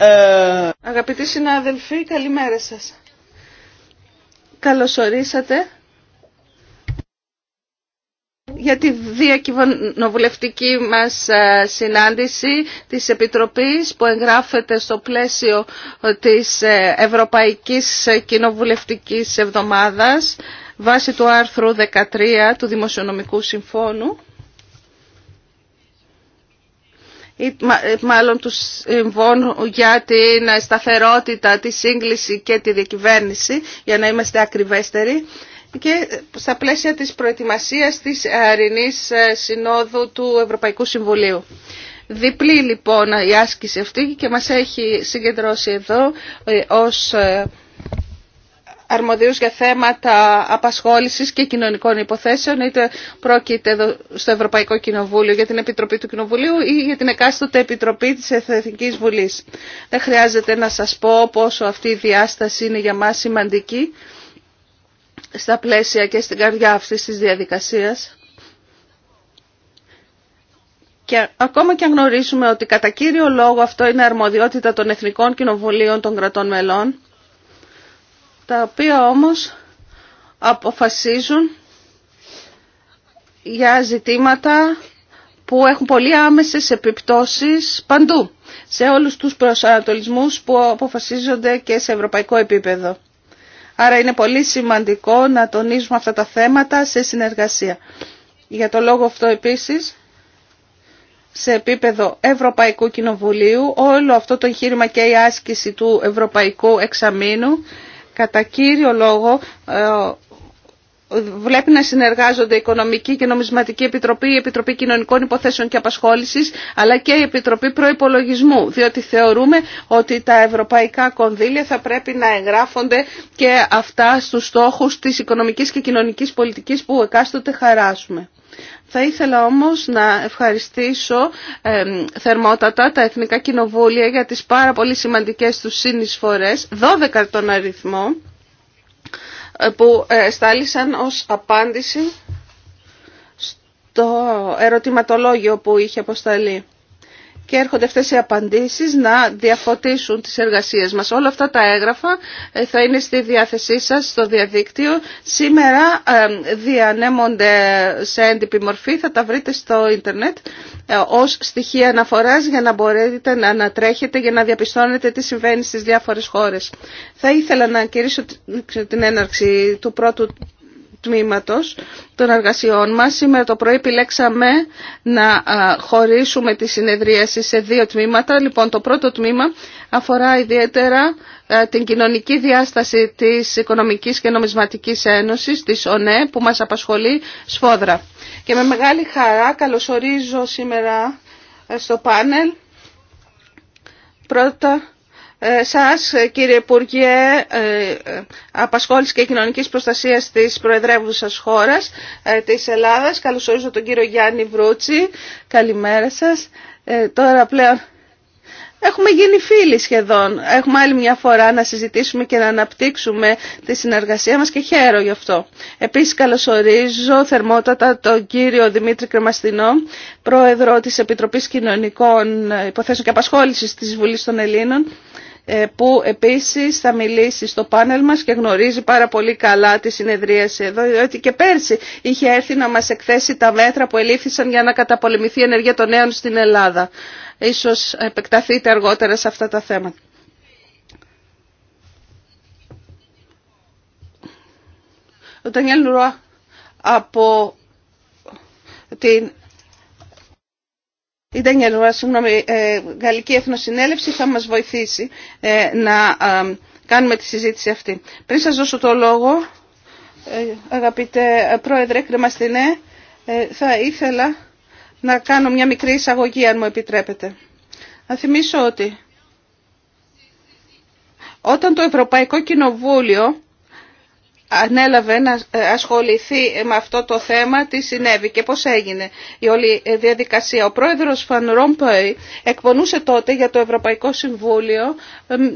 Euh, Αγαπητοί συνάδελφοι, καλημέρα σας. Καλωσορίσατε για τη διακυβερνοβουλευτική μας ε, συνάντηση της Επιτροπής που εγγράφεται στο πλαίσιο της ε, Ευρωπαϊκής Κοινοβουλευτικής Εβδομάδας βάσει του άρθρου 13 του Δημοσιονομικού Συμφώνου. ή ε, μάλλον του συμβών για την σταθερότητα, τη σύγκληση και τη διακυβέρνηση, για να είμαστε ακριβέστεροι, και στα πλαίσια της προετοιμασίας της Αρινής ε, Συνόδου του Ευρωπαϊκού Συμβουλίου. Διπλή λοιπόν η άσκηση αυτή και μας έχει συγκεντρώσει εδώ ε, ως αρμοδίους για θέματα απασχόλησης και κοινωνικών υποθέσεων, είτε πρόκειται εδώ στο Ευρωπαϊκό Κοινοβούλιο για την Επιτροπή του Κοινοβουλίου ή για την εκάστοτε Επιτροπή της Εθνικής Βουλής. Δεν χρειάζεται να σας πω πόσο αυτή η διάσταση είναι για μας σημαντική στα πλαίσια και στην καρδιά αυτής της διαδικασίας. Και ακόμα και αν γνωρίζουμε ότι κατά κύριο λόγο αυτό είναι αρμοδιότητα των Εθνικών Κοινοβουλίων των κρατών μελών, τα οποία όμως αποφασίζουν για ζητήματα που έχουν πολύ άμεσες επιπτώσεις παντού, σε όλους τους προσανατολισμούς που αποφασίζονται και σε ευρωπαϊκό επίπεδο. Άρα είναι πολύ σημαντικό να τονίζουμε αυτά τα θέματα σε συνεργασία. Για το λόγο αυτό επίσης, σε επίπεδο Ευρωπαϊκού Κοινοβουλίου, όλο αυτό το εγχείρημα και η άσκηση του Ευρωπαϊκού Εξαμήνου κατά κύριο λόγο ε, βλέπει να συνεργάζονται η Οικονομική και Νομισματική Επιτροπή, η Επιτροπή Κοινωνικών Υποθέσεων και Απασχόλησης, αλλά και η Επιτροπή Προϋπολογισμού, διότι θεωρούμε ότι τα ευρωπαϊκά κονδύλια θα πρέπει να εγγράφονται και αυτά στους στόχους της οικονομικής και κοινωνικής πολιτικής που εκάστοτε χαράσουμε. Θα ήθελα όμως να ευχαριστήσω ε, θερμότατα τα Εθνικά Κοινοβούλια για τις πάρα πολύ σημαντικές τους συνεισφορές, 12 τον αριθμό, ε, που ε, στάλησαν ως απάντηση στο ερωτηματολόγιο που είχε αποσταλεί και έρχονται αυτές οι απαντήσεις να διαφωτίσουν τις εργασίες μας. Όλα αυτά τα έγγραφα ε, θα είναι στη διάθεσή σας στο διαδίκτυο. Σήμερα ε, διανέμονται σε έντυπη μορφή, θα τα βρείτε στο ίντερνετ ε, ως στοιχεία αναφοράς για να μπορείτε να ανατρέχετε για να διαπιστώνετε τι συμβαίνει στις διάφορες χώρες. Θα ήθελα να κηρύσω την έναρξη του πρώτου τμήματος των εργασιών μας. Σήμερα το πρωί επιλέξαμε να χωρίσουμε τη συνεδρίαση σε δύο τμήματα. Λοιπόν, το πρώτο τμήμα αφορά ιδιαίτερα την κοινωνική διάσταση της Οικονομικής και Νομισματικής Ένωσης, της ΟΝΕ, που μας απασχολεί σφόδρα. Και με μεγάλη χαρά καλωσορίζω σήμερα στο πάνελ πρώτα ε, σας κύριε Υπουργέ ε, Απασχόλησης και Κοινωνικής Προστασίας της Προεδρεύουσας χώρας ε, της Ελλάδας. Καλωσορίζω τον κύριο Γιάννη Βρούτσι. Καλημέρα σας. Τώρα πλέον έχουμε γίνει φίλοι σχεδόν. Έχουμε άλλη μια φορά να συζητήσουμε και να αναπτύξουμε τη συνεργασία μας και χαίρο γι' αυτό. Επίσης καλωσορίζω θερμότατα τον κύριο Δημήτρη Κρεμαστινό, πρόεδρο της Επιτροπής Κοινωνικών Υποθέσεων και Απασχόλησης της Βουλής των Ελλήνων ε, που επίσης θα μιλήσει στο πάνελ μας και γνωρίζει πάρα πολύ καλά τη συνεδρίαση εδώ, διότι και πέρσι είχε έρθει να μας εκθέσει τα μέτρα που ελήφθησαν για να καταπολεμηθεί η ενέργεια των νέων στην Ελλάδα. Ίσως επεκταθείτε αργότερα σε αυτά τα θέματα. Ο Ντανιέλ από την η ε, Γαλλική Εθνοσυνέλευση θα μας βοηθήσει ε, να κάνουμε τη συζήτηση αυτή. Πριν σας δώσω το λόγο, ε, αγαπητέ Πρόεδρε Κρεμαστινέ, ναι, θα ήθελα να κάνω μια μικρή εισαγωγή, αν μου επιτρέπετε. Να θυμίσω ότι όταν το Ευρωπαϊκό Κοινοβούλιο ανέλαβε να ε, ασχοληθεί με αυτό το θέμα τι συνέβη και πώς έγινε η όλη ε, διαδικασία. Ο πρόεδρος Φαν Ρόμπεϊ εκπονούσε τότε για το Ευρωπαϊκό Συμβούλιο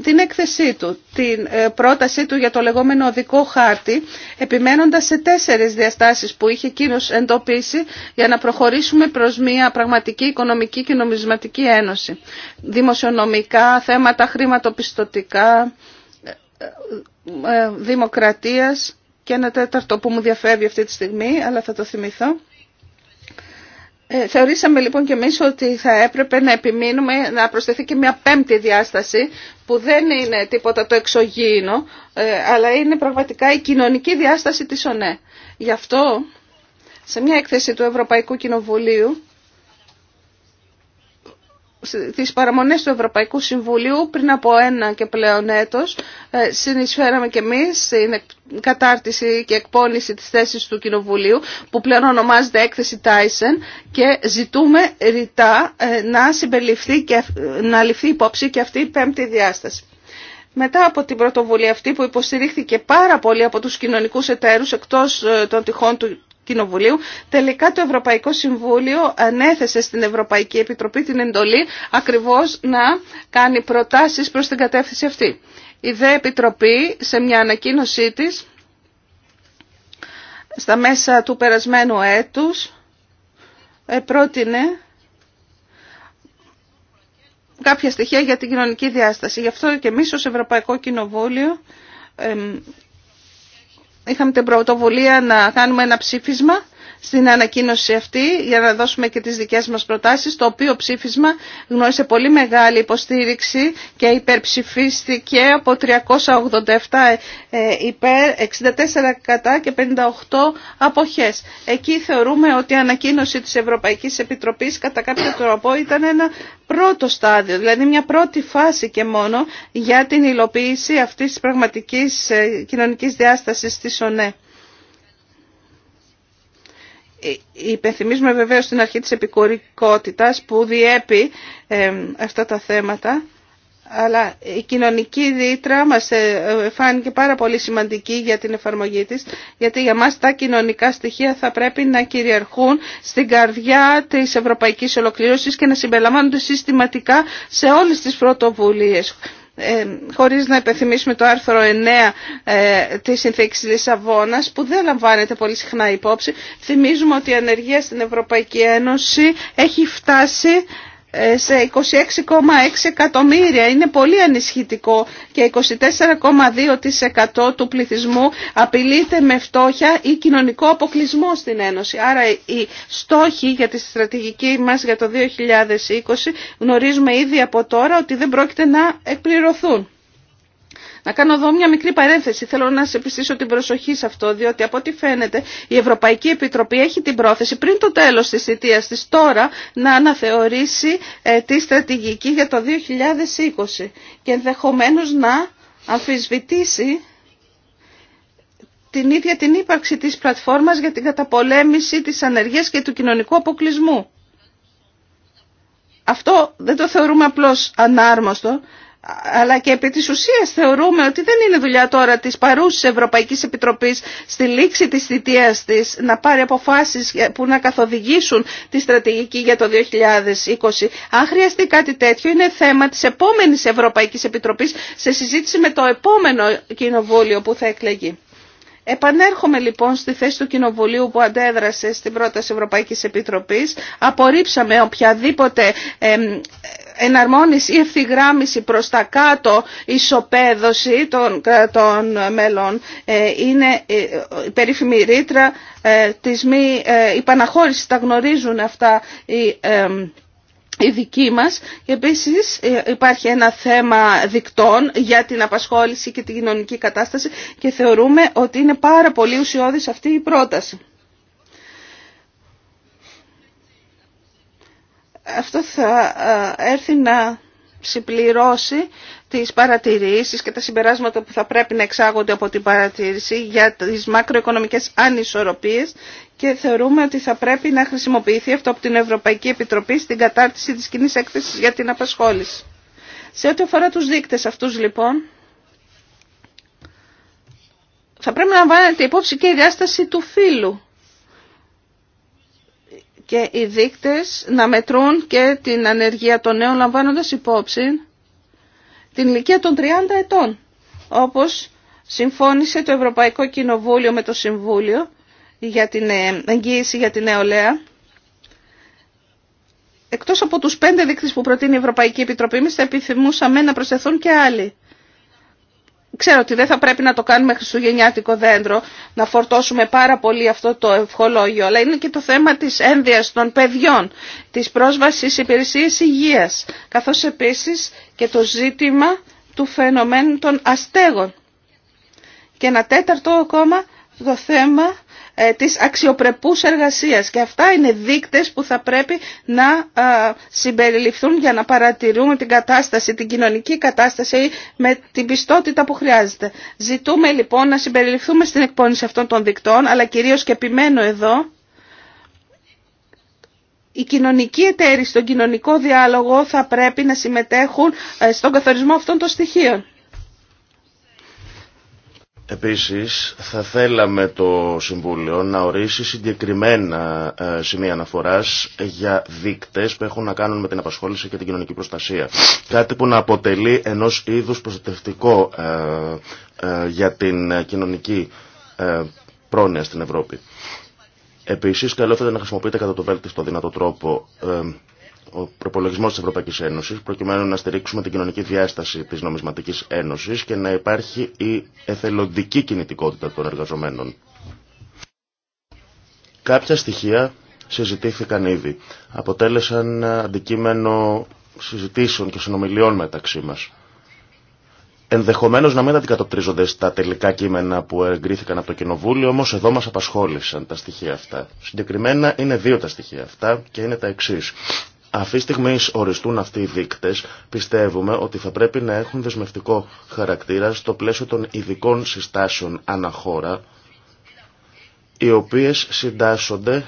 την έκθεσή του, την ε, πρότασή του για το λεγόμενο οδικό χάρτη, επιμένοντας σε τέσσερις διαστάσεις που είχε εκείνο εντοπίσει για να προχωρήσουμε προς μια πραγματική οικονομική και νομισματική ένωση. Δημοσιονομικά, θέματα χρηματοπιστωτικά, ε, δημοκρατίας και ένα τέταρτο που μου διαφεύγει αυτή τη στιγμή, αλλά θα το θυμηθώ. Ε, θεωρήσαμε λοιπόν και εμείς ότι θα έπρεπε να επιμείνουμε να προσθεθεί και μια πέμπτη διάσταση που δεν είναι τίποτα το εξωγήινο ε, αλλά είναι πραγματικά η κοινωνική διάσταση της ΟΝΕ. Γι' αυτό σε μια έκθεση του Ευρωπαϊκού Κοινοβουλίου τις παραμονές του Ευρωπαϊκού Συμβουλίου πριν από ένα και πλέον έτος ε, συνεισφέραμε και εμείς στην κατάρτιση και εκπόνηση της θέσης του Κοινοβουλίου που πλέον ονομάζεται έκθεση Tyson και ζητούμε ρητά ε, να συμπεριληφθεί και να ληφθεί υπόψη και αυτή η πέμπτη διάσταση. Μετά από την πρωτοβουλία αυτή που υποστηρίχθηκε πάρα πολύ από τους κοινωνικούς εταίρους εκτός ε, των τυχών του Κοινοβουλίου, τελικά το Ευρωπαϊκό Συμβούλιο ανέθεσε στην Ευρωπαϊκή Επιτροπή την εντολή ακριβώς να κάνει προτάσεις προς την κατεύθυνση αυτή. Η ΔΕ Επιτροπή σε μια ανακοίνωσή της στα μέσα του περασμένου έτους ε, πρότεινε κάποια στοιχεία για την κοινωνική διάσταση. Γι' αυτό και εμείς ως Ευρωπαϊκό Κοινοβούλιο είχαμε την πρωτοβουλία να κάνουμε ένα ψήφισμα στην ανακοίνωση αυτή για να δώσουμε και τις δικές μας προτάσεις, το οποίο ψήφισμα γνώρισε πολύ μεγάλη υποστήριξη και υπερψηφίστηκε από 387 ε, υπέρ, 64 κατά και 58 αποχές. Εκεί θεωρούμε ότι η ανακοίνωση της Ευρωπαϊκής Επιτροπής κατά κάποιο τρόπο ήταν ένα πρώτο στάδιο, δηλαδή μια πρώτη φάση και μόνο για την υλοποίηση αυτής της πραγματικής ε, κοινωνικής διάστασης της ΟΝΕ. Ε, υπενθυμίζουμε βεβαίως την αρχή της επικουρικότητας που διέπει αυτά τα θέματα αλλά η κοινωνική δίτρα μας ε, ε, φάνηκε πάρα πολύ σημαντική για την εφαρμογή της, γιατί για μας τα κοινωνικά στοιχεία θα πρέπει να κυριαρχούν στην καρδιά της ευρωπαϊκής ολοκλήρωσης και να συμπεριλαμβάνονται συστηματικά σε όλες τις πρωτοβουλίες. Ε, χωρίς να υπενθυμίσουμε το άρθρο 9 ε, της Συνθήκης Λισαβόνας που δεν λαμβάνεται πολύ συχνά υπόψη. Θυμίζουμε ότι η ανεργία στην Ευρωπαϊκή Ένωση έχει φτάσει ε, σε 26,6 εκατομμύρια. Είναι πολύ ανισχυτικό και 24,2% του πληθυσμού απειλείται με φτώχεια ή κοινωνικό αποκλεισμό στην Ένωση. Άρα οι στόχοι για τη στρατηγική μας για το 2020 γνωρίζουμε ήδη από τώρα ότι δεν πρόκειται να εκπληρωθούν. Να κάνω εδώ μια μικρή παρένθεση. Θέλω να σε επιστήσω την προσοχή σε αυτό, διότι από ό,τι φαίνεται η Ευρωπαϊκή Επιτροπή έχει την πρόθεση πριν το τέλος τη θητεία τη τώρα να αναθεωρήσει ε, τη στρατηγική για το 2020 και ενδεχομένως να αμφισβητήσει την ίδια την ύπαρξη της πλατφόρμας για την καταπολέμηση της ανεργίας και του κοινωνικού αποκλεισμού. Αυτό δεν το θεωρούμε απλώς ανάρμοστο, αλλά και επί της ουσίας θεωρούμε ότι δεν είναι δουλειά τώρα της παρούσης Ευρωπαϊκής Επιτροπής στη λήξη της θητείας της να πάρει αποφάσεις που να καθοδηγήσουν τη στρατηγική για το 2020. Αν χρειαστεί κάτι τέτοιο είναι θέμα της επόμενης Ευρωπαϊκής Επιτροπής σε συζήτηση με το επόμενο κοινοβούλιο που θα εκλεγεί. Επανέρχομαι λοιπόν στη θέση του Κοινοβουλίου που αντέδρασε στην πρόταση Ευρωπαϊκής Επιτροπής. Απορρίψαμε οποιαδήποτε εναρμόνιση ή ευθυγράμμιση προς τα κάτω ισοπαίδωση των κρατών μέλων ε, είναι ε, η περίφημη ρήτρα ε, της μη υπαναχώρησης. Τα γνωρίζουν αυτά οι η δική μας. Επίσης υπάρχει ένα θέμα δικτών για την απασχόληση και την κοινωνική κατάσταση και θεωρούμε ότι είναι πάρα πολύ ουσιώδης αυτή η πρόταση. αυτό θα ε, έρθει να συμπληρώσει τις παρατηρήσεις και τα συμπεράσματα που θα πρέπει να εξάγονται από την παρατήρηση για τις μακροοικονομικές ανισορροπίες και θεωρούμε ότι θα πρέπει να χρησιμοποιηθεί αυτό από την Ευρωπαϊκή Επιτροπή στην κατάρτιση της κοινή έκθεσης για την απασχόληση. Σε ό,τι αφορά τους δείκτες αυτούς λοιπόν, θα πρέπει να βάλετε υπόψη και η διάσταση του φύλου και οι δείκτες να μετρούν και την ανεργία των νέων λαμβάνοντας υπόψη την ηλικία των 30 ετών, όπως συμφώνησε το Ευρωπαϊκό Κοινοβούλιο με το Συμβούλιο για την ε, εγγύηση για την νεολαία. Εκτός από τους πέντε δείκτες που προτείνει η Ευρωπαϊκή Επιτροπή, εμείς θα επιθυμούσαμε να προσθεθούν και άλλοι. Ξέρω ότι δεν θα πρέπει να το κάνουμε χριστουγεννιάτικο δέντρο, να φορτώσουμε πάρα πολύ αυτό το ευχολόγιο, αλλά είναι και το θέμα της ένδυας των παιδιών, της πρόσβασης υπηρεσίες υγείας, καθώς επίσης και το ζήτημα του φαινομένου των αστέγων. Και ένα τέταρτο ακόμα το θέμα ε, της αξιοπρεπούς εργασίας. Και αυτά είναι δείκτες που θα πρέπει να ε, συμπεριληφθούν για να παρατηρούμε την κατάσταση, την κοινωνική κατάσταση με την πιστότητα που χρειάζεται. Ζητούμε λοιπόν να συμπεριληφθούμε στην εκπόνηση αυτών των δικτών, αλλά κυρίως και επιμένω εδώ, η κοινωνική εταίροι στον κοινωνικό διάλογο θα πρέπει να συμμετέχουν ε, στον καθορισμό αυτών των στοιχείων. Επίσης θα θέλαμε το Συμβούλιο να ορίσει συγκεκριμένα ε, σημεία αναφοράς για δείκτες που έχουν να κάνουν με την απασχόληση και την κοινωνική προστασία. Κάτι που να αποτελεί ενός είδους προστατευτικό ε, ε, για την κοινωνική πρόνοια στην Ευρώπη. Επίσης καλό θα ήταν να χρησιμοποιείται κατά το βέλτιστο δυνατό τρόπο ο προπολογισμό τη Ευρωπαϊκή Ένωση, προκειμένου να στηρίξουμε την κοινωνική διάσταση τη νομισματική ένωση και να υπάρχει η εθελοντική κινητικότητα των εργαζομένων. Κάποια στοιχεία συζητήθηκαν ήδη. Αποτέλεσαν αντικείμενο συζητήσεων και συνομιλιών μεταξύ μα. Ενδεχομένω να μην αντικατοπτρίζονται στα τελικά κείμενα που εγκρίθηκαν από το Κοινοβούλιο, όμω εδώ μα απασχόλησαν τα στοιχεία αυτά. Συγκεκριμένα είναι δύο τα στοιχεία αυτά και είναι τα εξή αυτή τη στιγμή οριστούν αυτοί οι δείκτε, πιστεύουμε ότι θα πρέπει να έχουν δεσμευτικό χαρακτήρα στο πλαίσιο των ειδικών συστάσεων αναχώρα, οι οποίε συντάσσονται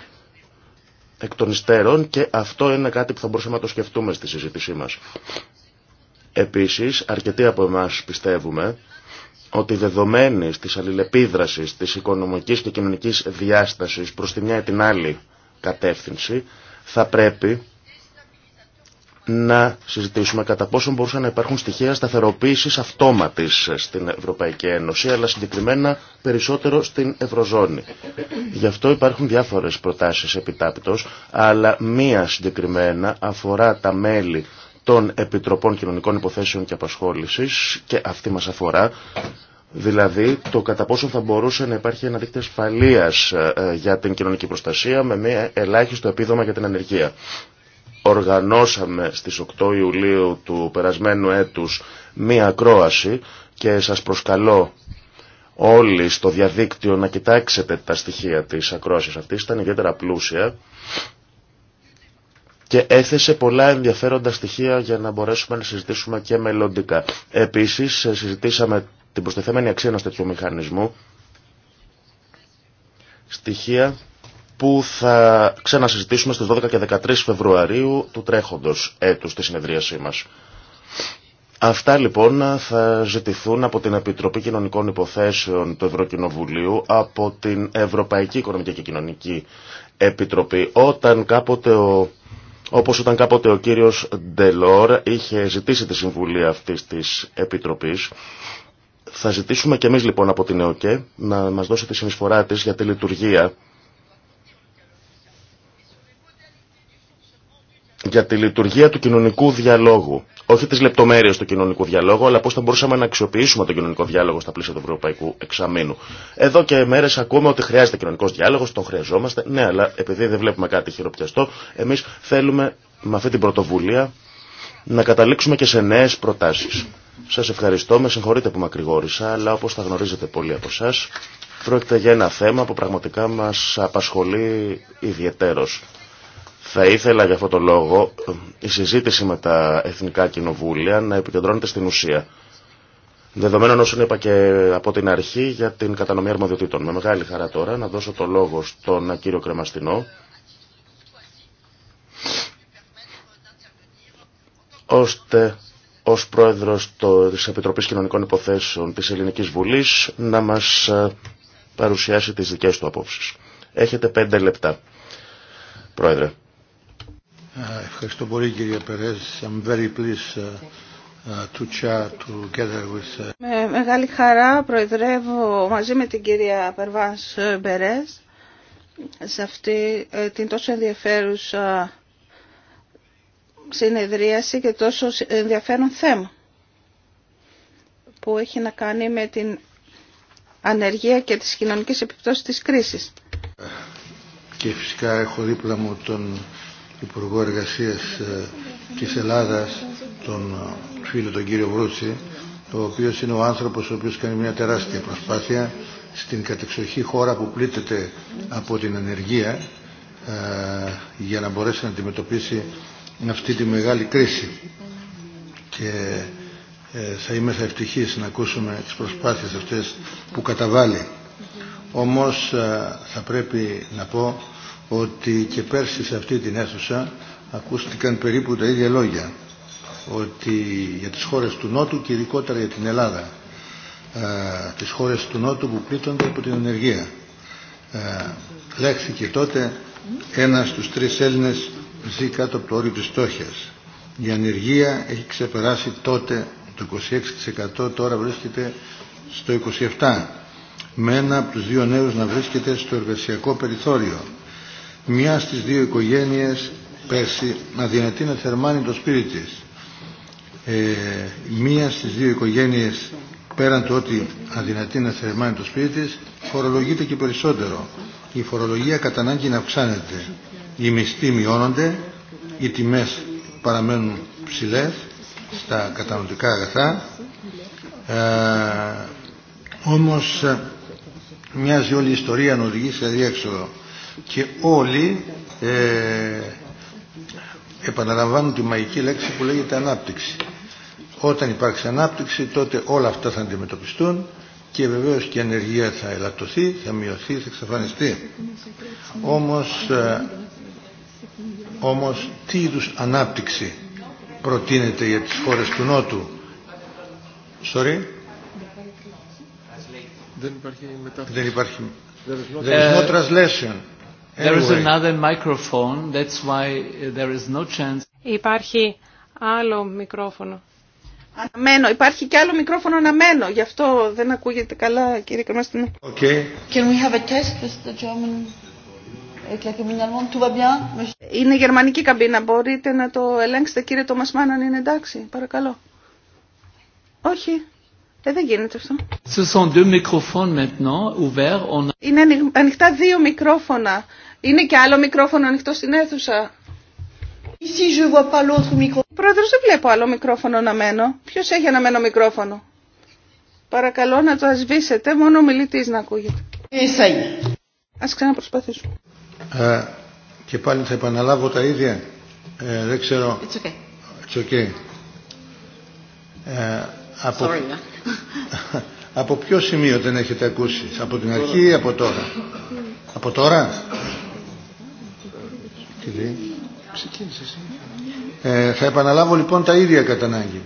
εκ των υστέρων και αυτό είναι κάτι που θα μπορούσαμε να το σκεφτούμε στη συζήτησή μα. Επίση, αρκετοί από εμά πιστεύουμε ότι δεδομένη τη αλληλεπίδραση τη οικονομική και κοινωνική διάσταση προ τη μια ή την άλλη κατεύθυνση, θα πρέπει να συζητήσουμε κατά πόσο μπορούσαν να υπάρχουν στοιχεία σταθεροποίησης αυτόματης στην Ευρωπαϊκή Ένωση, αλλά συγκεκριμένα περισσότερο στην Ευρωζώνη. Γι' αυτό υπάρχουν διάφορες προτάσεις επιτάπητος, αλλά μία συγκεκριμένα αφορά τα μέλη των Επιτροπών Κοινωνικών Υποθέσεων και Απασχόλησης και αυτή μας αφορά, Δηλαδή το κατά πόσο θα μπορούσε να υπάρχει ένα δίκτυο ασφαλείας ε, για την κοινωνική προστασία με μια ελάχιστο επίδομα για την ανεργία οργανώσαμε στις 8 Ιουλίου του περασμένου έτους μία ακρόαση και σας προσκαλώ όλοι στο διαδίκτυο να κοιτάξετε τα στοιχεία της ακρόασης αυτής, ήταν ιδιαίτερα πλούσια και έθεσε πολλά ενδιαφέροντα στοιχεία για να μπορέσουμε να συζητήσουμε και μελλοντικά. Επίσης συζητήσαμε την προστεθέμενη αξία ενός τέτοιου μηχανισμού, στοιχεία που θα ξανασυζητήσουμε στις 12 και 13 Φεβρουαρίου του τρέχοντος έτους στη συνεδρίασή μας. Αυτά λοιπόν θα ζητηθούν από την Επιτροπή Κοινωνικών Υποθέσεων του Ευρωκοινοβουλίου, από την Ευρωπαϊκή Οικονομική και Κοινωνική Επιτροπή, όταν κάποτε ο όπως όταν κάποτε ο κύριος Ντελόρ είχε ζητήσει τη συμβουλή αυτής της Επιτροπής, θα ζητήσουμε και εμείς λοιπόν από την ΕΟΚΕ να μας δώσει τη συνεισφορά της για τη λειτουργία για τη λειτουργία του κοινωνικού διαλόγου. Όχι τι λεπτομέρειε του κοινωνικού διαλόγου, αλλά πώ θα μπορούσαμε να αξιοποιήσουμε τον κοινωνικό διάλογο στα πλαίσια του Ευρωπαϊκού Εξαμήνου. Εδώ και μέρε ακούμε ότι χρειάζεται κοινωνικό διάλογο, τον χρειαζόμαστε. Ναι, αλλά επειδή δεν βλέπουμε κάτι χειροπιαστό, εμεί θέλουμε με αυτή την πρωτοβουλία να καταλήξουμε και σε νέε προτάσει. Σα ευχαριστώ, με συγχωρείτε που μακρηγόρησα, αλλά όπω θα γνωρίζετε πολλοί από εσά, πρόκειται για ένα θέμα που πραγματικά μα απασχολεί ιδιαιτέρω θα ήθελα για αυτό το λόγο η συζήτηση με τα εθνικά κοινοβούλια να επικεντρώνεται στην ουσία. Δεδομένων όσων είπα και από την αρχή για την κατανομή αρμοδιοτήτων. Με μεγάλη χαρά τώρα να δώσω το λόγο στον κύριο Κρεμαστινό ώστε ως πρόεδρος της Επιτροπής Κοινωνικών Υποθέσεων της Ελληνικής Βουλής να μας ε, παρουσιάσει τις δικές του απόψεις. Έχετε πέντε λεπτά, πρόεδρε. Ε, ευχαριστώ πολύ κύριε Περές. Είμαι ε, ε, μεγάλη χαρά προεδρεύω μαζί με την κυρία Περβάς Περές σε αυτή την τόσο ενδιαφέρουσα συνεδρίαση και τόσο ενδιαφέρον θέμα που έχει να κάνει με την ανεργία και τις κοινωνικές επιπτώσεις της κρίσης. Και φυσικά έχω δίπλα μου τον Υπουργό Εργασία ε, της Ελλάδας, τον ε, φίλο τον κύριο Βρούτση, ο οποίος είναι ο άνθρωπος ο οποίος κάνει μια τεράστια προσπάθεια στην κατεξοχή χώρα που πλήττεται από την ανεργία ε, για να μπορέσει να αντιμετωπίσει αυτή τη μεγάλη κρίση. Και θα είμαι θα ευτυχής να ακούσουμε τις προσπάθειες αυτές που καταβάλει. Όμως θα πρέπει να πω ότι και πέρσι σε αυτή την αίθουσα ακούστηκαν περίπου τα ίδια λόγια ότι για τις χώρες του Νότου και ειδικότερα για την Ελλάδα ε, τις χώρες του Νότου που πλήττονται από την ενεργία ε, λέχθηκε τότε ένας στους τρεις Έλληνες ζει κάτω από το όριο της στόχιας η ανεργία έχει ξεπεράσει τότε το 26% τώρα βρίσκεται στο 27% με ένα από τους δύο νέους να βρίσκεται στο εργασιακό περιθώριο μια στις δύο οικογένειες πέρσι αδυνατεί να θερμάνει το σπίτι της. Ε, μία στις δύο οικογένειες πέραν το ότι αδυνατεί να θερμάνει το σπίτι της φορολογείται και περισσότερο. Η φορολογία κατά ανάγκη να αυξάνεται. Οι μισθοί μειώνονται, οι τιμές παραμένουν ψηλές στα κατανοητικά αγαθά. Ε, όμως ε, μοιάζει όλη η ιστορία να οδηγεί σε διέξοδο και όλοι ε, επαναλαμβάνουν τη μαγική λέξη που λέγεται ανάπτυξη. Όταν υπάρξει ανάπτυξη τότε όλα αυτά θα αντιμετωπιστούν και βεβαίως και η ανεργία θα ελαττωθεί, θα μειωθεί, θα εξαφανιστεί. Όμως, ε, όμως τι είδου ανάπτυξη προτείνεται για τις χώρες του Νότου. Sorry. Δεν υπάρχει μετάφραση. Δεν υπάρχει. There ε, Υπάρχει άλλο μικρόφωνο. Αναμένω, υπάρχει και άλλο μικρόφωνο αναμένο, γι' αυτό δεν ακούγεται καλά κύριε Κρομαστινή. Okay. Can we have a test with the German... Είναι γερμανική καμπίνα, μπορείτε να το ελέγξετε κύριε Τόμασμάν αν είναι εντάξει, παρακαλώ. Όχι, ε, δεν γίνεται αυτό. Είναι ανοιχτά δύο μικρόφωνα είναι και άλλο μικρόφωνο ανοιχτό στην αίθουσα. Ici, je vois pas l'autre Πρόεδρος, δεν βλέπω άλλο μικρόφωνο αναμένο. Ποιος έχει αναμένο μικρόφωνο. Παρακαλώ να το ασβήσετε, μόνο ο μιλητής να ακούγεται. Α ε, Ας ξαναπροσπαθήσουμε. Ε, και πάλι θα επαναλάβω τα ίδια. Ε, δεν ξέρω. It's okay. It's okay. Ε, από... από ποιο σημείο δεν έχετε ακούσει. Από την αρχή ή από τώρα. από τώρα. Ε, θα επαναλάβω λοιπόν τα ίδια κατά ανάγκη.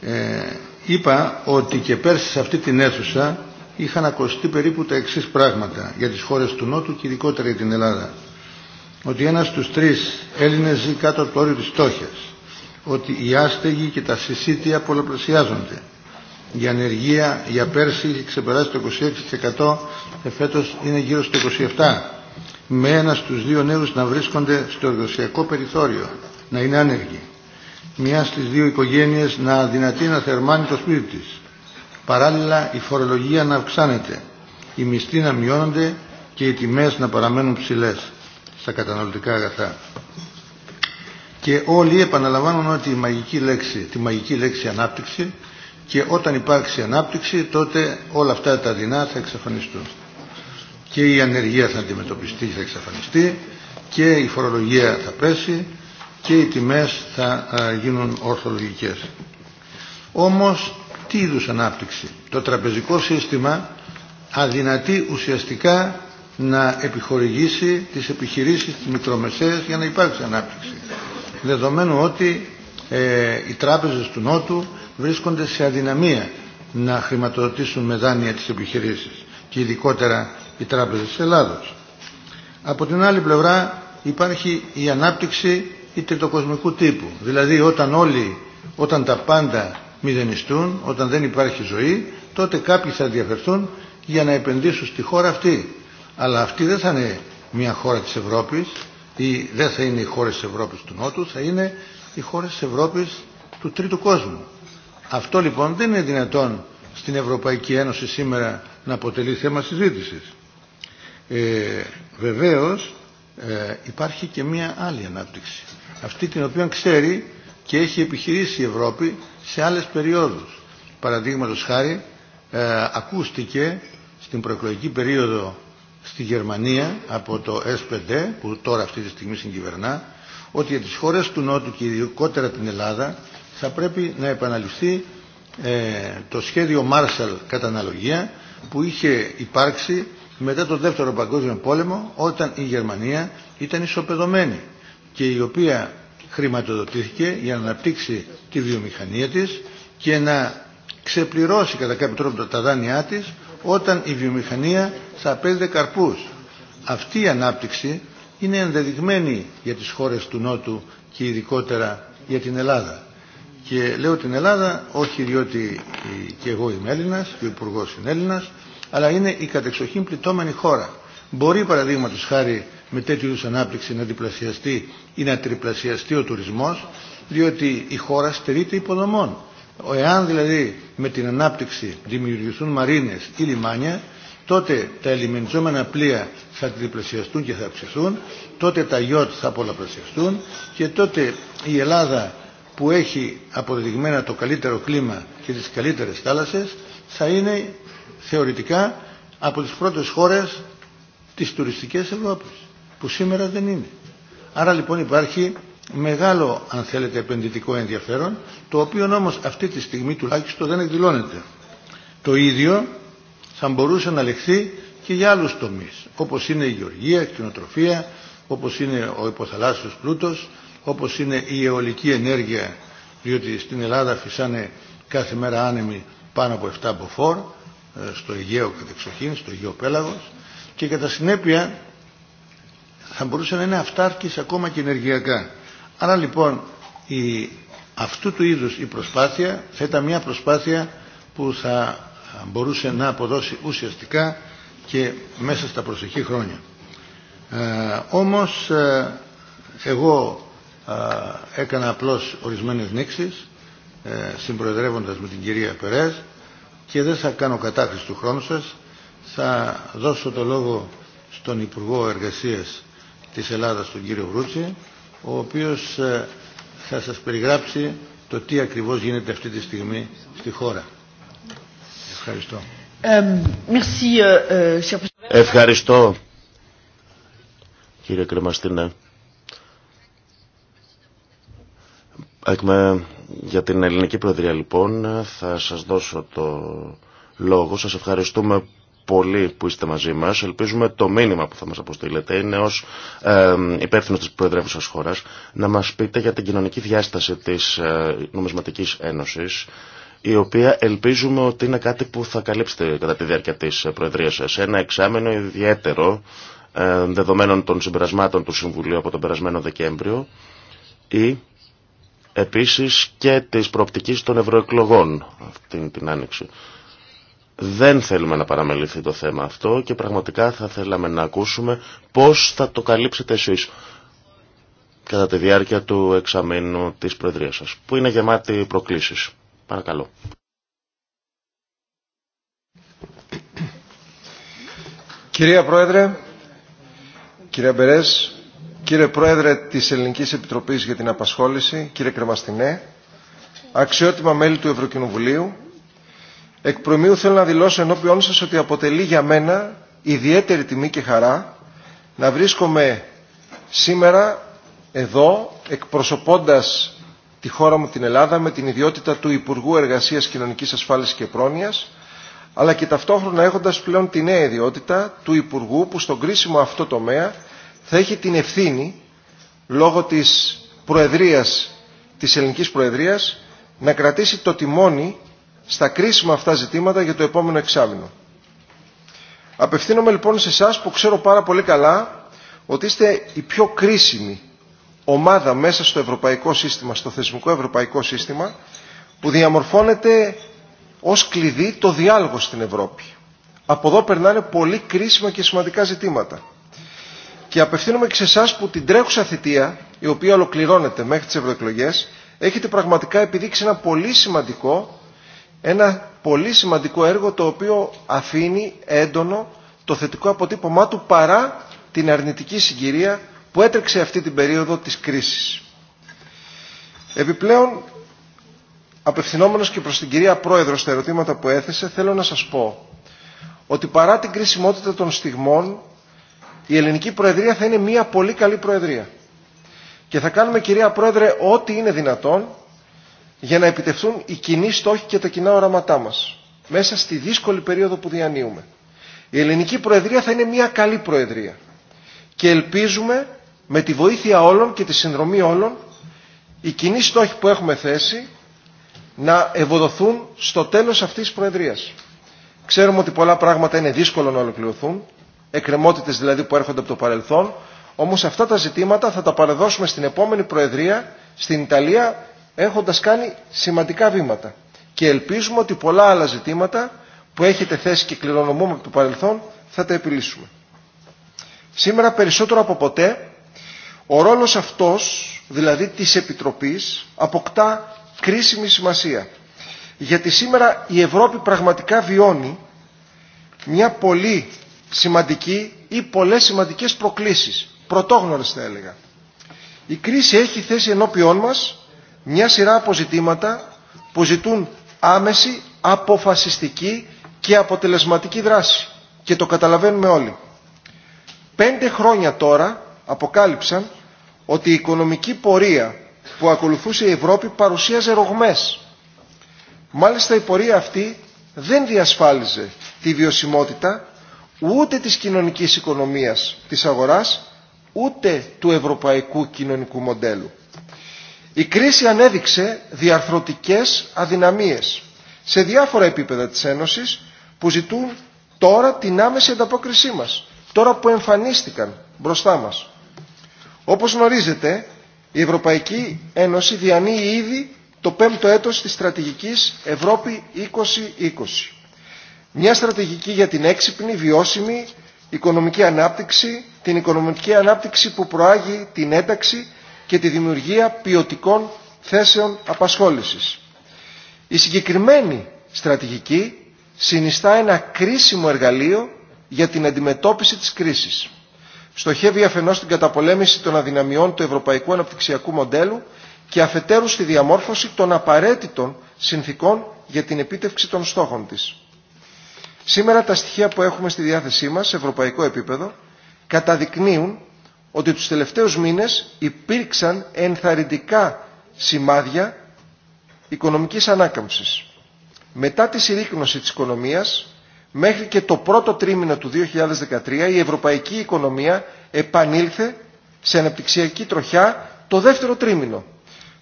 Ε, είπα ότι και πέρσι σε αυτή την αίθουσα είχαν ακουστεί περίπου τα εξή πράγματα για τις χώρες του Νότου και ειδικότερα για την Ελλάδα. Ότι ένας στους τρει Έλληνες ζει κάτω από το όριο τη στόχιας. Ότι οι άστεγοι και τα συσίτια πολλαπλασιάζονται. Η ανεργία για πέρσι είχε ξεπεράσει το 26% και είναι γύρω στο 27% με ένα στους δύο νέους να βρίσκονται στο εργασιακό περιθώριο, να είναι άνεργοι. Μια στις δύο οικογένειες να αδυνατεί να θερμάνει το σπίτι της. Παράλληλα η φορολογία να αυξάνεται, οι μισθοί να μειώνονται και οι τιμές να παραμένουν ψηλές στα καταναλωτικά αγαθά. Και όλοι επαναλαμβάνουν ότι η μαγική λέξη, τη μαγική λέξη ανάπτυξη και όταν υπάρξει ανάπτυξη τότε όλα αυτά τα δεινά θα εξαφανιστούν και η ανεργία θα αντιμετωπιστεί, θα εξαφανιστεί και η φορολογία θα πέσει και οι τιμές θα γίνουν ορθολογικές. Όμως τι είδου ανάπτυξη. Το τραπεζικό σύστημα αδυνατεί ουσιαστικά να επιχορηγήσει τις επιχειρήσεις, τις μικρομεσαίες για να υπάρξει ανάπτυξη. Δεδομένου ότι ε, οι τράπεζες του Νότου βρίσκονται σε αδυναμία να χρηματοδοτήσουν με δάνεια τις επιχειρήσεις και ειδικότερα οι τράπεζες της Ελλάδος. Από την άλλη πλευρά υπάρχει η ανάπτυξη η τριτοκοσμικού τύπου. Δηλαδή όταν όλοι, όταν τα πάντα μηδενιστούν, όταν δεν υπάρχει ζωή, τότε κάποιοι θα διαφερθούν για να επενδύσουν στη χώρα αυτή. Αλλά αυτή δεν θα είναι μια χώρα της Ευρώπης ή δεν θα είναι οι χώρε της Ευρώπης του Νότου, θα είναι οι χώρε της Ευρώπης του τρίτου κόσμου. Αυτό λοιπόν δεν είναι δυνατόν στην Ευρωπαϊκή Ένωση σήμερα να αποτελεί θέμα συζήτησης. Ε, βεβαίως ε, υπάρχει και μία άλλη ανάπτυξη. Αυτή την οποία ξέρει και έχει επιχειρήσει η Ευρώπη σε άλλες περιόδους. Παραδείγματος χάρη ε, ακούστηκε στην προεκλογική περίοδο στη Γερμανία από το s που τώρα αυτή τη στιγμή συγκυβερνά ότι για τις χώρες του Νότου και ειδικότερα την Ελλάδα θα πρέπει να επαναληφθεί ε, το σχέδιο Marshall κατά αναλογία που είχε υπάρξει μετά το δεύτερο παγκόσμιο πόλεμο όταν η Γερμανία ήταν ισοπεδωμένη και η οποία χρηματοδοτήθηκε για να αναπτύξει τη βιομηχανία της και να ξεπληρώσει κατά κάποιο τρόπο τα δάνειά της όταν η βιομηχανία θα απέδιδε καρπούς. Αυτή η ανάπτυξη είναι ενδεδειγμένη για τις χώρες του Νότου και ειδικότερα για την Ελλάδα. Και λέω την Ελλάδα όχι διότι και εγώ είμαι Έλληνας και ο Υπουργός είναι Έλληνας, αλλά είναι η κατεξοχήν πληττόμενη χώρα. Μπορεί παραδείγματο χάρη με τέτοιου είδου ανάπτυξη να διπλασιαστεί ή να τριπλασιαστεί ο τουρισμό, διότι η χώρα στερείται υποδομών. Εάν δηλαδή με την ανάπτυξη δημιουργηθούν μαρίνε ή λιμάνια, τότε τα ελιμενιζόμενα πλοία θα τριπλασιαστούν και θα αυξηθούν, τότε τα γιότ θα πολλαπλασιαστούν και τότε η Ελλάδα που έχει αποδεδειγμένα το καλύτερο κλίμα και τις καλύτερες θάλασσες θα είναι θεωρητικά από τις πρώτες χώρες της τουριστικής Ευρώπης, που σήμερα δεν είναι. Άρα λοιπόν υπάρχει μεγάλο, αν θέλετε, επενδυτικό ενδιαφέρον, το οποίο όμως αυτή τη στιγμή τουλάχιστον δεν εκδηλώνεται. Το ίδιο θα μπορούσε να λεχθεί και για άλλους τομείς, όπως είναι η γεωργία, η κτηνοτροφία, όπως είναι ο υποθαλάσσιος πλούτος, όπως είναι η αιωλική ενέργεια, διότι στην Ελλάδα φυσάνε κάθε μέρα άνεμοι πάνω από 7 μποφόρ, ε, στο Αιγαίο κατεξοχήν, στο Αιγαίο Πέλαγος και κατά συνέπεια θα μπορούσε να είναι αυτάρκης ακόμα και ενεργειακά. Άρα λοιπόν η, αυτού του είδους η προσπάθεια θα ήταν μια προσπάθεια που θα μπορούσε να αποδώσει ουσιαστικά και μέσα στα προσεχή χρόνια. Ε, όμως ε, εγώ ε, έκανα απλώς ορισμένες νήξεις συμπροεδρεύοντας με την κυρία Περές και δεν θα κάνω κατάχρηση του χρόνου σας. Θα δώσω το λόγο στον Υπουργό Εργασίας της Ελλάδας, τον κύριο Βρούτσι, ο οποίος ε, θα σας περιγράψει το τι ακριβώς γίνεται αυτή τη στιγμή στη χώρα. Ευχαριστώ. Ε, ε, Ευχαριστώ, κύριε Κρεμαστίνα. Για την ελληνική προεδρία λοιπόν θα σας δώσω το λόγο. Σας ευχαριστούμε πολύ που είστε μαζί μας. Ελπίζουμε το μήνυμα που θα μας αποστείλετε είναι ως ε, υπεύθυνος της προεδρεύουσας χώρας να μας πείτε για την κοινωνική διάσταση της ε, Νομισματικής Ένωσης η οποία ελπίζουμε ότι είναι κάτι που θα καλύψετε κατά τη διάρκεια της προεδρίας σας. Ένα εξάμενο ιδιαίτερο ε, δεδομένων των συμπερασμάτων του Συμβουλίου από τον περασμένο Δεκέμβριο ή Επίσης και της προοπτικής των ευρωεκλογών αυτή την άνοιξη. Δεν θέλουμε να παραμεληθεί το θέμα αυτό και πραγματικά θα θέλαμε να ακούσουμε πώς θα το καλύψετε εσείς κατά τη διάρκεια του εξαμήνου της Προεδρίας σας, που είναι γεμάτη προκλήσεις. Παρακαλώ. Κυρία Πρόεδρε, κυρία Μπερές, Κύριε Πρόεδρε της Ελληνικής Επιτροπής για την Απασχόληση, κύριε Κρεμαστινέ, αξιότιμα μέλη του Ευρωκοινοβουλίου, εκ προημίου θέλω να δηλώσω ενώπιόν σας ότι αποτελεί για μένα ιδιαίτερη τιμή και χαρά να βρίσκομαι σήμερα εδώ εκπροσωπώντας τη χώρα μου την Ελλάδα με την ιδιότητα του Υπουργού Εργασίας Κοινωνικής Ασφάλισης και Πρόνοιας αλλά και ταυτόχρονα έχοντας πλέον τη νέα ιδιότητα του Υπουργού που στον κρίσιμο αυτό τομέα θα έχει την ευθύνη λόγω της προεδρίας, της ελληνικής προεδρίας να κρατήσει το τιμόνι στα κρίσιμα αυτά ζητήματα για το επόμενο εξάμεινο. Απευθύνομαι λοιπόν σε εσά που ξέρω πάρα πολύ καλά ότι είστε η πιο κρίσιμη ομάδα μέσα στο ευρωπαϊκό σύστημα, στο θεσμικό ευρωπαϊκό σύστημα που διαμορφώνεται ως κλειδί το διάλογο στην Ευρώπη. Από εδώ περνάνε πολύ κρίσιμα και σημαντικά ζητήματα. Και απευθύνομαι και σε εσά που την τρέχουσα θητεία, η οποία ολοκληρώνεται μέχρι τι ευρωεκλογέ, έχετε πραγματικά επιδείξει ένα πολύ σημαντικό, ένα πολύ σημαντικό έργο το οποίο αφήνει έντονο το θετικό αποτύπωμά του παρά την αρνητική συγκυρία που έτρεξε αυτή την περίοδο της κρίσης. Επιπλέον, απευθυνόμενος και προς την κυρία Πρόεδρο στα ερωτήματα που έθεσε, θέλω να σας πω ότι παρά την κρίσιμότητα των στιγμών η ελληνική προεδρία θα είναι μια πολύ καλή προεδρία. Και θα κάνουμε, κυρία Πρόεδρε, ό,τι είναι δυνατόν για να επιτευχθούν οι κοινοί στόχοι και τα κοινά οραματά μας μέσα στη δύσκολη περίοδο που διανύουμε. Η ελληνική προεδρία θα είναι μια καλή προεδρία. Και ελπίζουμε με τη βοήθεια όλων και τη συνδρομή όλων οι κοινοί στόχοι που έχουμε θέσει να ευοδοθούν στο τέλος αυτής της προεδρίας. Ξέρουμε ότι πολλά πράγματα είναι δύσκολο να ολοκληρωθούν εκκρεμότητες δηλαδή που έρχονται από το παρελθόν, όμως αυτά τα ζητήματα θα τα παραδώσουμε στην επόμενη Προεδρία, στην Ιταλία, έχοντας κάνει σημαντικά βήματα. Και ελπίζουμε ότι πολλά άλλα ζητήματα που έχετε θέσει και κληρονομούμε από το παρελθόν θα τα επιλύσουμε. Σήμερα περισσότερο από ποτέ ο ρόλος αυτός, δηλαδή της Επιτροπής, αποκτά κρίσιμη σημασία. Γιατί σήμερα η Ευρώπη πραγματικά βιώνει μια πολύ σημαντική ή πολλές σημαντικές προκλήσεις, πρωτόγνωρες θα έλεγα. Η κρίση έχει θέσει ενώπιόν μας μια σειρά αποζητήματα που ζητούν άμεση, αποφασιστική και αποτελεσματική δράση. Και το καταλαβαίνουμε όλοι. Πέντε χρόνια τώρα αποκάλυψαν ότι η οικονομική πορεία που ακολουθούσε η Ευρώπη παρουσίαζε ρογμές. Μάλιστα η πορεία αυτή δεν διασφάλιζε τη βιωσιμότητα ούτε της κοινωνικής οικονομίας της αγοράς, ούτε του ευρωπαϊκού κοινωνικού μοντέλου. Η κρίση ανέδειξε διαρθρωτικές αδυναμίες σε διάφορα επίπεδα της Ένωσης που ζητούν τώρα την άμεση ανταπόκρισή μας, τώρα που εμφανίστηκαν μπροστά μας. Όπως γνωρίζετε, η Ευρωπαϊκή Ένωση διανύει ήδη το πέμπτο έτος της στρατηγικής Ευρώπη 2020. Μια στρατηγική για την έξυπνη, βιώσιμη οικονομική ανάπτυξη, την οικονομική ανάπτυξη που προάγει την ένταξη και τη δημιουργία ποιοτικών θέσεων απασχόλησης. Η συγκεκριμένη στρατηγική συνιστά ένα κρίσιμο εργαλείο για την αντιμετώπιση της κρίσης. Στοχεύει αφενός την καταπολέμηση των αδυναμιών του ευρωπαϊκού αναπτυξιακού μοντέλου και αφετέρου στη διαμόρφωση των απαραίτητων συνθήκων για την επίτευξη των στόχων της. Σήμερα τα στοιχεία που έχουμε στη διάθεσή μας σε ευρωπαϊκό επίπεδο καταδεικνύουν ότι τους τελευταίους μήνες υπήρξαν ενθαρρυντικά σημάδια οικονομικής ανάκαμψης. Μετά τη συρρήκνωση της οικονομίας, μέχρι και το πρώτο τρίμηνο του 2013, η ευρωπαϊκή οικονομία επανήλθε σε αναπτυξιακή τροχιά το δεύτερο τρίμηνο.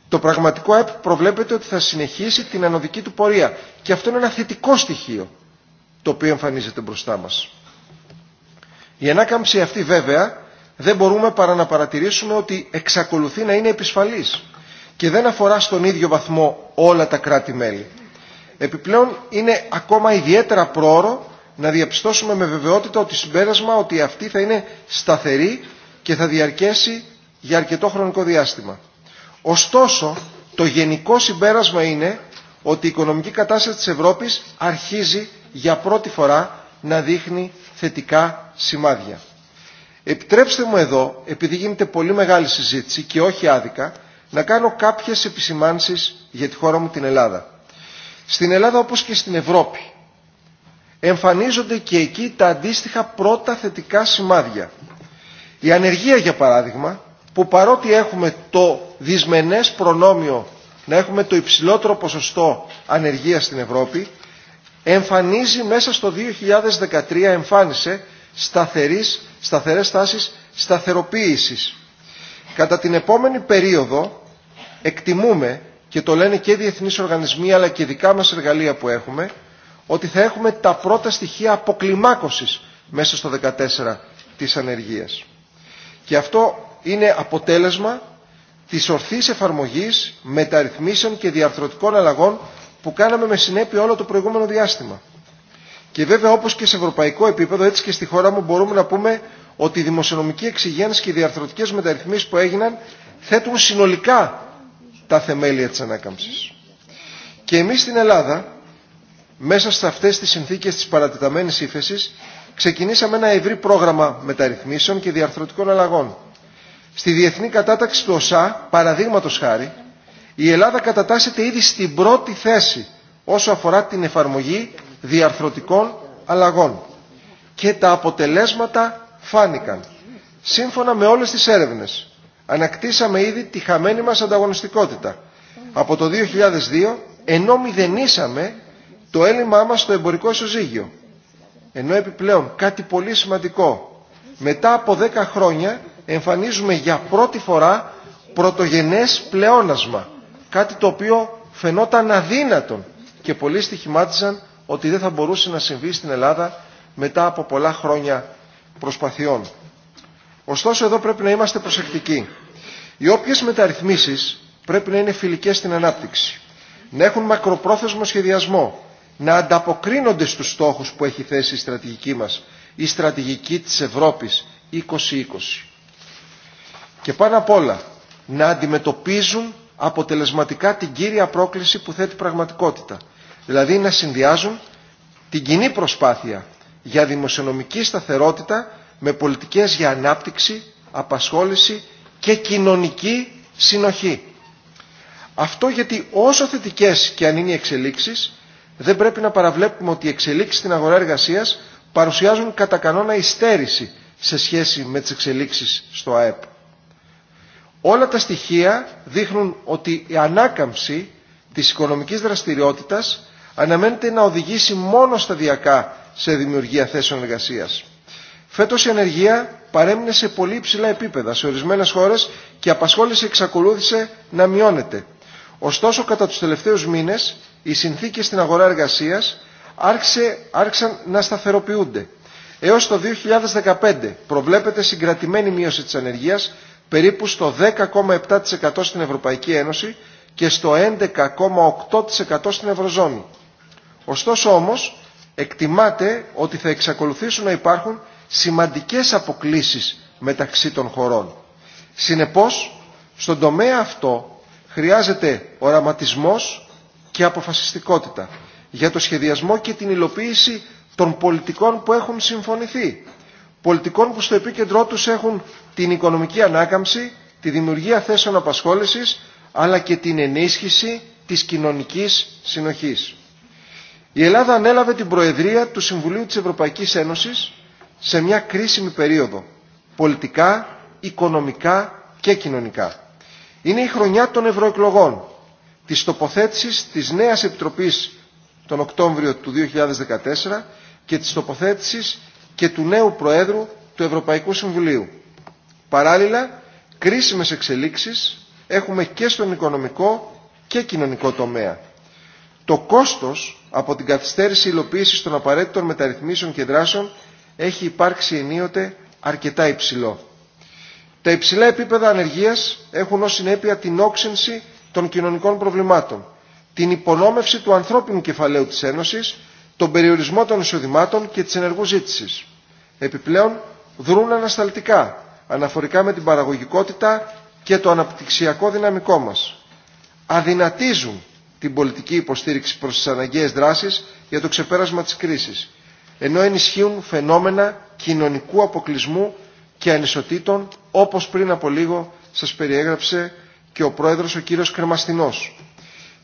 Το πραγματικό ΕΠ προβλέπεται ότι θα συνεχίσει την ανωδική του πορεία και αυτό είναι ένα θετικό στοιχείο το οποίο εμφανίζεται μπροστά μας. Η ανάκαμψη αυτή βέβαια δεν μπορούμε παρά να παρατηρήσουμε ότι εξακολουθεί να είναι επισφαλής και δεν αφορά στον ίδιο βαθμό όλα τα κράτη-μέλη. Επιπλέον είναι ακόμα ιδιαίτερα πρόωρο να διαπιστώσουμε με βεβαιότητα ότι συμπέρασμα ότι αυτή θα είναι σταθερή και θα διαρκέσει για αρκετό χρονικό διάστημα. Ωστόσο, το γενικό συμπέρασμα είναι ότι η οικονομική κατάσταση της Ευρώπης αρχίζει για πρώτη φορά να δείχνει θετικά σημάδια. Επιτρέψτε μου εδώ, επειδή γίνεται πολύ μεγάλη συζήτηση και όχι άδικα, να κάνω κάποιες επισημάνσεις για τη χώρα μου την Ελλάδα. Στην Ελλάδα όπως και στην Ευρώπη εμφανίζονται και εκεί τα αντίστοιχα πρώτα θετικά σημάδια. Η ανεργία για παράδειγμα που παρότι έχουμε το δυσμενές προνόμιο να έχουμε το υψηλότερο ποσοστό ανεργίας στην Ευρώπη, εμφανίζει μέσα στο 2013 εμφάνισε σταθερής, σταθερές τάσεις σταθεροποίησης. Κατά την επόμενη περίοδο εκτιμούμε και το λένε και οι διεθνείς οργανισμοί αλλά και δικά μας εργαλεία που έχουμε ότι θα έχουμε τα πρώτα στοιχεία αποκλιμάκωσης μέσα στο 2014 της ανεργίας. Και αυτό είναι αποτέλεσμα της ορθής εφαρμογής μεταρρυθμίσεων και διαρθρωτικών αλλαγών που κάναμε με συνέπεια όλο το προηγούμενο διάστημα. Και βέβαια όπως και σε ευρωπαϊκό επίπεδο έτσι και στη χώρα μου μπορούμε να πούμε ότι η δημοσιονομική εξυγένση και οι διαρθρωτικές μεταρρυθμίσεις που έγιναν θέτουν συνολικά τα θεμέλια της ανάκαμψης. Και εμείς στην Ελλάδα, μέσα σε αυτές τις συνθήκες της παρατεταμένης ύφεσης, ξεκινήσαμε ένα ευρύ πρόγραμμα μεταρρυθμίσεων και διαρθρωτικών αλλαγών Στη διεθνή κατάταξη του ΟΣΑ, παραδείγματο χάρη, η Ελλάδα κατατάσσεται ήδη στην πρώτη θέση όσο αφορά την εφαρμογή διαρθρωτικών αλλαγών. Και τα αποτελέσματα φάνηκαν. Σύμφωνα με όλες τις έρευνες, ανακτήσαμε ήδη τη χαμένη μας ανταγωνιστικότητα. Από το 2002, ενώ μηδενίσαμε το έλλειμμά μας στο εμπορικό ισοζύγιο. Ενώ επιπλέον κάτι πολύ σημαντικό, μετά από 10 χρόνια εμφανίζουμε για πρώτη φορά πρωτογενές πλεόνασμα. Κάτι το οποίο φαινόταν αδύνατον και πολλοί στοιχημάτιζαν ότι δεν θα μπορούσε να συμβεί στην Ελλάδα μετά από πολλά χρόνια προσπαθειών. Ωστόσο εδώ πρέπει να είμαστε προσεκτικοί. Οι όποιες μεταρρυθμίσεις πρέπει να είναι φιλικές στην ανάπτυξη, να έχουν μακροπρόθεσμο σχεδιασμό, να ανταποκρίνονται στους στόχους που έχει θέσει η στρατηγική μας, η στρατηγική της Ευρώπης 2020 και πάνω απ' όλα να αντιμετωπίζουν αποτελεσματικά την κύρια πρόκληση που θέτει πραγματικότητα. Δηλαδή να συνδυάζουν την κοινή προσπάθεια για δημοσιονομική σταθερότητα με πολιτικές για ανάπτυξη, απασχόληση και κοινωνική συνοχή. Αυτό γιατί όσο θετικές και αν είναι οι εξελίξεις, δεν πρέπει να παραβλέπουμε ότι οι εξελίξεις στην αγορά εργασίας παρουσιάζουν κατά κανόνα υστέρηση σε σχέση με τις εξελίξεις στο ΑΕΠ. Όλα τα στοιχεία δείχνουν ότι η ανάκαμψη της οικονομικής δραστηριότητας αναμένεται να οδηγήσει μόνο σταδιακά σε δημιουργία θέσεων εργασίας. Φέτος η ανεργία παρέμεινε σε πολύ υψηλά επίπεδα σε ορισμένες χώρες και η απασχόληση εξακολούθησε να μειώνεται. Ωστόσο κατά τους τελευταίους μήνες οι συνθήκες στην αγορά εργασίας άρχισε, άρχισαν να σταθεροποιούνται. Έως το 2015 προβλέπεται συγκρατημένη μείωση της ανεργίας περίπου στο 10,7% στην Ευρωπαϊκή Ένωση και στο 11,8% στην Ευρωζώνη. Ωστόσο όμως, εκτιμάται ότι θα εξακολουθήσουν να υπάρχουν σημαντικές αποκλίσεις μεταξύ των χωρών. Συνεπώς, στον τομέα αυτό χρειάζεται οραματισμός και αποφασιστικότητα για το σχεδιασμό και την υλοποίηση των πολιτικών που έχουν συμφωνηθεί. Πολιτικών που στο επίκεντρό τους έχουν την οικονομική ανάκαμψη, τη δημιουργία θέσεων απασχόλησης, αλλά και την ενίσχυση της κοινωνικής συνοχής. Η Ελλάδα ανέλαβε την Προεδρία του Συμβουλίου της Ευρωπαϊκής Ένωσης σε μια κρίσιμη περίοδο, πολιτικά, οικονομικά και κοινωνικά. Είναι η χρονιά των ευρωεκλογών, της τοποθέτησης της νέας Επιτροπής τον Οκτώβριο του 2014 και της τοποθέτησης και του νέου Προέδρου του Ευρωπαϊκού Συμβουλίου. Παράλληλα, κρίσιμες εξελίξεις έχουμε και στον οικονομικό και κοινωνικό τομέα. Το κόστος από την καθυστέρηση υλοποίησης των απαραίτητων μεταρρυθμίσεων και δράσεων έχει υπάρξει ενίοτε αρκετά υψηλό. Τα υψηλά επίπεδα ανεργίας έχουν ως συνέπεια την όξυνση των κοινωνικών προβλημάτων, την υπονόμευση του ανθρώπινου κεφαλαίου της Ένωσης, τον περιορισμό των εισοδημάτων και της ενεργού ζήτησης. Επιπλέον, δρούν ανασταλτικά αναφορικά με την παραγωγικότητα και το αναπτυξιακό δυναμικό μας. Αδυνατίζουν την πολιτική υποστήριξη προς τις αναγκαίες δράσεις για το ξεπέρασμα της κρίσης, ενώ ενισχύουν φαινόμενα κοινωνικού αποκλεισμού και ανισοτήτων, όπως πριν από λίγο σας περιέγραψε και ο πρόεδρος ο κύριος Κρεμαστινός.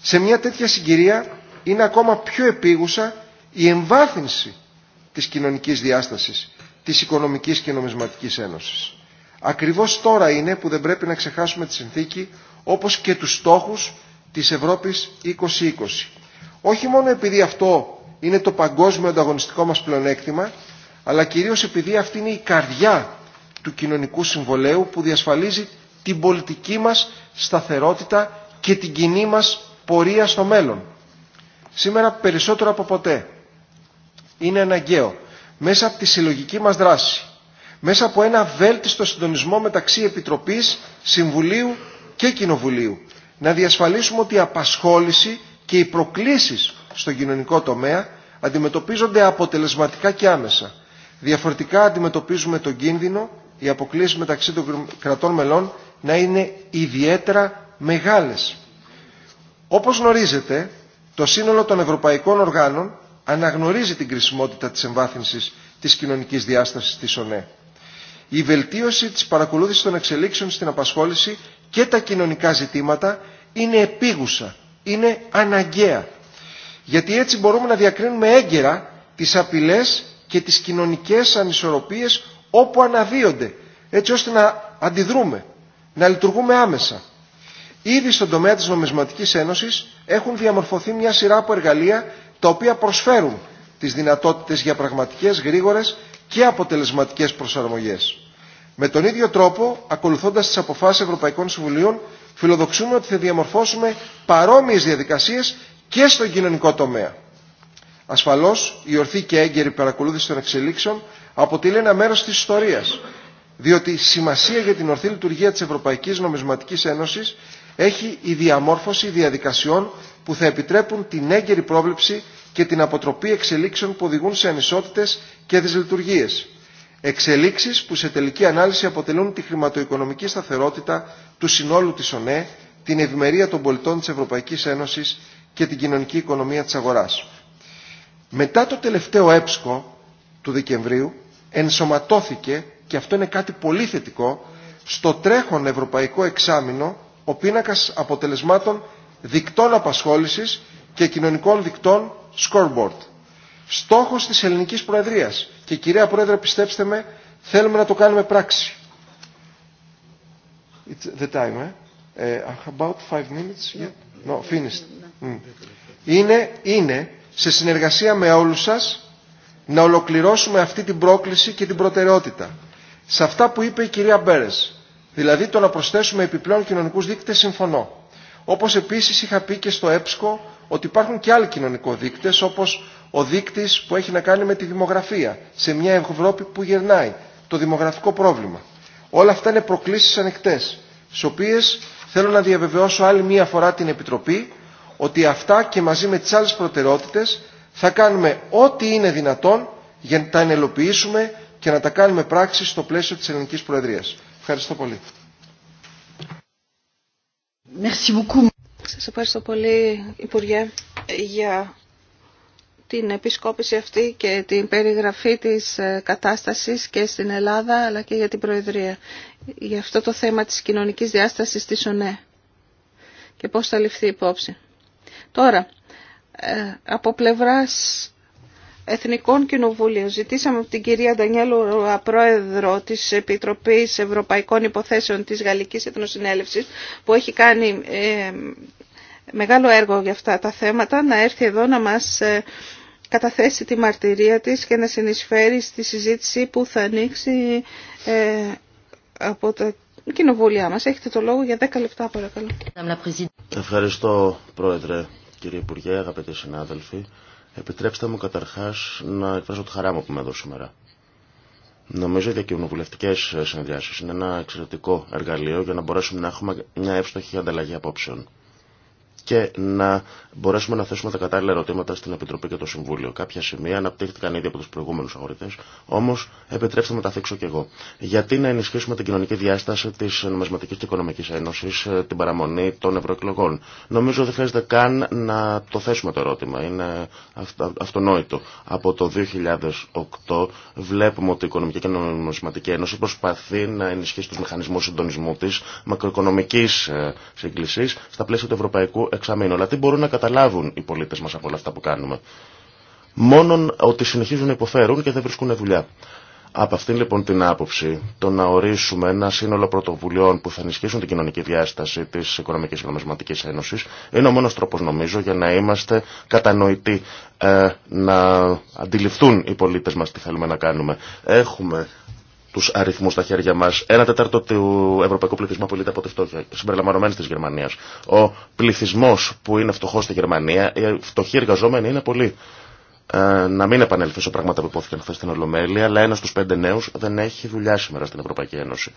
Σε μια τέτοια συγκυρία είναι ακόμα πιο επίγουσα η εμβάθυνση της κοινωνικής διάστασης της Οικονομικής και Νομισματικής Ένωσης. Ακριβώς τώρα είναι που δεν πρέπει να ξεχάσουμε τη συνθήκη όπως και τους στόχους της Ευρώπης 2020. Όχι μόνο επειδή αυτό είναι το παγκόσμιο ανταγωνιστικό μας πλεονέκτημα, αλλά κυρίως επειδή αυτή είναι η καρδιά του κοινωνικού συμβολέου που διασφαλίζει την πολιτική μας σταθερότητα και την κοινή μας πορεία στο μέλλον. Σήμερα περισσότερο από ποτέ είναι αναγκαίο μέσα από τη συλλογική μας δράση μέσα από ένα βέλτιστο συντονισμό μεταξύ Επιτροπής, Συμβουλίου και Κοινοβουλίου. Να διασφαλίσουμε ότι η απασχόληση και οι προκλήσεις στο κοινωνικό τομέα αντιμετωπίζονται αποτελεσματικά και άμεσα. Διαφορετικά αντιμετωπίζουμε τον κίνδυνο οι αποκλήσεις μεταξύ των κρατών μελών να είναι ιδιαίτερα μεγάλες. Όπως γνωρίζετε, το σύνολο των ευρωπαϊκών οργάνων αναγνωρίζει την κρισιμότητα της εμβάθυνσης της κοινωνικής διάστασης της ΟΝΕ η βελτίωση της παρακολούθησης των εξελίξεων στην απασχόληση και τα κοινωνικά ζητήματα είναι επίγουσα, είναι αναγκαία. Γιατί έτσι μπορούμε να διακρίνουμε έγκαιρα τις απειλές και τις κοινωνικές ανισορροπίες όπου αναδύονται, έτσι ώστε να αντιδρούμε, να λειτουργούμε άμεσα. Ήδη στον τομέα της Νομισματικής Ένωσης έχουν διαμορφωθεί μια σειρά από εργαλεία τα οποία προσφέρουν τις δυνατότητες για πραγματικές, γρήγορες και αποτελεσματικές προσαρμογές. Με τον ίδιο τρόπο, ακολουθώντας τις αποφάσεις Ευρωπαϊκών Συμβουλίων, φιλοδοξούμε ότι θα διαμορφώσουμε παρόμοιες διαδικασίες και στον κοινωνικό τομέα. Ασφαλώς, η ορθή και έγκαιρη παρακολούθηση των εξελίξεων αποτελεί ένα μέρος της ιστορίας, διότι σημασία για την ορθή λειτουργία της Ευρωπαϊκής Νομισματικής Ένωσης έχει η διαμόρφωση διαδικασιών που θα επιτρέπουν την έγκαιρη πρόβλεψη και την αποτροπή εξελίξεων που οδηγούν σε ανισότητες και δυσλειτουργίες. Εξελίξεις που σε τελική ανάλυση αποτελούν τη χρηματοοικονομική σταθερότητα του συνόλου της ΟΝΕ, την ευημερία των πολιτών της Ευρωπαϊκής Ένωσης και την κοινωνική οικονομία της αγοράς. Μετά το τελευταίο έψκο του Δεκεμβρίου ενσωματώθηκε, και αυτό είναι κάτι πολύ θετικό, στο τρέχον ευρωπαϊκό εξάμεινο ο πίνακας αποτελεσμάτων δικτών απασχόληση και κοινωνικών δικτών scoreboard. Στόχος της ελληνικής προεδρίας. Και κυρία Πρόεδρε πιστέψτε με θέλουμε να το κάνουμε πράξη. It's the time, eh? about minutes. finished. Mm. Είναι, είναι σε συνεργασία με όλους σας να ολοκληρώσουμε αυτή την πρόκληση και την προτεραιότητα. Σε αυτά που είπε η κυρία Μπέρες, δηλαδή το να προσθέσουμε επιπλέον κοινωνικούς δίκτες συμφωνώ. Όπως επίσης είχα πει και στο ΕΠΣΚΟ ότι υπάρχουν και άλλοι κοινωνικοδείκτες όπως ο δείκτης που έχει να κάνει με τη δημογραφία σε μια Ευρώπη που γερνάει, το δημογραφικό πρόβλημα. Όλα αυτά είναι προκλήσεις ανεκτές, στις οποίες θέλω να διαβεβαιώσω άλλη μία φορά την Επιτροπή ότι αυτά και μαζί με τις άλλες προτεραιότητες θα κάνουμε ό,τι είναι δυνατόν για να τα ενελοποιήσουμε και να τα κάνουμε πράξη στο πλαίσιο της Ελληνικής Προεδρίας. Ευχαριστώ πολύ. Σας ευχαριστώ πολύ, Υπουργέ, για την επισκόπηση αυτή και την περιγραφή της ε, κατάστασης και στην Ελλάδα αλλά και για την Προεδρία για αυτό το θέμα της κοινωνικής διάστασης της ΟΝΕ και πώς θα ληφθεί υπόψη. Τώρα, ε, από πλευράς Εθνικών Κοινοβούλων. Ζητήσαμε από την κυρία Ντανιέλου Πρόεδρο της Επιτροπής Ευρωπαϊκών Υποθέσεων της Γαλλικής Εθνοσυνέλευσης που έχει κάνει ε, μεγάλο έργο για αυτά τα θέματα να έρθει εδώ να μας ε, καταθέσει τη μαρτυρία της και να συνεισφέρει στη συζήτηση που θα ανοίξει ε, από τα κοινοβούλια μας. Έχετε το λόγο για 10 λεπτά παρακαλώ. Ευχαριστώ Πρόεδρε, κύριε Υπουργέ, αγαπητοί συνάδελφοι. Επιτρέψτε μου καταρχάς να εκφράσω τη χαρά μου που είμαι εδώ σήμερα. Νομίζω οι διακοινοβουλευτικέ συνδυάσει είναι ένα εξαιρετικό εργαλείο για να μπορέσουμε να έχουμε μια εύστοχη ανταλλαγή απόψεων και να μπορέσουμε να θέσουμε τα κατάλληλα ερωτήματα στην Επιτροπή και το Συμβούλιο. Κάποια σημεία αναπτύχθηκαν ήδη από του προηγούμενου αγορητέ, όμω επιτρέψτε να τα θίξω κι εγώ. Γιατί να ενισχύσουμε την κοινωνική διάσταση τη Νομισματική και Οικονομική Ένωση, ε, την παραμονή των ευρωεκλογών. Νομίζω δεν χρειάζεται καν να το θέσουμε το ερώτημα. Είναι αυτονόητο. Από το 2008 βλέπουμε ότι η Οικονομική και Νομισματική Ένωση προσπαθεί να ενισχύσει του μηχανισμού συντονισμού τη μακροοικονομική ε, σύγκληση στα πλαίσια του Ευρωπαϊκού αλλά τι μπορούν να καταλάβουν οι πολίτε μα από όλα αυτά που κάνουμε. Μόνον ότι συνεχίζουν να υποφέρουν και δεν βρίσκουν δουλειά. Από αυτήν λοιπόν την άποψη, το να ορίσουμε ένα σύνολο πρωτοβουλειών που θα ενισχύσουν την κοινωνική διάσταση τη Οικονομική και Νομισματική Ένωση είναι ο μόνο τρόπο νομίζω για να είμαστε κατανοητοί, ε, να αντιληφθούν οι πολίτε μα τι θέλουμε να κάνουμε. Έχουμε του αριθμού στα χέρια μα. Ένα τέταρτο του ευρωπαϊκού πληθυσμού απολύεται από τη φτώχεια, συμπεριλαμβανομένης τη Γερμανία. Ο πληθυσμό που είναι φτωχός στη Γερμανία, οι φτωχοί εργαζόμενοι είναι πολλοί. Ε, να μην επανέλθω σε πράγματα που υπόθηκαν χθε στην Ολομέλεια, αλλά ένα στου πέντε νέου δεν έχει δουλειά σήμερα στην Ευρωπαϊκή Ένωση.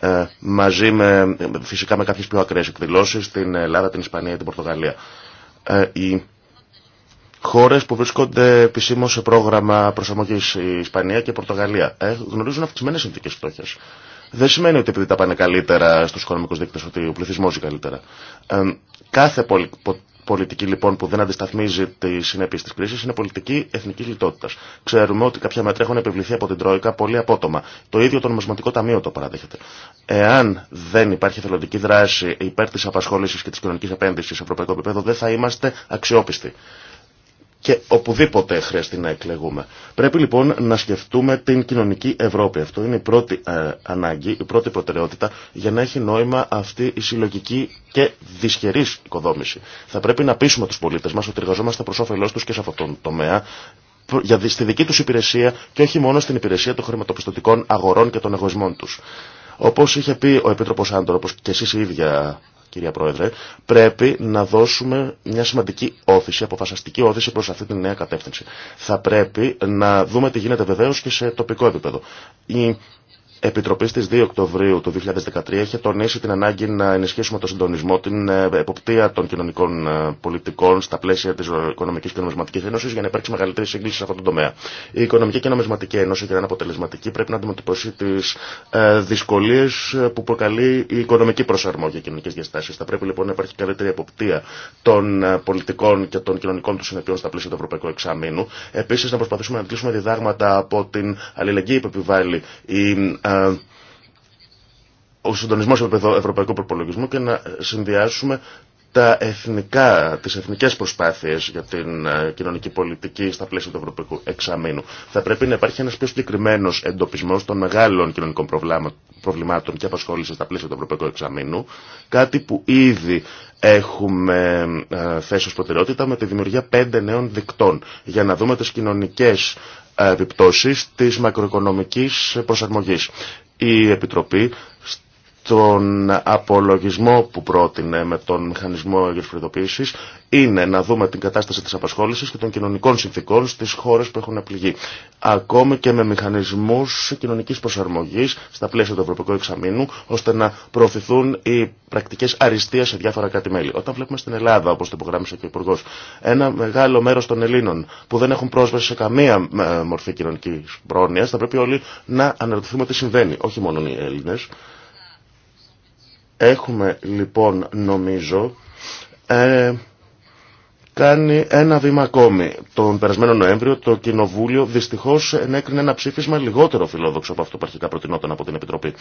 Ε, μαζί με, φυσικά με κάποιε πιο ακραίε εκδηλώσει στην Ελλάδα, την Ισπανία και την Πορτογαλία. Ε, η χώρες που βρίσκονται επισήμως σε πρόγραμμα προσαρμογής η Ισπανία και η Πορτογαλία ε, γνωρίζουν αυξημένες συνθήκες φτώχειας. Δεν σημαίνει ότι επειδή τα πάνε καλύτερα στους οικονομικούς δείκτες ότι ο πληθυσμός είναι καλύτερα. Ε, κάθε πολιτική λοιπόν που δεν αντισταθμίζει τι συνέπειε τη κρίση είναι πολιτική εθνική λιτότητας. Ξέρουμε ότι κάποια μέτρα έχουν επιβληθεί από την Τρόικα πολύ απότομα. Το ίδιο το Νομισματικό Ταμείο το παραδέχεται. Εάν δεν υπάρχει θελοντική δράση υπέρ τη απασχόληση και τη κοινωνική επένδυσης σε ευρωπαϊκό επίπεδο, δεν θα είμαστε αξιόπιστοι και οπουδήποτε χρειαστεί να εκλεγούμε. Πρέπει λοιπόν να σκεφτούμε την κοινωνική Ευρώπη. Αυτό είναι η πρώτη ε, ανάγκη, η πρώτη προτεραιότητα για να έχει νόημα αυτή η συλλογική και δυσχερή οικοδόμηση. Θα πρέπει να πείσουμε του πολίτε μα ότι εργαζόμαστε προ όφελό του και σε αυτόν τον τομέα για στη δική τους υπηρεσία και όχι μόνο στην υπηρεσία των χρηματοπιστωτικών αγορών και των εγωισμών τους. Όπως είχε πει ο Επίτροπος Άντορ, όπως και εσεί ίδια κυρία Πρόεδρε, πρέπει να δώσουμε μια σημαντική όθηση, αποφασιστική όθηση προς αυτή τη νέα κατεύθυνση. Θα πρέπει να δούμε τι γίνεται βεβαίω και σε τοπικό επίπεδο. Η Επιτροπή στις 2 Οκτωβρίου του 2013 είχε τονίσει την ανάγκη να ενισχύσουμε το συντονισμό, την ε, εποπτεία των κοινωνικών ε, πολιτικών στα πλαίσια της Οικονομικής και Νομισματικής Ένωσης για να υπάρξει μεγαλύτερη σύγκληση σε αυτό το τομέα. Η Οικονομική και Νομισματική Ένωση για να είναι αποτελεσματική πρέπει να αντιμετωπίσει τις ε, δυσκολίες που προκαλεί η οικονομική προσαρμογή για κοινωνικές διαστάσεις. Θα πρέπει λοιπόν να υπάρχει καλύτερη εποπτεία των πολιτικών και των κοινωνικών του συνεπειών στα πλαίσια του Ευρωπαϊκού Εξαμήνου. Επίσης να προσπαθήσουμε να αντλήσουμε διδάγματα από την αλληλεγγύη που επιβάλλει η ε, ο συντονισμό επίπεδο ευρωπαϊκού προπολογισμού και να συνδυάσουμε τα εθνικά, τις εθνικές προσπάθειες για την ε, κοινωνική πολιτική στα πλαίσια του Ευρωπαϊκού Εξαμήνου. Θα πρέπει να υπάρχει ένας πιο συγκεκριμένο εντοπισμός των μεγάλων κοινωνικών προβλημάτων και απασχόλησης στα πλαίσια του Ευρωπαϊκού Εξαμήνου, κάτι που ήδη έχουμε ε, θέσει ως προτεραιότητα με τη δημιουργία πέντε νέων δικτών για να δούμε τις κοινωνικές επιπτώσεις της μακροοικονομικής προσαρμογής. Η Επιτροπή τον απολογισμό που πρότεινε με τον μηχανισμό αγιοσφαιρετοποίηση είναι να δούμε την κατάσταση τη απασχόληση και των κοινωνικών συνθήκων στι χώρε που έχουν πληγεί. Ακόμη και με μηχανισμού κοινωνική προσαρμογή στα πλαίσια του Ευρωπαϊκού Εξαμήνου, ώστε να προωθηθούν οι πρακτικέ αριστεία σε διάφορα κράτη-μέλη. Όταν βλέπουμε στην Ελλάδα, όπω το υπογράμμισε και ο Υπουργό, ένα μεγάλο μέρο των Ελλήνων που δεν έχουν πρόσβαση σε καμία ε, μορφή κοινωνική πρόνοια, θα πρέπει όλοι να αναρωτηθούμε τι συμβαίνει. Όχι μόνο οι Έλληνε, Έχουμε λοιπόν νομίζω ε, κάνει ένα βήμα ακόμη. Τον περασμένο Νοέμβριο το Κοινοβούλιο δυστυχώς ενέκρινε ένα ψήφισμα λιγότερο φιλόδοξο από αυτό που αρχικά προτινόταν από την Επιτροπή.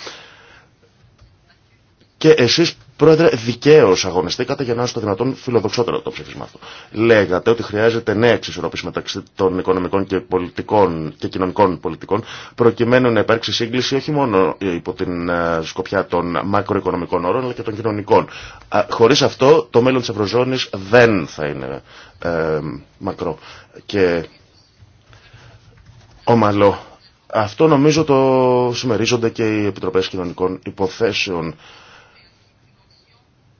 Και εσείς Πρόεδρε, δικαίω αγωνιστήκατε για να είστε δυνατόν φιλοδοξότερο το ψήφισμα αυτό. Λέγατε ότι χρειάζεται νέα εξισορροπή μεταξύ των οικονομικών και, πολιτικών και κοινωνικών πολιτικών, προκειμένου να υπάρξει σύγκληση όχι μόνο υπό την ε, σκοπιά των μακροοικονομικών όρων, αλλά και των κοινωνικών. Χωρί αυτό, το μέλλον τη Ευρωζώνη δεν θα είναι ε, μακρό και ομαλό. Αυτό νομίζω το συμμερίζονται και οι επιτροπέ Κοινωνικών Υποθέσεων.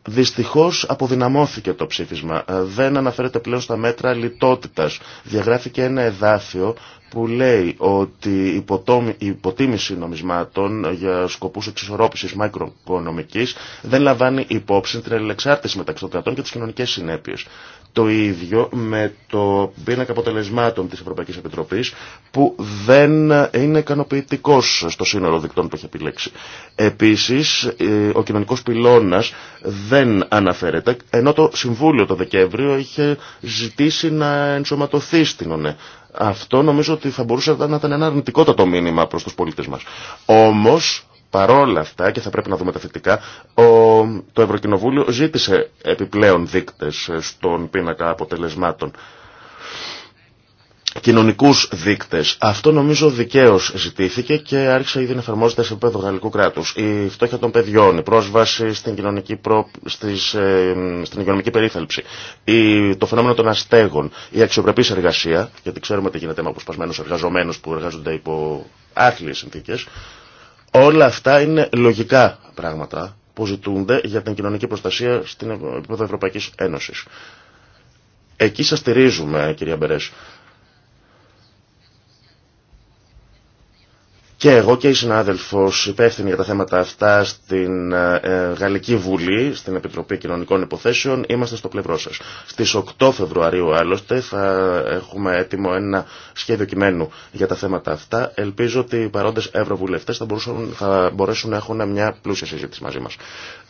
Δυστυχώς αποδυναμώθηκε το ψήφισμα. Ε, δεν αναφέρεται πλέον στα μέτρα λιτότητας. Διαγράφηκε ένα εδάφιο που λέει ότι η υποτίμηση νομισμάτων για σκοπούς εξισορρόπησης μακροοικονομικής δεν λαμβάνει υπόψη την ελεξάρτηση μεταξύ των κρατών και τις κοινωνικές συνέπειες. Το ίδιο με το πίνακα αποτελεσμάτων της Ευρωπαϊκής Επιτροπής που δεν είναι ικανοποιητικό στο σύνολο δικτών που έχει επιλέξει. Επίσης, ε, ο κοινωνικός πυλώνας δεν αναφέρεται, ενώ το Συμβούλιο το Δεκέμβριο είχε ζητήσει να ενσωματωθεί στην ΟΝΕ. Αυτό νομίζω ότι θα μπορούσε να ήταν ένα αρνητικότατο μήνυμα προς τους πολίτες μας. Όμως, Παρόλα αυτά, και θα πρέπει να δούμε τα θετικά, το Ευρωκοινοβούλιο ζήτησε επιπλέον δείκτες στον πίνακα αποτελεσμάτων. Κοινωνικούς δείκτες. Αυτό νομίζω δικαίως ζητήθηκε και άρχισε ήδη να εφαρμόζεται σε επίπεδο γαλλικού κράτους. Η φτώχεια των παιδιών, η πρόσβαση στην κοινωνική, προ... στις, ε, στην οικονομική περίθαλψη, η... το φαινόμενο των αστέγων, η αξιοπρεπής εργασία, γιατί ξέρουμε τι γίνεται με αποσπασμένου εργαζομένους που εργάζονται υπό άθλιες συνθήκες, Όλα αυτά είναι λογικά πράγματα που ζητούνται για την κοινωνική προστασία στην επίπεδο Ευρωπαϊκής Ένωσης. Εκεί σας στηρίζουμε, κυρία Μπερές. Και εγώ και η συνάδελφος υπεύθυνη για τα θέματα αυτά στην ε, ε, Γαλλική Βουλή, στην Επιτροπή Κοινωνικών Υποθέσεων, είμαστε στο πλευρό σας. Στις 8 Φεβρουαρίου άλλωστε θα έχουμε έτοιμο ένα σχέδιο κειμένου για τα θέματα αυτά. Ελπίζω ότι οι παρόντες ευρωβουλευτές θα, θα μπορέσουν να έχουν μια πλούσια συζήτηση μαζί μας.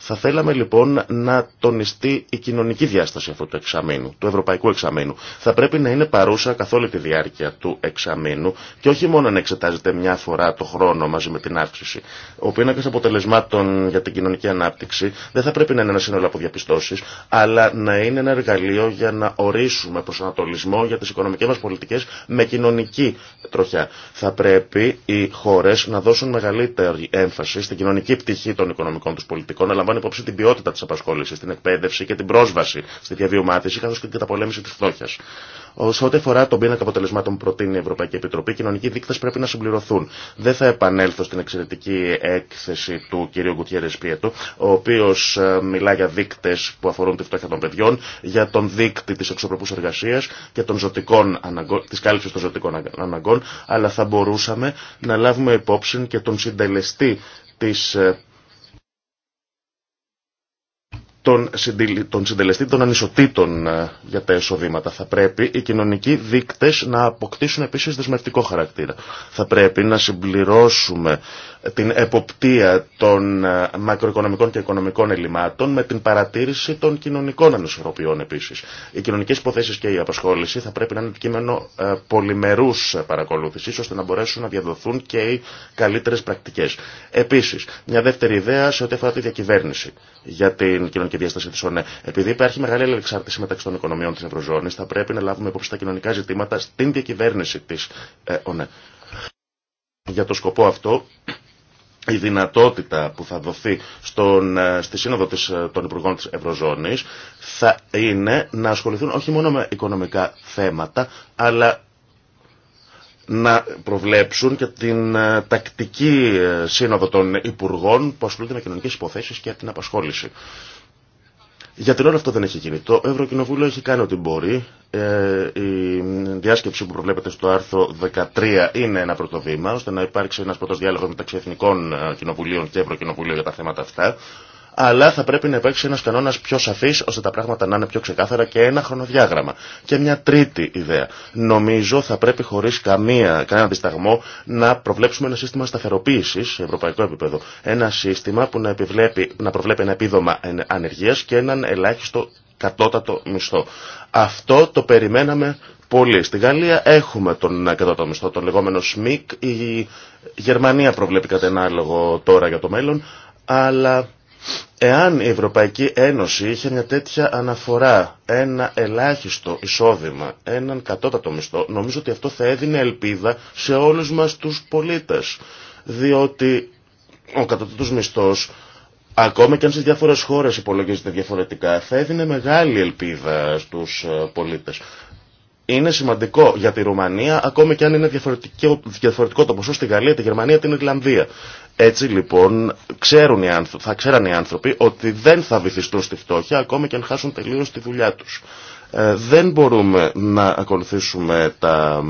Θα θέλαμε λοιπόν να τονιστεί η κοινωνική διάσταση αυτού του εξαμήνου, του ευρωπαϊκού εξαμήνου. Θα πρέπει να είναι παρούσα καθ' τη διάρκεια του εξαμήνου και όχι μόνο να εξετάζεται μια φορά χρόνο μαζί με την αύξηση. Ο πίνακα αποτελεσμάτων για την κοινωνική ανάπτυξη δεν θα πρέπει να είναι ένα σύνολο από διαπιστώσει, αλλά να είναι ένα εργαλείο για να ορίσουμε προσανατολισμό για τι οικονομικέ μα πολιτικέ με κοινωνική τροχιά. Θα πρέπει οι χώρε να δώσουν μεγαλύτερη έμφαση στην κοινωνική πτυχή των οικονομικών του πολιτικών, να λαμβάνουν υπόψη την ποιότητα τη απασχόληση, την εκπαίδευση και την πρόσβαση στη διαβιωμάτιση, καθώ και την καταπολέμηση τη φτώχεια. Σε ό,τι αφορά τον πίνακα αποτελεσμάτων που προτείνει η Ευρωπαϊκή Επιτροπή, οι κοινωνικοί δείκτε πρέπει να συμπληρωθούν. Δεν θα επανέλθω στην εξαιρετική έκθεση του κ. Γκουτιέρε Πιέτο, ο οποίος ε, μιλά για δείκτε που αφορούν τη φτώχεια των παιδιών, για τον δείκτη τη εξωπροπού εργασία και τη κάλυψη των ζωτικών αναγκών, αλλά θα μπορούσαμε να λάβουμε υπόψη και τον συντελεστή της ε, τον συντελεστή των ανισοτήτων ε, για τα εισοδήματα. Θα πρέπει οι κοινωνικοί δείκτες να αποκτήσουν επίσης δεσμευτικό χαρακτήρα. Θα πρέπει να συμπληρώσουμε την εποπτεία των ε, μακροοικονομικών και οικονομικών ελλημάτων με την παρατήρηση των κοινωνικών ανισορροπιών επίσης. Οι κοινωνικές υποθέσεις και η απασχόληση θα πρέπει να είναι αντικείμενο ε, πολυμερούς παρακολούθησης ώστε να μπορέσουν να διαδοθούν και οι καλύτερες πρακτικές. Επίσης, μια δεύτερη ιδέα σε ό,τι αφορά τη διακυβέρνηση για την κοινωνική διάσταση τη ΩΝΕ. Επειδή υπάρχει μεγάλη αλληλεξάρτηση μεταξύ των οικονομιών τη Ευρωζώνη, θα πρέπει να λάβουμε υπόψη τα κοινωνικά ζητήματα στην διακυβέρνηση τη ΩΝΕ. Ε, για το σκοπό αυτό, η δυνατότητα που θα δοθεί στον, ε, στη Σύνοδο της, ε, των Υπουργών της Ευρωζώνης θα είναι να ασχοληθούν όχι μόνο με οικονομικά θέματα, αλλά να προβλέψουν και την ε, τακτική ε, σύνοδο των Υπουργών που ασχολούνται με κοινωνικές υποθέσεις και την απασχόληση. Για την ώρα αυτό δεν έχει γίνει. Το Ευρωκοινοβούλιο έχει κάνει ό,τι μπορεί. Ε, η διάσκεψη που προβλέπεται στο άρθρο 13 είναι ένα πρωτοβήμα, ώστε να υπάρξει ένα πρώτο διάλογο μεταξύ Εθνικών Κοινοβουλίων και Ευρωκοινοβουλίων για τα θέματα αυτά αλλά θα πρέπει να υπάρξει ένα κανόνα πιο σαφή, ώστε τα πράγματα να είναι πιο ξεκάθαρα και ένα χρονοδιάγραμμα. Και μια τρίτη ιδέα. Νομίζω θα πρέπει χωρί κανένα δισταγμό να προβλέψουμε ένα σύστημα σταθεροποίηση, σε ευρωπαϊκό επίπεδο. Ένα σύστημα που να, να προβλέπει ένα επίδομα ανεργία και έναν ελάχιστο κατώτατο μισθό. Αυτό το περιμέναμε πολύ. Στη Γαλλία έχουμε τον κατώτατο μισθό, τον λεγόμενο ΣΜΙΚ. Η Γερμανία προβλέπει κάτι τώρα για το μέλλον, αλλά Εάν η Ευρωπαϊκή Ένωση είχε μια τέτοια αναφορά, ένα ελάχιστο εισόδημα, έναν κατώτατο μισθό, νομίζω ότι αυτό θα έδινε ελπίδα σε όλους μας τους πολίτες. Διότι ο κατώτατος μισθός, ακόμα και αν σε διάφορες χώρες υπολογίζεται διαφορετικά, θα έδινε μεγάλη ελπίδα στους ε, πολίτες είναι σημαντικό για τη Ρουμανία, ακόμη και αν είναι διαφορετικό, διαφορετικό το ποσό στην Γαλλία, τη Γερμανία, την Ιρλανδία. Έτσι λοιπόν ξέρουν οι άνθρωποι, θα ξέραν οι άνθρωποι ότι δεν θα βυθιστούν στη φτώχεια, ακόμη και αν χάσουν τελείω τη δουλειά τους. Ε, δεν μπορούμε να ακολουθήσουμε τα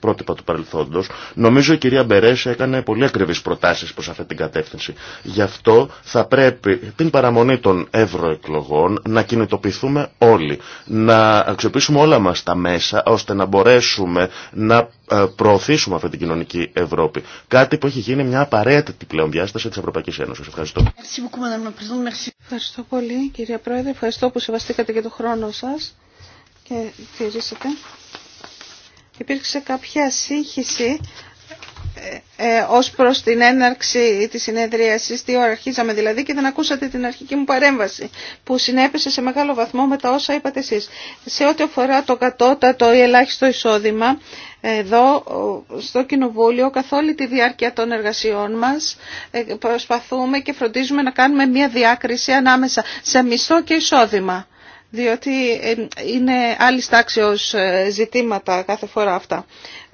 πρότυπα του παρελθόντος. Νομίζω η κυρία Μπερέση έκανε πολύ ακριβείς προτάσεις προς αυτή την κατεύθυνση. Γι' αυτό θα πρέπει την παραμονή των ευρωεκλογών να κινητοποιηθούμε όλοι, να αξιοποιήσουμε όλα μας τα μέσα ώστε να μπορέσουμε να ε, προωθήσουμε αυτή την κοινωνική Ευρώπη. Κάτι που έχει γίνει μια απαραίτητη πλέον διάσταση της Ευρωπαϊκής Ένωσης. Ευχαριστώ. Ευχαριστώ πολύ κυρία Πρόεδρε, ευχαριστώ που σεβαστήκατε και το χρόνο σας και ε, Υπήρξε κάποια σύγχυση ε, ε, ως προς την έναρξη της συνεδρίασης, τι ώρα αρχίζαμε δηλαδή και δεν ακούσατε την αρχική μου παρέμβαση που συνέπεσε σε μεγάλο βαθμό με τα όσα είπατε εσείς. Σε ό,τι αφορά το κατώτατο ή ελάχιστο εισόδημα, εδώ στο Κοινοβούλιο καθ' όλη τη διάρκεια των εργασιών μας ε, προσπαθούμε και φροντίζουμε να κάνουμε μια διάκριση ανάμεσα σε μισθό και εισόδημα διότι ε, είναι άλλη τάξεως ε, ζητήματα κάθε φορά αυτά.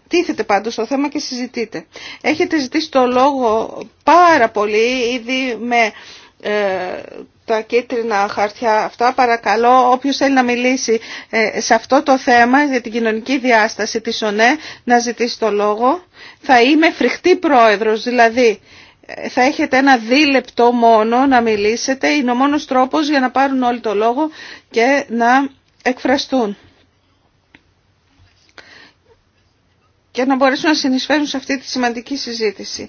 Τίθετε πάντως το θέμα και συζητείτε. Έχετε ζητήσει το λόγο πάρα πολύ ήδη με ε, τα κίτρινα χαρτιά αυτά. Παρακαλώ όποιος θέλει να μιλήσει σε αυτό το θέμα για την κοινωνική διάσταση της ΟΝΕ να ζητήσει το λόγο. Θα είμαι φρικτή πρόεδρος, δηλαδή θα έχετε ένα δίλεπτο μόνο να μιλήσετε. Είναι ο μόνος τρόπος για να πάρουν όλοι το λόγο και να εκφραστούν. Και να μπορέσουν να συνεισφέρουν σε αυτή τη σημαντική συζήτηση.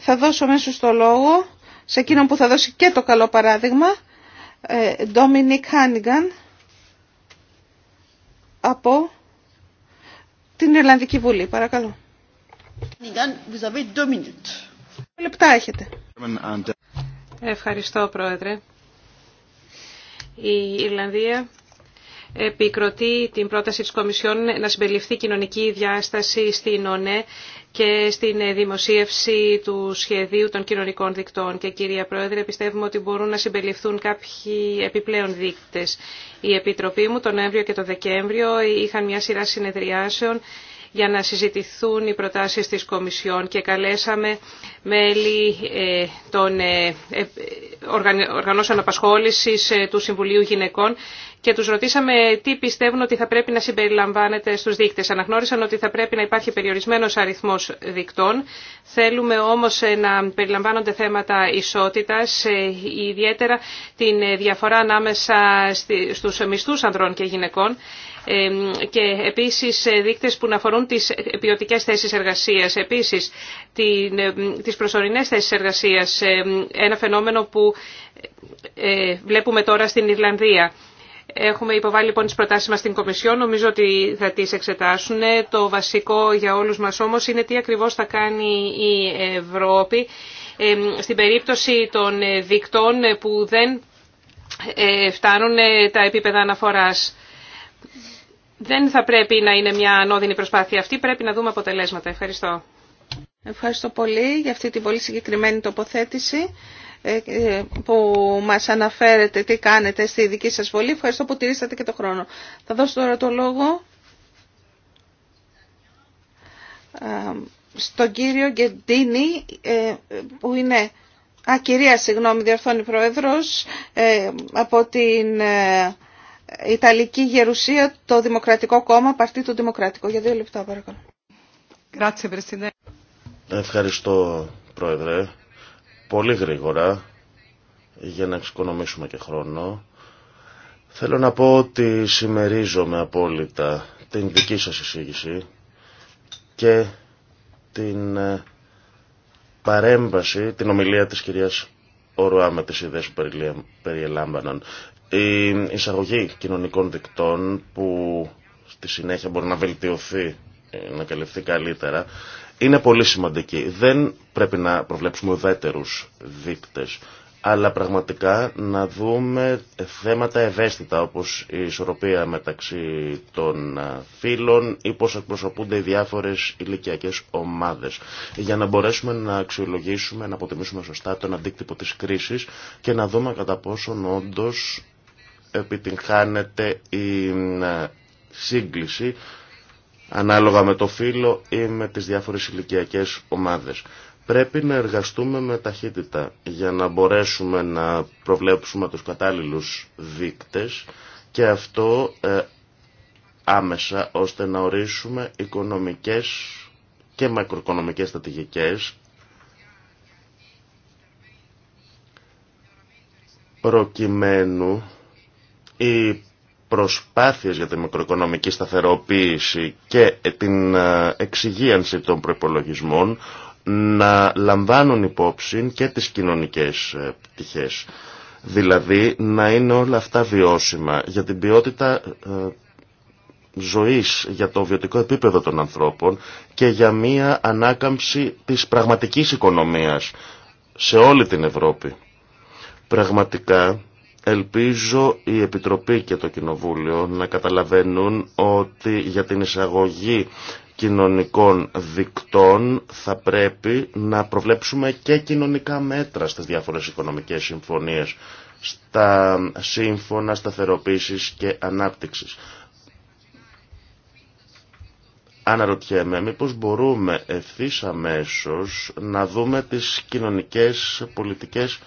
Θα δώσω μέσω το λόγο σε εκείνον που θα δώσει και το καλό παράδειγμα, ε, Dominic Hannigan από την Ιρλανδική Βουλή. Παρακαλώ. vous avez minutes λεπτά έχετε. Ευχαριστώ, Πρόεδρε. Η Ιρλανδία επικροτεί την πρόταση της Κομισιόν να συμπεριληφθεί κοινωνική διάσταση στην ΟΝΕ και στην δημοσίευση του σχεδίου των κοινωνικών δικτών. Και κυρία Πρόεδρε, πιστεύουμε ότι μπορούν να συμπεριληφθούν κάποιοι επιπλέον δείκτες. Η Επιτροπή μου τον Νοέμβριο και τον Δεκέμβριο είχαν μια σειρά συνεδριάσεων για να συζητηθούν οι προτάσεις της Κομισιόν και καλέσαμε μέλη ε, των ε, ε, οργανώσεων απασχόλησης του Συμβουλίου Γυναικών και τους ρωτήσαμε τι πιστεύουν ότι θα πρέπει να συμπεριλαμβάνεται στους δείκτες. Αναγνώρισαν ότι θα πρέπει να υπάρχει περιορισμένος αριθμός δικτών. Θέλουμε όμως να περιλαμβάνονται θέματα ισότητας, ιδιαίτερα την διαφορά ανάμεσα στους μισθούς ανδρών και γυναικών και επίσης ε, δείκτες που να αφορούν τις ποιοτικές θέσεις εργασίας, επίσης τις προσωρινές θέσεις εργασίας, ένα φαινόμενο που ε, βλέπουμε τώρα στην Ιρλανδία. Έχουμε υποβάλει λοιπόν τις προτάσεις μας στην Κομισιόν, νομίζω ότι θα τις εξετάσουν. Το βασικό για όλους μας όμως είναι τι ακριβώς θα κάνει η Ευρώπη στην περίπτωση των ε, δικτών που δεν φτάνουν τα επίπεδα αναφοράς. Δεν θα πρέπει να είναι μια ανώδυνη προσπάθεια αυτή, πρέπει να δούμε αποτελέσματα. Ευχαριστώ. Ευχαριστώ πολύ για αυτή την πολύ συγκεκριμένη τοποθέτηση ε, ε, που μας αναφέρετε τι κάνετε στη δική σας βολή. Ευχαριστώ που τηρήσατε και το χρόνο. Θα δώσω τώρα το λόγο ε, στον κύριο Γκεντίνη που είναι... Α, κυρία, συγγνώμη, διορθώνει πρόεδρος από την Ιταλική Γερουσία, το Δημοκρατικό Κόμμα, Παρτί του Δημοκρατικού. Για δύο λεπτά, παρακαλώ. Ευχαριστώ, Πρόεδρε. Πολύ γρήγορα, για να εξοικονομήσουμε και χρόνο. Θέλω να πω ότι συμμερίζομαι απόλυτα την δική σας εισήγηση και την ε, παρέμβαση, την ομιλία της κυρίας Ορουά με τις ιδέες που περιελάμβαναν. Η εισαγωγή κοινωνικών δικτών που στη συνέχεια μπορεί να βελτιωθεί, ε, να καλυφθεί καλύτερα, είναι πολύ σημαντική. Δεν πρέπει να προβλέψουμε ουδέτερους δείκτες, αλλά πραγματικά να δούμε θέματα ευαίσθητα όπως η ισορροπία μεταξύ των φύλων ή πώς εκπροσωπούνται οι διάφορες ηλικιακές ομάδες για να μπορέσουμε να αξιολογήσουμε, να αποτιμήσουμε σωστά τον αντίκτυπο της κρίσης και να δούμε κατά πόσον όντως επιτυγχάνεται η ε, σύγκληση ανάλογα με το φύλλο ή με τις διάφορες ηλικιακέ ομάδες. Πρέπει να εργαστούμε με ταχύτητα για να μπορέσουμε να προβλέψουμε τους κατάλληλους δείκτες και αυτό ε, άμεσα ώστε να ορίσουμε οικονομικές και μακροοικονομικές στρατηγικές προκειμένου οι προσπάθειες για τη μικροοικονομική σταθεροποίηση και την ε, εξυγίανση των προϋπολογισμών να λαμβάνουν υπόψη και τις κοινωνικές ε, πτυχές. Δηλαδή να είναι όλα αυτά βιώσιμα για την ποιότητα ε, ζωής, για το βιωτικό επίπεδο των ανθρώπων και για μία ανάκαμψη της πραγματικής οικονομίας σε όλη την Ευρώπη. Πραγματικά Ελπίζω η Επιτροπή και το Κοινοβούλιο να καταλαβαίνουν ότι για την εισαγωγή κοινωνικών δικτών θα πρέπει να προβλέψουμε και κοινωνικά μέτρα στις διάφορες οικονομικές συμφωνίες, στα σύμφωνα σταθεροποίησης και ανάπτυξης. Αναρωτιέμαι μήπως μπορούμε ευθύ αμέσω να δούμε τις κοινωνικές πολιτικές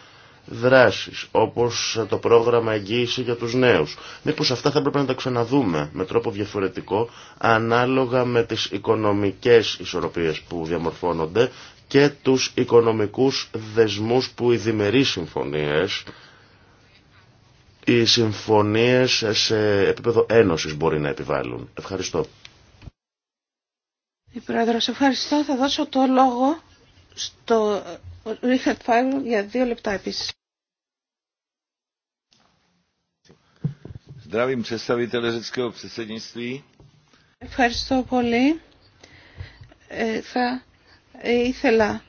δράσεις, όπως το πρόγραμμα εγγύηση για τους νέους. Μήπως αυτά θα πρέπει να τα ξαναδούμε με τρόπο διαφορετικό, ανάλογα με τις οικονομικές ισορροπίες που διαμορφώνονται και τους οικονομικούς δεσμούς που οι διμερείς συμφωνίες, οι συμφωνίες σε επίπεδο ένωσης μπορεί να επιβάλλουν. Ευχαριστώ. Η Πρόεδρος, ευχαριστώ. Θα δώσω το λόγο στο ο Ρίχαρτ Φάιλου για δύο λεπτά επίσης. Ευχαριστώ πολύ. Ε, θα ήθελα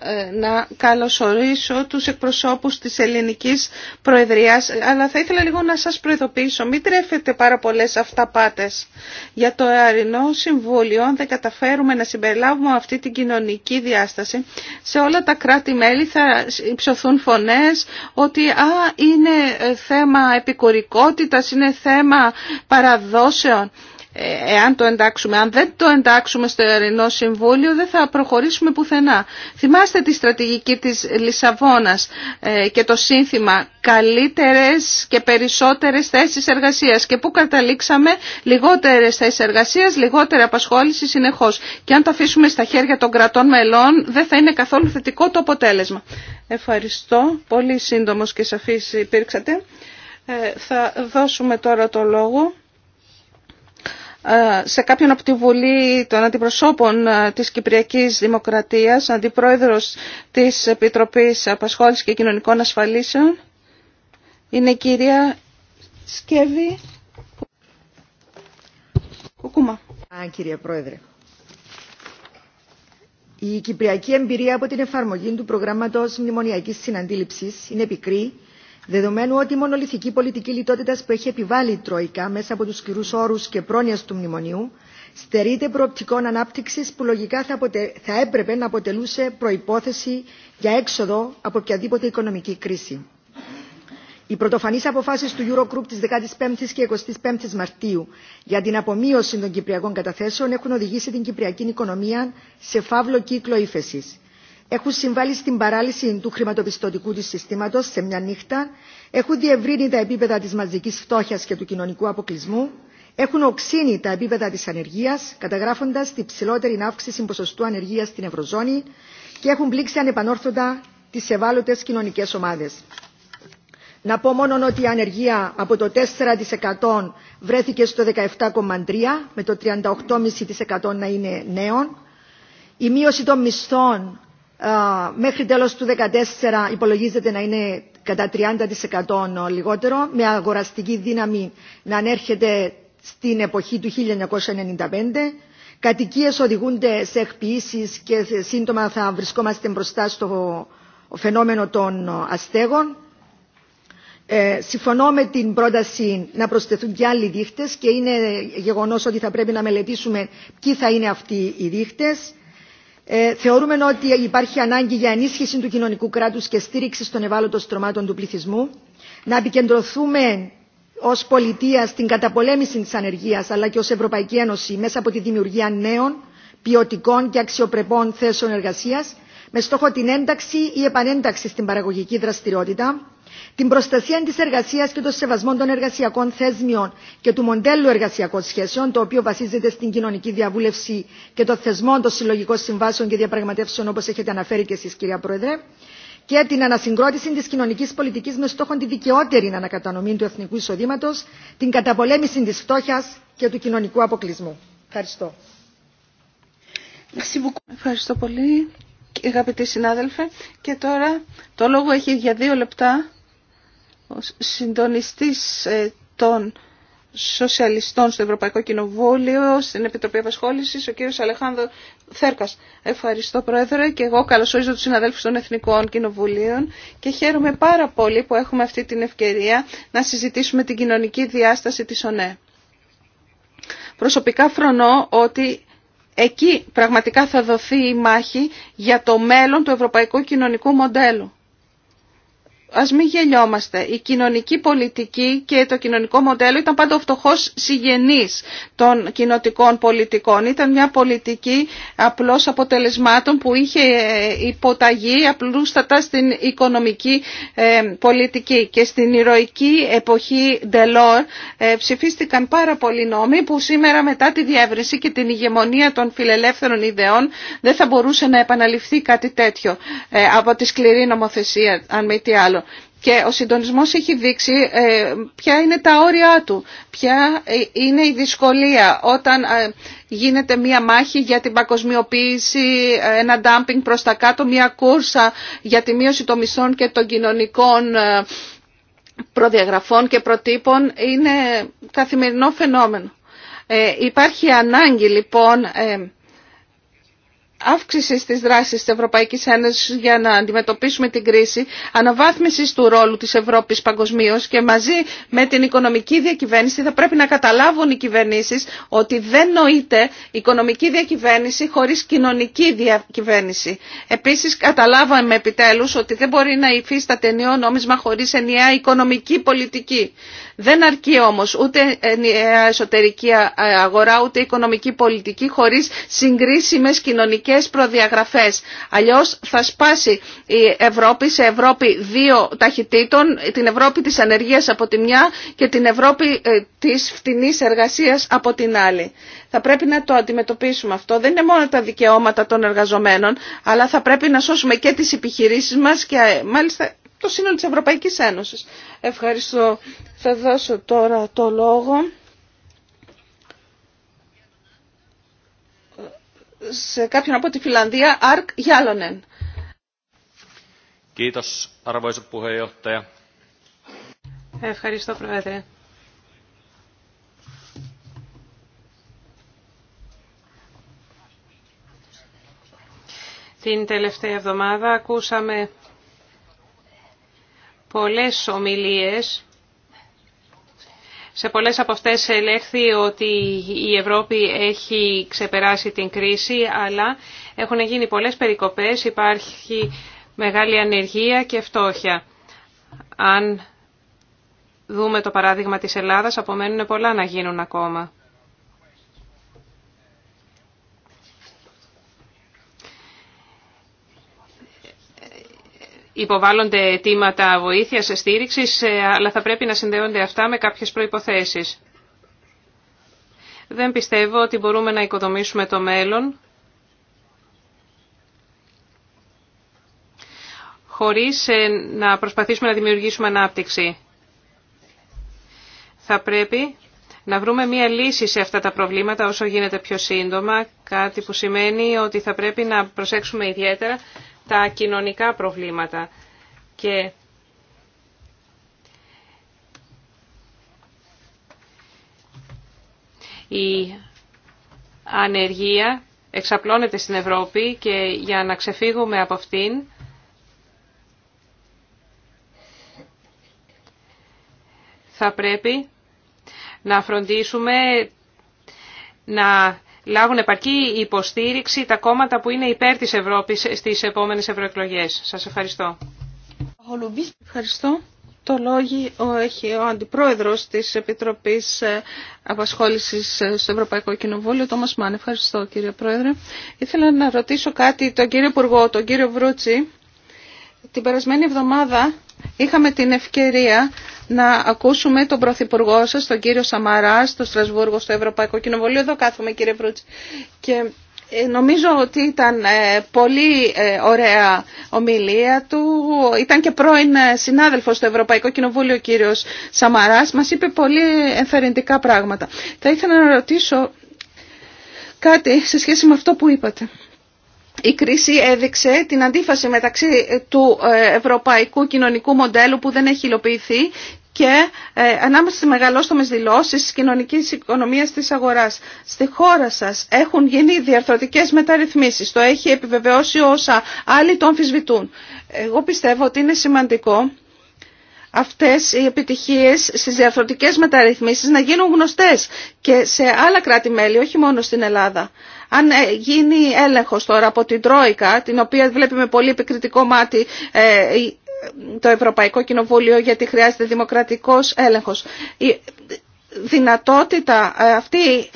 ε, να καλωσορίσω τους εκπροσώπους της ελληνικής προεδρίας, αλλά θα ήθελα λίγο να σας προειδοποιήσω, μην τρέφετε πάρα πολλές αυταπάτες για το Αρινό Συμβούλιο, αν δεν καταφέρουμε να συμπεριλάβουμε αυτή την κοινωνική διάσταση, σε όλα τα κράτη-μέλη θα υψωθούν φωνές ότι α, είναι θέμα επικουρικότητας, είναι θέμα παραδόσεων. Ε, εάν το εντάξουμε. Αν δεν το εντάξουμε στο Ερεινό Συμβούλιο δεν θα προχωρήσουμε πουθενά. Θυμάστε τη στρατηγική της Λισαβόνας ε, και το σύνθημα καλύτερες και περισσότερες θέσεις εργασίας και πού καταλήξαμε λιγότερες θέσεις εργασίας, λιγότερη απασχόληση συνεχώς. Και αν το αφήσουμε στα χέρια των κρατών μελών δεν θα είναι καθόλου θετικό το αποτέλεσμα. Ευχαριστώ. Πολύ σύντομος και σαφής υπήρξατε. Ε, θα δώσουμε τώρα το λόγο ε, σε κάποιον από τη Βουλή των Αντιπροσώπων ε, της Κυπριακής Δημοκρατίας, αντιπρόεδρος της Επιτροπής Απασχόλησης και Κοινωνικών Ασφαλίσεων, είναι η κυρία Σκέβη Κουκούμα. Α, κυρία Πρόεδρε. Η κυπριακή εμπειρία από την εφαρμογή του προγράμματος μνημονιακής συναντήληψης είναι πικρή Δεδομένου ότι η μονολυθική πολιτική λιτότητα που έχει επιβάλει η Τρόικα μέσα από του σκληρού όρου και πρόνοια του μνημονίου στερείται προοπτικών ανάπτυξη που λογικά θα, θα έπρεπε να αποτελούσε προπόθεση για έξοδο από οποιαδήποτε οικονομική κρίση. Οι πρωτοφανεί αποφάσει του Eurogroup τη 15η και 25η Μαρτίου για την απομείωση των κυπριακών καταθέσεων έχουν οδηγήσει την κυπριακή οικονομία σε φαύλο κύκλο ύφεση έχουν συμβάλει στην παράλυση του χρηματοπιστωτικού του συστήματο σε μια νύχτα, έχουν διευρύνει τα επίπεδα τη μαζική φτώχεια και του κοινωνικού αποκλεισμού, έχουν οξύνει τα επίπεδα τη ανεργία, καταγράφοντα τη ψηλότερη αύξηση ποσοστού ανεργία στην Ευρωζώνη και έχουν πλήξει ανεπανόρθωτα τι ευάλωτε κοινωνικέ ομάδε. Να πω μόνο ότι η ανεργία από το 4% βρέθηκε στο 17,3% με το 38,5% να είναι νέων. Η μείωση των μισθών μέχρι τέλος του 2014 υπολογίζεται να είναι κατά 30% λιγότερο, με αγοραστική δύναμη να ανέρχεται στην εποχή του 1995. Κατοικίες οδηγούνται σε εκποιήσεις και σύντομα θα βρισκόμαστε μπροστά στο φαινόμενο των αστέγων. Ε, συμφωνώ με την πρόταση να προσθεθούν και άλλοι δείχτες και είναι γεγονός ότι θα πρέπει να μελετήσουμε ποιοι θα είναι αυτοί οι δείχτες. Ε, θεωρούμε ότι υπάρχει ανάγκη για ενίσχυση του κοινωνικού κράτους και στήριξη των ευάλωτων στρωμάτων του πληθυσμού, να επικεντρωθούμε ω πολιτεία στην καταπολέμηση τη ανεργία αλλά και ω Ευρωπαϊκή Ένωση μέσα από τη δημιουργία νέων, ποιοτικών και αξιοπρεπών θέσεων εργασία με στόχο την ένταξη ή επανένταξη στην παραγωγική δραστηριότητα, την προστασία τη εργασία και των σεβασμών των εργασιακών θέσμιων και του μοντέλου εργασιακών σχέσεων, το οποίο βασίζεται στην κοινωνική διαβούλευση και των θεσμών των συλλογικών συμβάσεων και διαπραγματεύσεων, όπω έχετε αναφέρει και εσεί, κυρία Πρόεδρε, και την ανασυγκρότηση τη κοινωνική πολιτική με στόχο τη δικαιότερη ανακατανομή του εθνικού εισοδήματο, την καταπολέμηση τη φτώχεια και του κοινωνικού αποκλεισμού. Ευχαριστώ. Ευχαριστώ πολύ, αγαπητοί συνάδελφε. Και τώρα το λόγο έχει για δύο λεπτά ο συντονιστής ε, των σοσιαλιστών στο Ευρωπαϊκό Κοινοβούλιο, στην Επιτροπή Απασχόλησης, ο κύριος Αλεχάνδρο Θέρκας. Ευχαριστώ Πρόεδρε και εγώ καλωσορίζω τους συναδέλφους των Εθνικών Κοινοβουλίων και χαίρομαι πάρα πολύ που έχουμε αυτή την ευκαιρία να συζητήσουμε την κοινωνική διάσταση της ΟΝΕ. Προσωπικά φρονώ ότι εκεί πραγματικά θα δοθεί η μάχη για το μέλλον του ευρωπαϊκού κοινωνικού μοντέλου. Ας μην γελιόμαστε. Η κοινωνική πολιτική και το κοινωνικό μοντέλο ήταν πάντα ο φτωχός συγγενής των κοινοτικών πολιτικών. Ήταν μια πολιτική απλώς αποτελεσμάτων που είχε υποταγή απλούστατα στην οικονομική ε, πολιτική. Και στην ηρωική εποχή Ντελόρ ψηφίστηκαν πάρα πολλοί νόμοι που σήμερα μετά τη διεύρυνση και την ηγεμονία των φιλελεύθερων ιδεών δεν θα μπορούσε να επαναληφθεί κάτι τέτοιο ε, από τη σκληρή νομοθεσία αν μη τι άλλο. Και ο συντονισμός έχει δείξει ε, ποια είναι τα όρια του, ποια ε, είναι η δυσκολία όταν ε, γίνεται μία μάχη για την παγκοσμιοποίηση, ένα ντάμπινγκ προς τα κάτω, μία κούρσα για τη μείωση των μισθών και των κοινωνικών προδιαγραφών και προτύπων. Είναι καθημερινό φαινόμενο. υπάρχει ανάγκη λοιπόν αύξηση της δράσης της Ευρωπαϊκής Ένωσης για να αντιμετωπίσουμε την κρίση, αναβάθμιση του ρόλου της Ευρώπης παγκοσμίω και μαζί με την οικονομική διακυβέρνηση θα πρέπει να καταλάβουν οι κυβερνήσεις ότι δεν νοείται οικονομική διακυβέρνηση χωρίς κοινωνική διακυβέρνηση. Επίσης καταλάβαμε επιτέλους ότι δεν μπορεί να υφίσταται νέο νόμισμα χωρίς ενιαία οικονομική πολιτική. Δεν αρκεί όμως ούτε εσωτερική αγορά ούτε οικονομική πολιτική χωρίς συγκρίσιμες κοινωνικές προδιαγραφές. Αλλιώς θα σπάσει η Ευρώπη σε Ευρώπη δύο ταχυτήτων, την Ευρώπη της ανεργίας από τη μια και την Ευρώπη ε, της φτηνής εργασίας από την άλλη. Θα πρέπει να το αντιμετωπίσουμε αυτό. Δεν είναι μόνο τα δικαιώματα των εργαζομένων, αλλά θα πρέπει να σώσουμε και τις επιχειρήσεις μας και ε, μάλιστα το σύνολο της Ευρωπαϊκής Ένωσης. Ευχαριστώ. Θα δώσω τώρα το λόγο σε κάποιον από τη Φιλανδία, Αρκ Γιάλονεν. Ευχαριστώ, Πρόεδρε. Την τελευταία εβδομάδα ακούσαμε πολλές ομιλίες. Σε πολλές από αυτές ελέγχθη ότι η Ευρώπη έχει ξεπεράσει την κρίση, αλλά έχουν γίνει πολλές περικοπές, υπάρχει μεγάλη ανεργία και φτώχεια. Αν δούμε το παράδειγμα της Ελλάδας, απομένουν πολλά να γίνουν ακόμα. υποβάλλονται αιτήματα βοήθειας, στήριξης, ε, αλλά θα πρέπει να συνδέονται αυτά με κάποιες προϋποθέσεις. Δεν πιστεύω ότι μπορούμε να οικοδομήσουμε το μέλλον χωρίς ε, να προσπαθήσουμε να δημιουργήσουμε ανάπτυξη. Θα πρέπει να βρούμε μία λύση σε αυτά τα προβλήματα όσο γίνεται πιο σύντομα, κάτι που σημαίνει ότι θα πρέπει να προσέξουμε ιδιαίτερα τα κοινωνικά προβλήματα. Και η ανεργία εξαπλώνεται στην Ευρώπη και για να ξεφύγουμε από αυτήν θα πρέπει να φροντίσουμε να λάβουν επαρκή υποστήριξη τα κόμματα που είναι υπέρ της Ευρώπης στις επόμενες ευρωεκλογές. Σας ευχαριστώ. Ευχαριστώ. Το λόγο έχει ο Αντιπρόεδρος της Επιτροπής ε, Απασχόλησης ε, στο Ευρωπαϊκό Κοινοβούλιο, Τόμας Μάν. Ευχαριστώ κύριε Πρόεδρε. Ήθελα να ρωτήσω κάτι τον κύριο Υπουργό, τον κύριο Βρούτσι. Την περασμένη εβδομάδα Είχαμε την ευκαιρία να ακούσουμε τον Πρωθυπουργό σας, τον κύριο Σαμαρά, στο Στρασβούργο, στο Ευρωπαϊκό Κοινοβουλίο. Εδώ κάθομαι κύριε Βρούτση. Και ε, νομίζω ότι ήταν ε, πολύ ε, ωραία ομιλία του. Ήταν και πρώην συνάδελφος στο Ευρωπαϊκό Κοινοβούλιο ο κύριος Σαμαράς. Μας είπε πολύ ενθαρρυντικά πράγματα. Θα ήθελα να ρωτήσω κάτι σε σχέση με αυτό που είπατε η κρίση έδειξε την αντίφαση μεταξύ του ε, ευρωπαϊκού κοινωνικού μοντέλου που δεν έχει υλοποιηθεί και ε, ανάμεσα στις μεγαλόστομες δηλώσεις της κοινωνικής οικονομίας της αγοράς. Στη χώρα σας έχουν γίνει διαρθρωτικές μεταρρυθμίσεις. Το έχει επιβεβαιώσει όσα άλλοι το αμφισβητούν. Εγώ πιστεύω ότι είναι σημαντικό αυτές οι επιτυχίες στις διαρθρωτικές μεταρρυθμίσεις να γίνουν γνωστές και σε άλλα κράτη-μέλη, όχι μόνο στην Ελλάδα. Αν ε, γίνει έλεγχος τώρα από την Τρόικα, την οποία βλέπει με πολύ επικριτικό μάτι ε, το Ευρωπαϊκό Κοινοβούλιο γιατί χρειάζεται δημοκρατικός έλεγχος. Η δυνατότητα ε, αυτή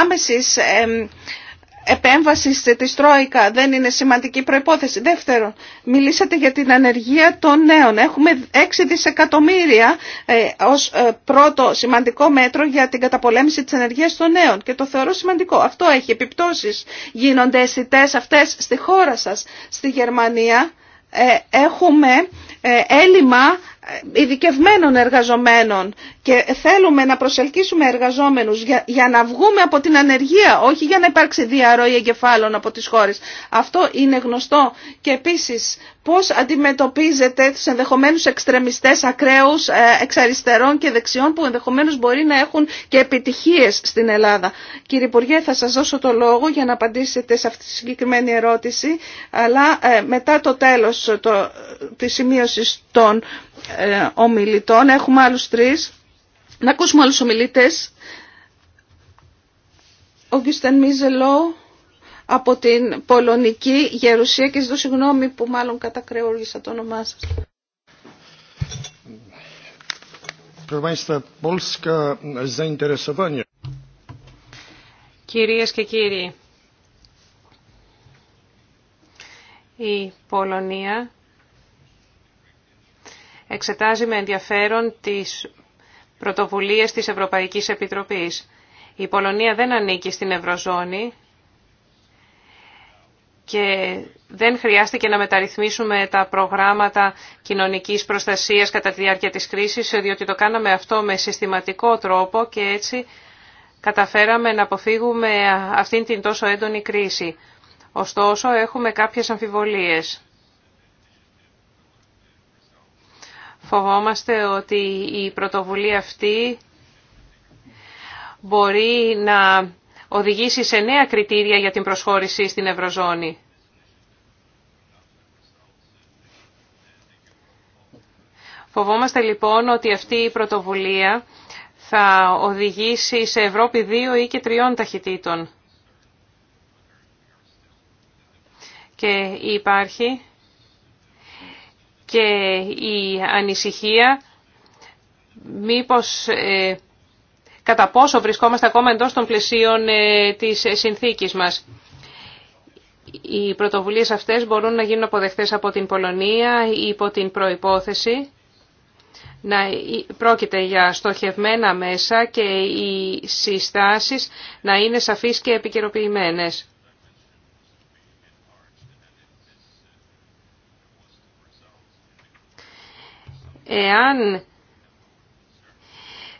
άμεσης επέμβαση τη Τρόικα δεν είναι σημαντική προϋπόθεση. Δεύτερον, μιλήσατε για την ανεργία των νέων. Έχουμε 6 δισεκατομμύρια ε, ως ε, πρώτο σημαντικό μέτρο για την καταπολέμηση της ανεργίας των νέων και το θεωρώ σημαντικό. Αυτό έχει επιπτώσεις. Γίνονται αισθητέ αυτές στη χώρα σας, στη Γερμανία. Ε, έχουμε έλλειμμα ειδικευμένων εργαζομένων και θέλουμε να προσελκύσουμε εργαζόμενους για, για να βγούμε από την ανεργία, όχι για να υπάρξει διαρροή εγκεφάλων από τις χώρες. Αυτό είναι γνωστό. Και επίσης πώς αντιμετωπίζετε τους ενδεχομένους εξτρεμιστές ακραίους ε, εξ αριστερών και δεξιών που ενδεχομένως μπορεί να έχουν και επιτυχίες στην Ελλάδα. Κύριε Υπουργέ, θα σας δώσω το λόγο για να απαντήσετε σε αυτή τη συγκεκριμένη ερώτηση, αλλά ε, μετά το τέλος το, ε, της σημείωσης των ε, ομιλητών. Έχουμε άλλους τρεις. Να ακούσουμε άλλους ομιλητές. Ο Γκουστεν Μίζελο από την Πολωνική Γερουσία και ζητώ συγγνώμη που μάλλον κατακρεούργησα το όνομά σας. E, Κυρίες και κύριοι, η Πολωνία εξετάζει με ενδιαφέρον τις πρωτοβουλίες της Ευρωπαϊκής Επιτροπής. Η Πολωνία δεν ανήκει στην Ευρωζώνη και δεν χρειάστηκε να μεταρρυθμίσουμε τα προγράμματα κοινωνικής προστασίας κατά τη διάρκεια της κρίσης, διότι το κάναμε αυτό με συστηματικό τρόπο και έτσι καταφέραμε να αποφύγουμε αυτήν την τόσο έντονη κρίση. Ωστόσο, έχουμε κάποιες αμφιβολίες. Φοβόμαστε ότι η πρωτοβουλία αυτή μπορεί να οδηγήσει σε νέα κριτήρια για την προσχώρηση στην Ευρωζώνη. Φοβόμαστε λοιπόν ότι αυτή η πρωτοβουλία θα οδηγήσει σε Ευρώπη δύο ή και τριών ταχυτήτων. Και υπάρχει και η ανησυχία μήπως ε, κατά πόσο βρισκόμαστε ακόμα εντός των πλαισίων ε, της συνθήκης μας. Οι πρωτοβουλίες αυτές μπορούν να γίνουν αποδεχτές από την Πολωνία υπό την προϋπόθεση να πρόκειται για στοχευμένα μέσα και οι συστάσεις να είναι σαφείς και επικαιροποιημένες. εάν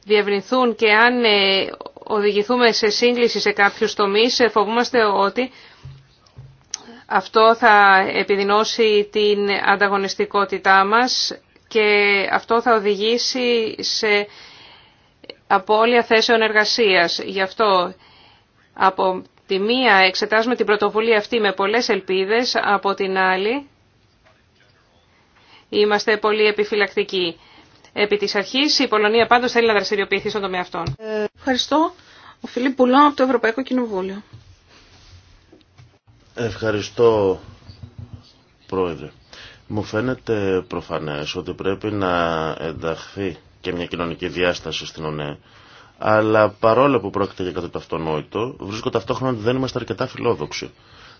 διευρυνθούν και αν ε, οδηγηθούμε σε σύγκληση σε κάποιους τομείς, ε, φοβούμαστε ότι αυτό θα επιδεινώσει την ανταγωνιστικότητά μας και αυτό θα οδηγήσει σε απώλεια θέσεων εργασίας. Γι' αυτό από τη μία εξετάζουμε την πρωτοβουλία αυτή με πολλές ελπίδες, από την άλλη Είμαστε πολύ επιφυλακτικοί. Επί της αρχής η Πολωνία πάντως θέλει να δραστηριοποιηθεί στον τομέα αυτών. Ευχαριστώ. Ο Φιλίπ Πουλό από το Ευρωπαϊκό Κοινοβούλιο. Ευχαριστώ Πρόεδρε. Μου φαίνεται προφανές ότι πρέπει να ενταχθεί και μια κοινωνική διάσταση στην ΟΝΕ. Αλλά παρόλο που πρόκειται για κάτι το αυτονόητο, βρίσκω ταυτόχρονα ότι δεν είμαστε αρκετά φιλόδοξοι.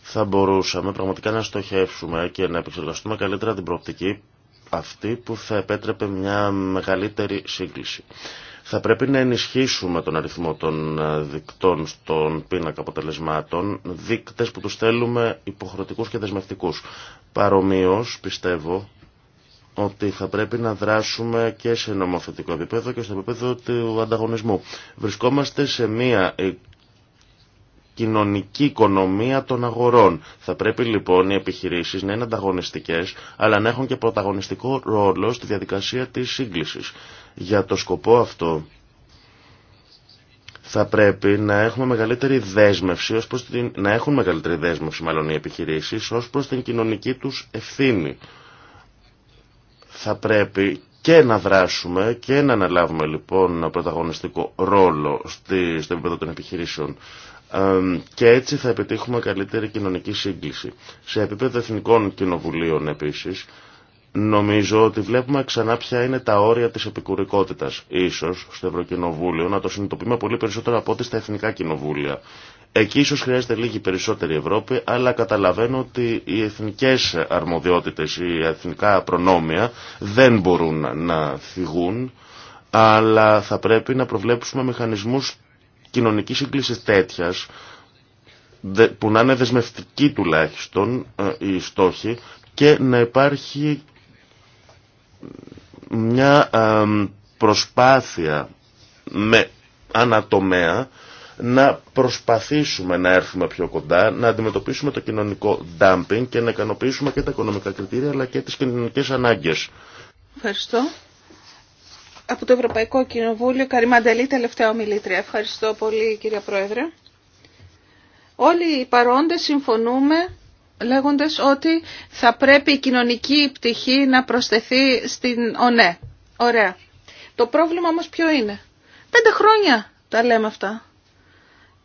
Θα μπορούσαμε πραγματικά να στοχεύσουμε και να επεξεργαστούμε καλύτερα την προοπτική αυτή που θα επέτρεπε μια μεγαλύτερη σύγκληση. Θα πρέπει να ενισχύσουμε τον αριθμό των ε, δικτών στον πίνακα αποτελεσμάτων, δείκτες που τους θέλουμε υποχρεωτικούς και δεσμευτικούς. Παρομοίως, πιστεύω, ότι θα πρέπει να δράσουμε και σε νομοθετικό επίπεδο και στο επίπεδο του ανταγωνισμού. Βρισκόμαστε σε μία κοινωνική οικονομία των αγορών. Θα πρέπει λοιπόν οι επιχειρήσεις να είναι ανταγωνιστικές, αλλά να έχουν και πρωταγωνιστικό ρόλο στη διαδικασία της σύγκλησης. Για το σκοπό αυτό θα πρέπει να έχουμε μεγαλύτερη δέσμευση, ως προς να έχουν μεγαλύτερη δέσμευση μάλλον οι επιχειρήσεις ως προς την κοινωνική τους ευθύνη. Θα πρέπει και να δράσουμε και να αναλάβουμε λοιπόν ένα πρωταγωνιστικό ρόλο στη, στο επίπεδο των επιχειρήσεων και έτσι θα επιτύχουμε καλύτερη κοινωνική σύγκληση. Σε επίπεδο εθνικών κοινοβουλίων επίσης, Νομίζω ότι βλέπουμε ξανά ποια είναι τα όρια της επικουρικότητας. Ίσως στο Ευρωκοινοβούλιο να το συνειδητοποιούμε πολύ περισσότερο από ό,τι στα εθνικά κοινοβούλια. Εκεί ίσως χρειάζεται λίγη περισσότερη Ευρώπη, αλλά καταλαβαίνω ότι οι εθνικές αρμοδιότητες, οι εθνικά προνόμια δεν μπορούν να θυγούν, αλλά θα πρέπει να προβλέψουμε μηχανισμούς κοινωνική σύγκληση τέτοια, που να είναι δεσμευτική τουλάχιστον ε, η στόχη και να υπάρχει μια ε, προσπάθεια με ανατομέα να προσπαθήσουμε να έρθουμε πιο κοντά, να αντιμετωπίσουμε το κοινωνικό dumping και να ικανοποιήσουμε και τα οικονομικά κριτήρια αλλά και τις κοινωνικές ανάγκες. Ευχαριστώ από το Ευρωπαϊκό Κοινοβούλιο, Καριμαντελή, τελευταία ομιλήτρια. Ευχαριστώ πολύ κυρία Πρόεδρε. Όλοι οι παρόντες συμφωνούμε λέγοντας ότι θα πρέπει η κοινωνική πτυχή να προσθεθεί στην ΟΝΕ. Ωραία. Το πρόβλημα όμως ποιο είναι. Πέντε χρόνια τα λέμε αυτά.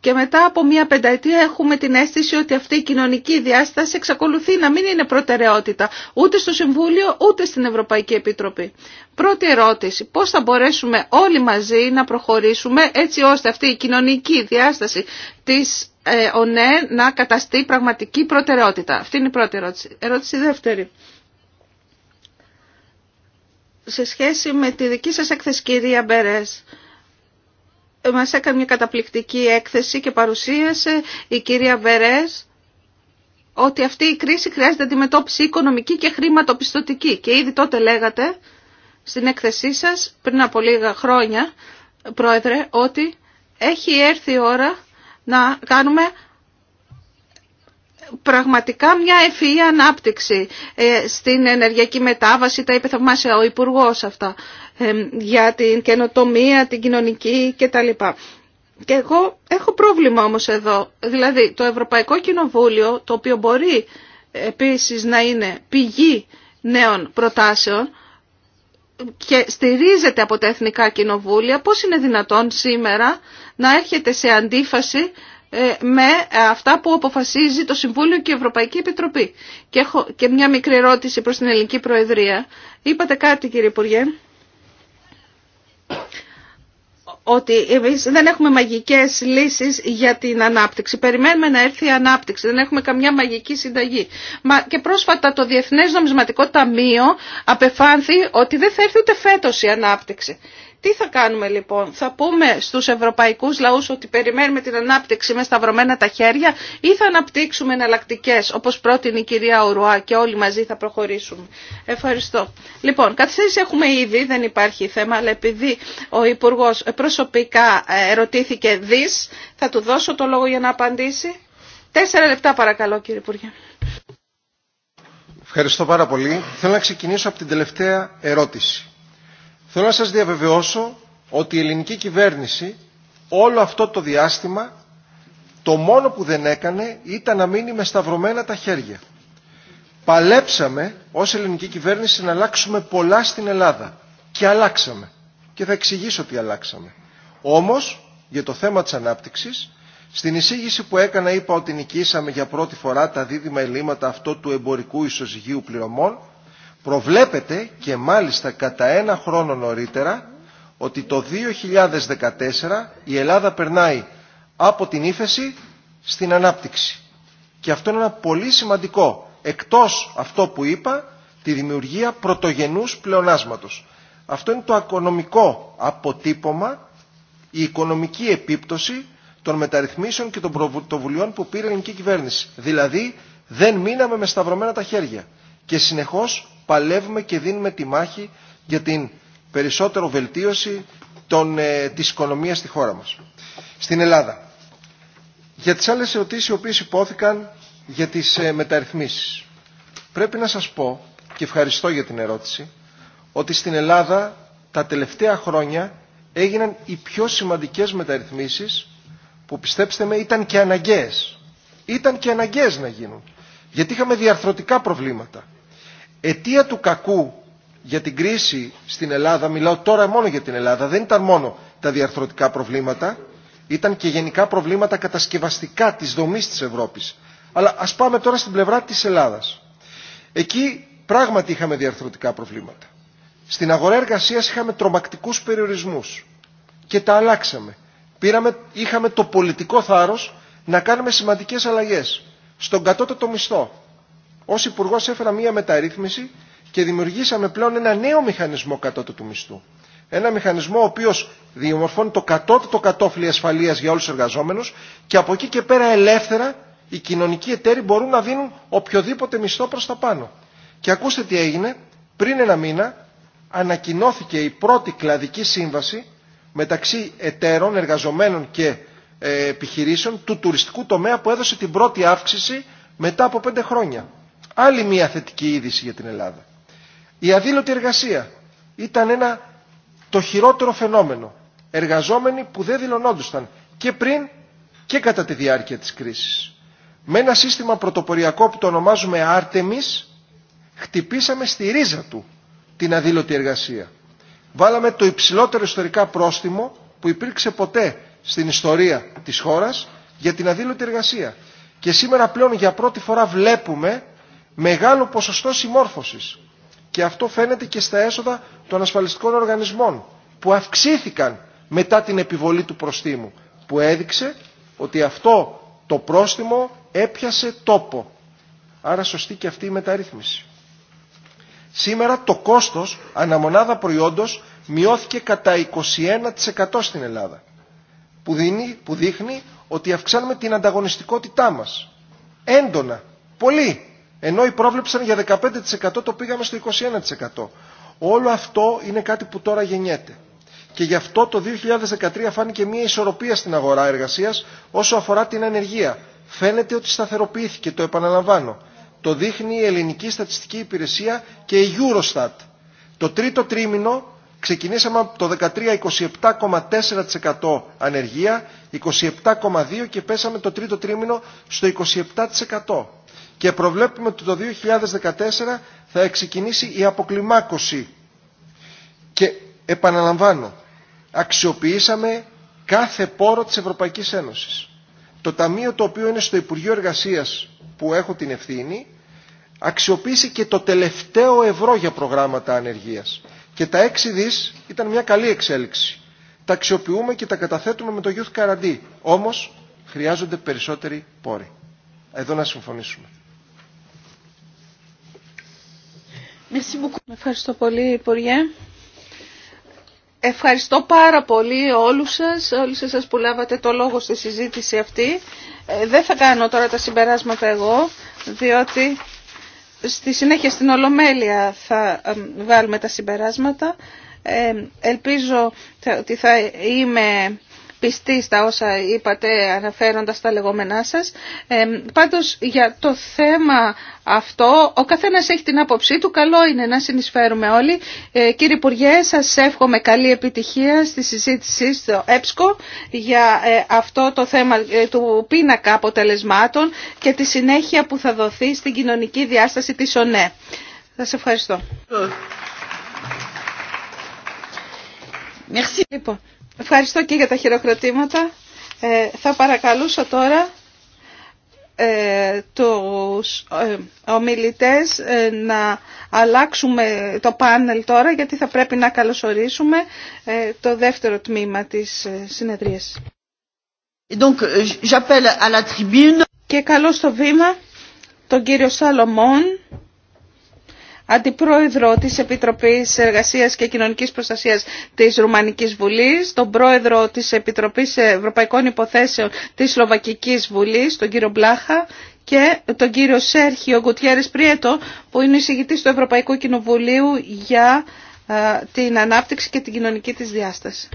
Και μετά από μία πενταετία έχουμε την αίσθηση ότι αυτή η κοινωνική διάσταση εξακολουθεί να μην είναι προτεραιότητα ούτε στο Συμβούλιο ούτε στην Ευρωπαϊκή Επιτροπή. Πρώτη ερώτηση, πώς θα μπορέσουμε όλοι μαζί να προχωρήσουμε έτσι ώστε αυτή η κοινωνική διάσταση της ε, ΟΝΕ να καταστεί πραγματική προτεραιότητα. Αυτή είναι η πρώτη ερώτηση. Ερώτηση δεύτερη σε σχέση με τη δική σας έκθεση κυρία Μπερές μας έκανε μια καταπληκτική έκθεση και παρουσίασε η κυρία Βερές ότι αυτή η κρίση χρειάζεται αντιμετώπιση οικονομική και χρηματοπιστωτική. Και ήδη τότε λέγατε στην έκθεσή σας πριν από λίγα χρόνια, Πρόεδρε, ότι έχει έρθει η ώρα να κάνουμε πραγματικά μια ευφυή ανάπτυξη ε, στην ενεργειακή μετάβαση, τα είπε θαυμάσια ο υπουργό αυτά, ε, για την καινοτομία, την κοινωνική κτλ. Και εγώ έχω πρόβλημα όμως εδώ, δηλαδή το Ευρωπαϊκό Κοινοβούλιο, το οποίο μπορεί επίσης να είναι πηγή νέων προτάσεων και στηρίζεται από τα Εθνικά Κοινοβούλια, πώς είναι δυνατόν σήμερα να έρχεται σε αντίφαση ε, με αυτά που αποφασίζει το Συμβούλιο και η Ευρωπαϊκή Επιτροπή. Και έχω και μια μικρή ερώτηση προς την Ελληνική Προεδρία. Είπατε κάτι κύριε Υπουργέ, ότι εμείς δεν έχουμε μαγικές λύσεις για την ανάπτυξη. Περιμένουμε να έρθει η ανάπτυξη, δεν έχουμε καμιά μαγική συνταγή. Μα και πρόσφατα το Διεθνές Νομισματικό Ταμείο απεφάνθη ότι δεν θα έρθει ούτε φέτος η ανάπτυξη. Τι θα κάνουμε λοιπόν, θα πούμε στους ευρωπαϊκούς λαούς ότι περιμένουμε την ανάπτυξη με σταυρωμένα τα χέρια ή θα αναπτύξουμε εναλλακτικέ, όπως πρότεινε η κυρία Ουρουά και όλοι μαζί θα προχωρήσουμε. Ευχαριστώ. Λοιπόν, καθυστέρηση έχουμε ήδη, δεν υπάρχει θέμα, αλλά επειδή ο Υπουργό προσωπικά ε, ερωτήθηκε δι, θα του δώσω το λόγο για να απαντήσει. Τέσσερα λεπτά παρακαλώ κύριε Υπουργέ. Ευχαριστώ πάρα πολύ. Θέλω να ξεκινήσω από την τελευταία ερώτηση. Θέλω να σας διαβεβαιώσω ότι η ελληνική κυβέρνηση όλο αυτό το διάστημα το μόνο που δεν έκανε ήταν να μείνει με σταυρωμένα τα χέρια. Παλέψαμε ως ελληνική κυβέρνηση να αλλάξουμε πολλά στην Ελλάδα και αλλάξαμε και θα εξηγήσω τι αλλάξαμε. Όμως για το θέμα της ανάπτυξης στην εισήγηση που έκανα είπα ότι νικήσαμε για πρώτη φορά τα δίδυμα ελλείμματα αυτό του εμπορικού ισοζυγίου πληρωμών προβλέπεται και μάλιστα κατά ένα χρόνο νωρίτερα ότι το 2014 η Ελλάδα περνάει από την ύφεση στην ανάπτυξη. Και αυτό είναι ένα πολύ σημαντικό, εκτός αυτό που είπα, τη δημιουργία πρωτογενούς πλεονάσματος. Αυτό είναι το οικονομικό αποτύπωμα, η οικονομική επίπτωση των μεταρρυθμίσεων και των πρωτοβουλειών που πήρε η ελληνική κυβέρνηση. Δηλαδή δεν μείναμε με σταυρωμένα τα χέρια και συνεχώς παλεύουμε και δίνουμε τη μάχη για την περισσότερο βελτίωση των, ε, της οικονομίας στη χώρα μας. Στην Ελλάδα. Για τις άλλες ερωτήσεις οι οποίες υπόθηκαν για τις ε, μεταρρυθμίσεις. Πρέπει να σας πω, και ευχαριστώ για την ερώτηση, ότι στην Ελλάδα τα τελευταία χρόνια έγιναν οι πιο σημαντικές μεταρρυθμίσεις που πιστέψτε με ήταν και αναγκαίες. Ήταν και αναγκαίες να γίνουν. Γιατί είχαμε διαρθρωτικά προβλήματα αιτία του κακού για την κρίση στην Ελλάδα, μιλάω τώρα μόνο για την Ελλάδα, δεν ήταν μόνο τα διαρθρωτικά προβλήματα, ήταν και γενικά προβλήματα κατασκευαστικά της δομής της Ευρώπης. Αλλά ας πάμε τώρα στην πλευρά της Ελλάδας. Εκεί πράγματι είχαμε διαρθρωτικά προβλήματα. Στην αγορά εργασία είχαμε τρομακτικούς περιορισμούς και τα αλλάξαμε. Πήραμε, είχαμε το πολιτικό θάρρος να κάνουμε σημαντικές αλλαγές στον κατώτατο μισθό, ως υπουργό έφερα μία μεταρρύθμιση και δημιουργήσαμε πλέον ένα νέο μηχανισμό του μισθού. Ένα μηχανισμό ο οποίος διαμορφώνει το κατώτατο κατόφλι ασφαλεία για όλους τους εργαζόμενου και από εκεί και πέρα ελεύθερα οι κοινωνικοί εταίροι μπορούν να δίνουν οποιοδήποτε μισθό προς τα πάνω. Και ακούστε τι έγινε. Πριν ένα μήνα ανακοινώθηκε η πρώτη κλαδική σύμβαση μεταξύ εταίρων, εργαζομένων και ε, επιχειρήσεων του τουριστικού τομέα που έδωσε την πρώτη αύξηση μετά από πέντε χρόνια. Άλλη μια θετική είδηση για την Ελλάδα. Η αδήλωτη εργασία ήταν ένα το χειρότερο φαινόμενο. Εργαζόμενοι που δεν δηλωνόντουσαν και πριν και κατά τη διάρκεια της κρίσης. Με ένα σύστημα πρωτοποριακό που το ονομάζουμε Άρτεμις, χτυπήσαμε στη ρίζα του την αδήλωτη εργασία. Βάλαμε το υψηλότερο ιστορικά πρόστιμο που υπήρξε ποτέ στην ιστορία της χώρας για την αδήλωτη εργασία. Και σήμερα πλέον για πρώτη φορά βλέπουμε μεγάλο ποσοστό συμμόρφωσης. Και αυτό φαίνεται και στα έσοδα των ασφαλιστικών οργανισμών που αυξήθηκαν μετά την επιβολή του προστίμου που έδειξε ότι αυτό το πρόστιμο έπιασε τόπο. Άρα σωστή και αυτή η μεταρρύθμιση. Σήμερα το κόστος αναμονάδα προϊόντος μειώθηκε κατά 21% στην Ελλάδα που, δίνει, που δείχνει ότι αυξάνουμε την ανταγωνιστικότητά μας. Έντονα, πολύ ενώ οι πρόβλεψαν για 15% το πήγαμε στο 21%. Όλο αυτό είναι κάτι που τώρα γεννιέται. Και γι' αυτό το 2013 φάνηκε μια ισορροπία στην αγορά εργασίας όσο αφορά την ανεργία. Φαίνεται ότι σταθεροποιήθηκε, το επαναλαμβάνω. Το δείχνει η Ελληνική Στατιστική Υπηρεσία και η Eurostat. Το τρίτο τρίμηνο ξεκινήσαμε από το 13 27,4% ανεργία, 27,2% και πέσαμε το τρίτο τρίμηνο στο 27% και προβλέπουμε ότι το 2014 θα ξεκινήσει η αποκλιμάκωση. Και επαναλαμβάνω, αξιοποιήσαμε κάθε πόρο της Ευρωπαϊκής Ένωσης. Το ταμείο το οποίο είναι στο Υπουργείο Εργασίας που έχω την ευθύνη αξιοποίησε και το τελευταίο ευρώ για προγράμματα ανεργίας. Και τα 6 δις ήταν μια καλή εξέλιξη. Τα αξιοποιούμε και τα καταθέτουμε με το Youth Guarantee. Όμως χρειάζονται περισσότεροι πόροι εδώ να συμφωνήσουμε. Ευχαριστώ πολύ, Υπουργέ. Ευχαριστώ πάρα πολύ όλους σας, όλους σας που λάβατε το λόγο στη συζήτηση αυτή. Ε, δεν θα κάνω τώρα τα συμπεράσματα εγώ, διότι στη συνέχεια στην Ολομέλεια θα βγάλουμε τα συμπεράσματα. Ε, ελπίζω ότι θα είμαι Πιστή στα όσα είπατε αναφέροντας τα λεγόμενά σας. Ε, πάντως για το θέμα αυτό ο καθένας έχει την άποψή του. Καλό είναι να συνεισφέρουμε όλοι. Ε, κύριε Υπουργέ, σας εύχομαι καλή επιτυχία στη συζήτηση στο ΕΠΣΚΟ για ε, αυτό το θέμα του πίνακα αποτελεσμάτων και τη συνέχεια που θα δοθεί στην κοινωνική διάσταση της ΟΝΕ. Σας ευχαριστώ. Merci. Λοιπόν, Ευχαριστώ και για τα χειροκροτήματα. Ε, θα παρακαλούσα τώρα ε, τους ε, ομιλητές ε, να αλλάξουμε το πάνελ τώρα γιατί θα πρέπει να καλωσορίσουμε το δεύτερο τμήμα της συνεδρίας. Donc, euh, à la Και καλώ στο βήμα τον κύριο Σαλωμόν αντιπρόεδρο της Επιτροπής Εργασίας και Κοινωνικής Προστασίας της Ρουμανικής Βουλής, τον πρόεδρο της Επιτροπής Ευρωπαϊκών Υποθέσεων της Σλοβακικής Βουλής, τον κύριο Μπλάχα, και τον κύριο Σέρχιο Γκουτιέρης Πριέτο, που είναι εισηγητής του Ευρωπαϊκού Κοινοβουλίου για ε, την ανάπτυξη και την κοινωνική της διάσταση.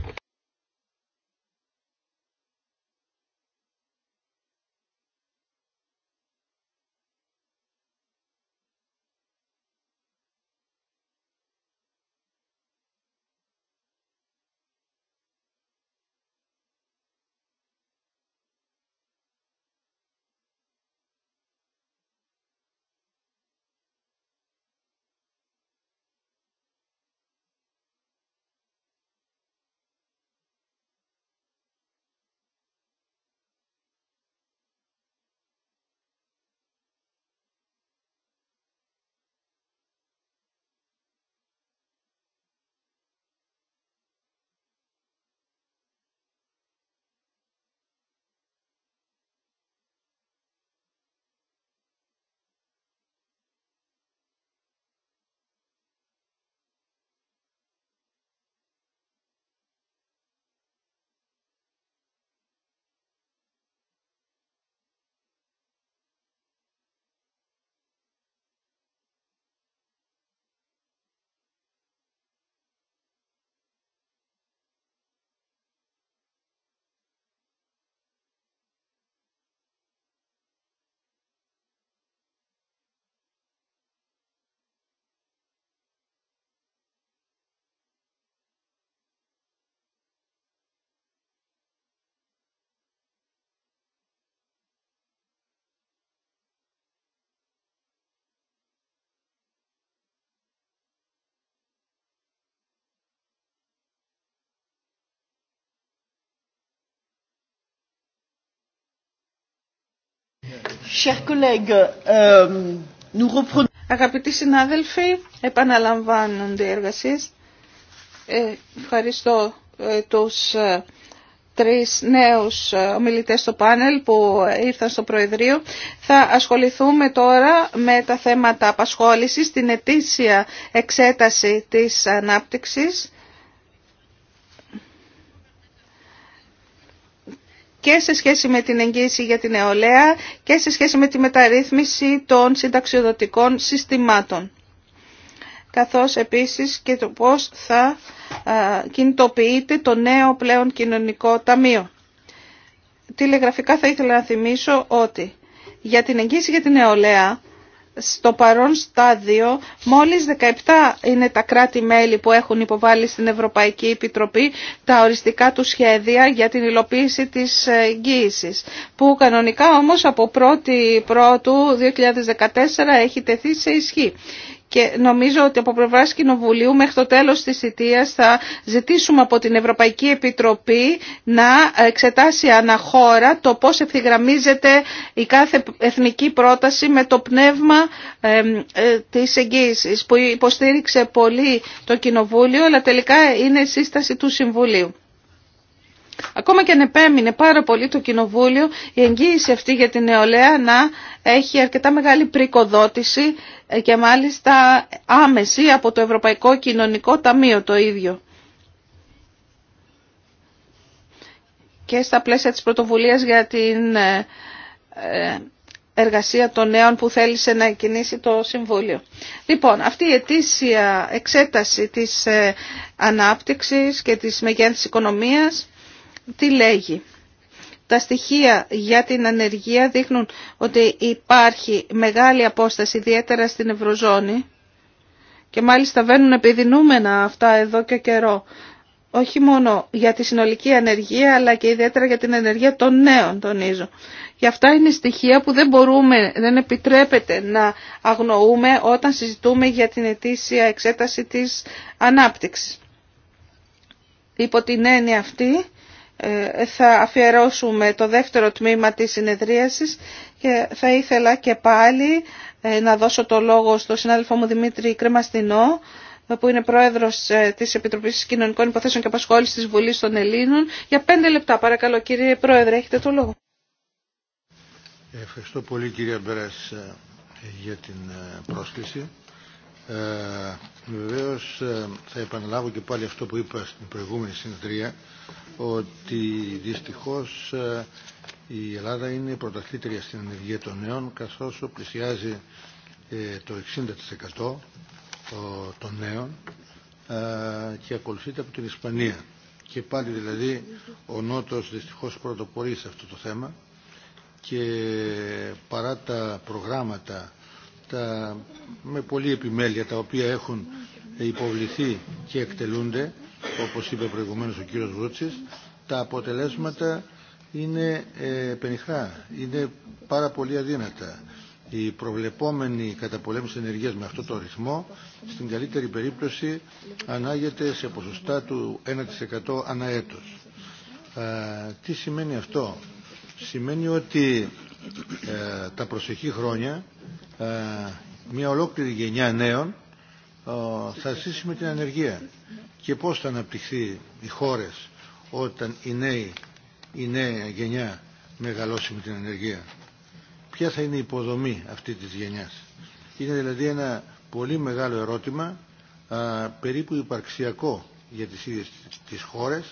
Euh, Αγαπητοί συνάδελφοι, επαναλαμβάνονται οι εργασίες. Ε, ευχαριστώ ε, τους ε, τρεις νέους ε, ομιλητές στο πάνελ που ήρθαν στο Προεδρείο. Θα ασχοληθούμε τώρα με τα θέματα απασχόλησης, την ετήσια εξέταση της ανάπτυξης και σε σχέση με την εγγύηση για την νεολαία και σε σχέση με τη μεταρρύθμιση των συνταξιοδοτικών συστημάτων. Καθώς επίσης και το πώς θα κινητοποιείται το νέο πλέον κοινωνικό ταμείο. Τηλεγραφικά θα ήθελα να θυμίσω ότι για την εγγύηση για την νεολαία στο παρόν στάδιο μόλις 17 είναι τα κράτη-μέλη που έχουν υποβάλει στην Ευρωπαϊκή Επιτροπή τα οριστικά του σχέδια για την υλοποίηση της εγγύησης που κανονικά όμως από 1η Πρώτου 2014 έχει τεθεί σε ισχύ και νομίζω ότι από πλευρά Κοινοβουλίου μέχρι το τέλος της θητείας θα ζητήσουμε από την Ευρωπαϊκή Επιτροπή να εξετάσει αναχώρα το πώς ευθυγραμμίζεται η κάθε εθνική πρόταση με το πνεύμα ε, της εγγύησης που υποστήριξε πολύ το Κοινοβούλιο αλλά τελικά είναι η σύσταση του Συμβουλίου. Ακόμα και αν επέμεινε πάρα πολύ το Κοινοβούλιο, η εγγύηση αυτή για την νεολαία να έχει αρκετά μεγάλη πρικοδότηση και μάλιστα άμεση από το Ευρωπαϊκό Κοινωνικό Ταμείο το ίδιο. Και στα πλαίσια της πρωτοβουλίας για την ε, ε, εργασία των νέων που θέλησε να κινήσει το Συμβούλιο. Λοιπόν, αυτή η ετήσια εξέταση της ε, ανάπτυξης και της μεγέθυνσης οικονομίας τι λέγει. Τα στοιχεία για την ανεργία δείχνουν ότι υπάρχει μεγάλη απόσταση, ιδιαίτερα στην Ευρωζώνη και μάλιστα βαίνουν επιδεινούμενα αυτά εδώ και καιρό. Όχι μόνο για τη συνολική ανεργία, αλλά και ιδιαίτερα για την ανεργία των νέων, τονίζω. Γι' αυτά είναι στοιχεία που δεν μπορούμε, δεν επιτρέπεται να αγνοούμε όταν συζητούμε για την ετήσια εξέταση της ανάπτυξης. Υπό την έννοια αυτή, ε, θα αφιερώσουμε το δεύτερο τμήμα της συνεδρίασης και θα ήθελα και πάλι ε, να δώσω το λόγο στον συνάδελφό μου Δημήτρη Κρεμαστινό που είναι πρόεδρος ε, της Επιτροπής Κοινωνικών Υποθέσεων και Απασχόλησης της Βουλής των Ελλήνων. Για πέντε λεπτά παρακαλώ κύριε Πρόεδρε, έχετε το λόγο. Ευχαριστώ πολύ κυρία Μπέρας για την πρόσκληση. Ε, Βεβαίω ε, θα επαναλάβω και πάλι αυτό που είπα στην προηγούμενη συνεδρία ότι δυστυχώς ε, η Ελλάδα είναι πρωταθλήτρια στην ενεργεία των νέων καθώς πλησιάζει το 60% των νέων και ακολουθείται από την Ισπανία. Και πάλι δηλαδή ο Νότος δυστυχώς πρωτοπορεί σε αυτό το θέμα και παρά τα προγράμματα τα, με πολλή επιμέλεια τα οποία έχουν υποβληθεί και εκτελούνται, όπως είπε προηγουμένως ο κύριος Βρούτσης, τα αποτελέσματα είναι ε, πενιχρά, είναι πάρα πολύ αδύνατα. Η προβλεπόμενη καταπολέμηση ενεργείας με αυτό το ρυθμό, στην καλύτερη περίπτωση, ανάγεται σε ποσοστά του 1% ανά έτος. τι σημαίνει αυτό. Σημαίνει ότι ε, τα προσεχή χρόνια ε, μια ολόκληρη γενιά νέων ε, θα ζήσει με την ανεργία και πώς θα αναπτυχθεί οι χώρες όταν οι νέοι, η νέα γενιά μεγαλώσει με την ανεργία. Ποια θα είναι η υποδομή αυτή της γενιάς. Είναι δηλαδή ένα πολύ μεγάλο ερώτημα α, περίπου υπαρξιακό για τις ίδιες τις χώρες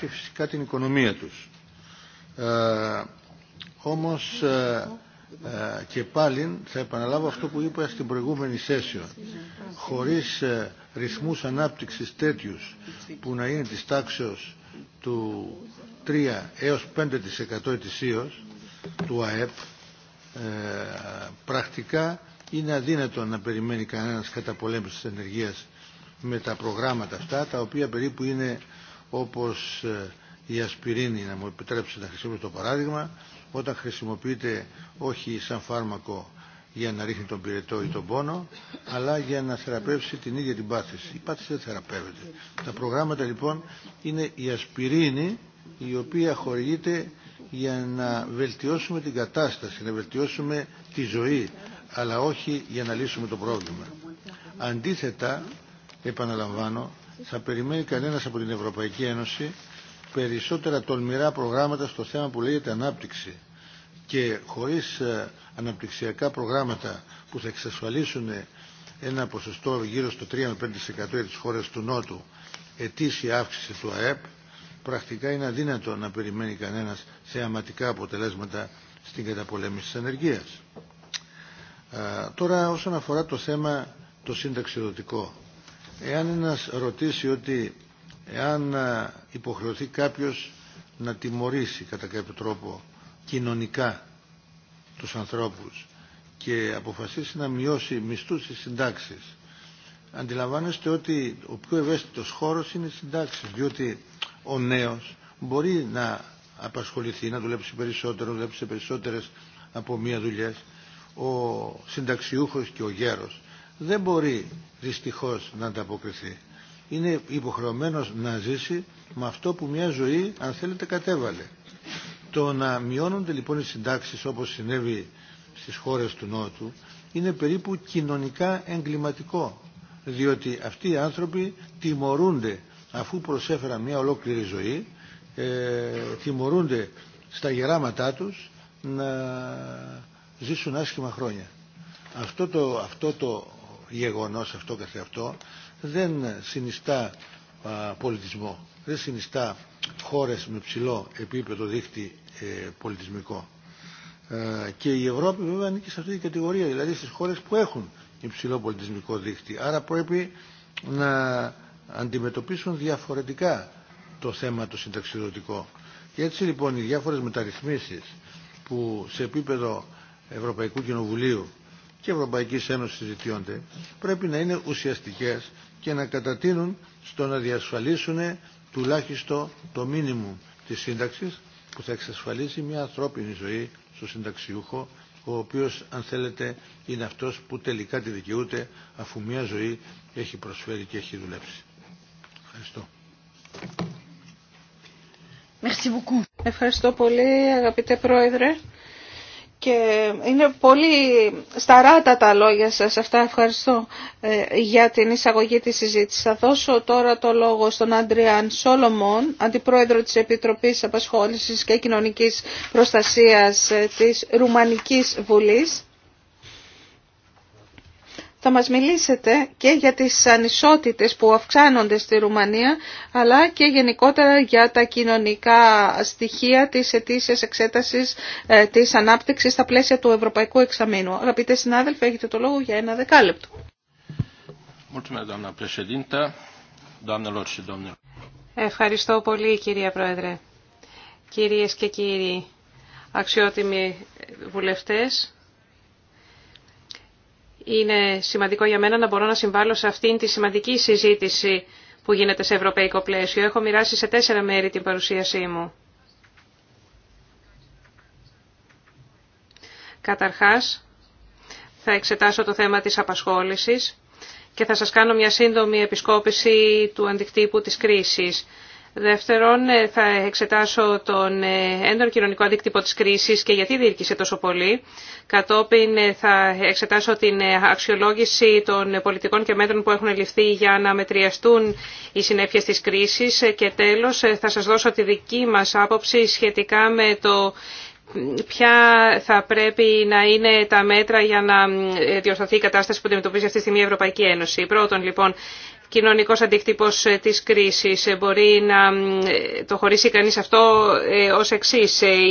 και φυσικά την οικονομία τους. Α, όμως ε, ε, και πάλι θα επαναλάβω αυτό που είπα στην προηγούμενη σέσιο. Χωρίς ε, ρυθμούς ανάπτυξης τέτοιους που να είναι της τάξεως του 3 έως 5% ετησίως του ΑΕΠ πρακτικά είναι αδύνατο να περιμένει κανένας καταπολέμηση της ενεργείας με τα προγράμματα αυτά τα οποία περίπου είναι όπως η ασπιρίνη, να μου επιτρέψετε να χρησιμοποιήσω το παράδειγμα, όταν χρησιμοποιείται όχι σαν φάρμακο για να ρίχνει τον πυρετό ή τον πόνο, αλλά για να θεραπεύσει την ίδια την πάθηση. Η πάθηση δεν θεραπεύεται. Τα προγράμματα λοιπόν είναι η ασπιρίνη η οποία χορηγείται για να βελτιώσουμε την κατάσταση, να βελτιώσουμε τη ζωή, αλλά όχι για να λύσουμε το πρόβλημα. Αντίθετα, επαναλαμβάνω, θα περιμένει κανένας από την Ευρωπαϊκή Ένωση περισσότερα τολμηρά προγράμματα στο θέμα που λέγεται ανάπτυξη και χωρίς ε, αναπτυξιακά προγράμματα που θα εξασφαλίσουν ένα ποσοστό γύρω στο 3 5% για χώρες του Νότου ετήσια αύξηση του ΑΕΠ πρακτικά είναι αδύνατο να περιμένει κανένας θεαματικά αποτελέσματα στην καταπολέμηση της ανεργίας. Α, τώρα όσον αφορά το θέμα το συνταξιδοτικό εάν ένας ρωτήσει ότι εάν ε, υποχρεωθεί κάποιος να τιμωρήσει κατά κάποιο τρόπο κοινωνικά τους ανθρώπους και αποφασίσει να μειώσει μισθούς στις συντάξεις αντιλαμβάνεστε ότι ο πιο ευαίσθητος χώρος είναι οι συντάξεις διότι ο νέος μπορεί να απασχοληθεί, να δουλέψει περισσότερο, να δουλέψει περισσότερες από μία δουλειά, Ο συνταξιούχος και ο γέρος δεν μπορεί δυστυχώς να ανταποκριθεί είναι υποχρεωμένος να ζήσει με αυτό που μια ζωή, αν θέλετε, κατέβαλε. Το να μειώνονται λοιπόν οι συντάξεις όπως συνέβη στις χώρες του Νότου είναι περίπου κοινωνικά εγκληματικό διότι αυτοί οι άνθρωποι τιμωρούνται αφού προσέφεραν μια ολόκληρη ζωή ε, τιμωρούνται στα γεράματά τους να ζήσουν άσχημα χρόνια. Αυτό το, αυτό το γεγονός αυτό καθεαυτό αυτό δεν συνιστά πολιτισμό, δεν συνιστά χώρες με ψηλό επίπεδο δίχτυ ε, πολιτισμικό. Ε, και η Ευρώπη βέβαια ανήκει σε αυτή την κατηγορία, δηλαδή στις χώρες που έχουν υψηλό πολιτισμικό δίχτυ. Άρα πρέπει να αντιμετωπίσουν διαφορετικά το θέμα το συνταξιδοτικό. Και έτσι λοιπόν οι διάφορες μεταρρυθμίσεις που σε επίπεδο Ευρωπαϊκού Κοινοβουλίου και Ευρωπαϊκής Ένωσης συζητιώνται, πρέπει να είναι ουσιαστικές και να κατατείνουν στο να διασφαλίσουν τουλάχιστον το μήνυμο της σύνταξης που θα εξασφαλίσει μια ανθρώπινη ζωή στο συνταξιούχο ο οποίος αν θέλετε είναι αυτός που τελικά τη δικαιούται αφού μια ζωή έχει προσφέρει και έχει δουλέψει. Ευχαριστώ. Ευχαριστώ πολύ αγαπητέ Πρόεδρε και είναι πολύ σταράτα τα λόγια σας αυτά. Ευχαριστώ ε, για την εισαγωγή της συζήτησης. Θα δώσω τώρα το λόγο στον Αντριάν Σόλομον, Αντιπρόεδρο της Επιτροπής Απασχόλησης και Κοινωνικής Προστασίας ε, της Ρουμανικής Βουλής θα μας μιλήσετε και για τις ανισότητες που αυξάνονται στη Ρουμανία, αλλά και γενικότερα για τα κοινωνικά στοιχεία της ετήσιας εξέτασης ε, της ανάπτυξης στα πλαίσια του Ευρωπαϊκού Εξαμήνου. Αγαπητέ συνάδελφοι, έχετε το λόγο για ένα δεκάλεπτο. Ευχαριστώ πολύ κυρία Πρόεδρε. Κυρίες και κύριοι αξιότιμοι βουλευτές, είναι σημαντικό για μένα να μπορώ να συμβάλλω σε αυτήν τη σημαντική συζήτηση που γίνεται σε ευρωπαϊκό πλαίσιο. Έχω μοιράσει σε τέσσερα μέρη την παρουσίασή μου. Καταρχάς, θα εξετάσω το θέμα της απασχόλησης και θα σας κάνω μια σύντομη επισκόπηση του αντικτύπου της κρίσης. Δεύτερον, ε, θα εξετάσω τον ε, έντονο κοινωνικό αντίκτυπο της κρίσης και γιατί διήρκησε τόσο πολύ. Κατόπιν ε, θα εξετάσω την αξιολόγηση των πολιτικών και μέτρων που έχουν ληφθεί για να μετριαστούν οι συνέπειες της κρίσης. Και τέλος, θα σας δώσω τη δική μας άποψη σχετικά με το ποια θα πρέπει να είναι τα μέτρα για να διορθωθεί η κατάσταση που αντιμετωπίζει αυτή τη στιγμή η Ευρωπαϊκή Ένωση. Πρώτον, λοιπόν, κοινωνικός αντίκτυπος ε, της κρίσης. Ε, μπορεί να ε, το χωρίσει κανείς αυτό ως εξή.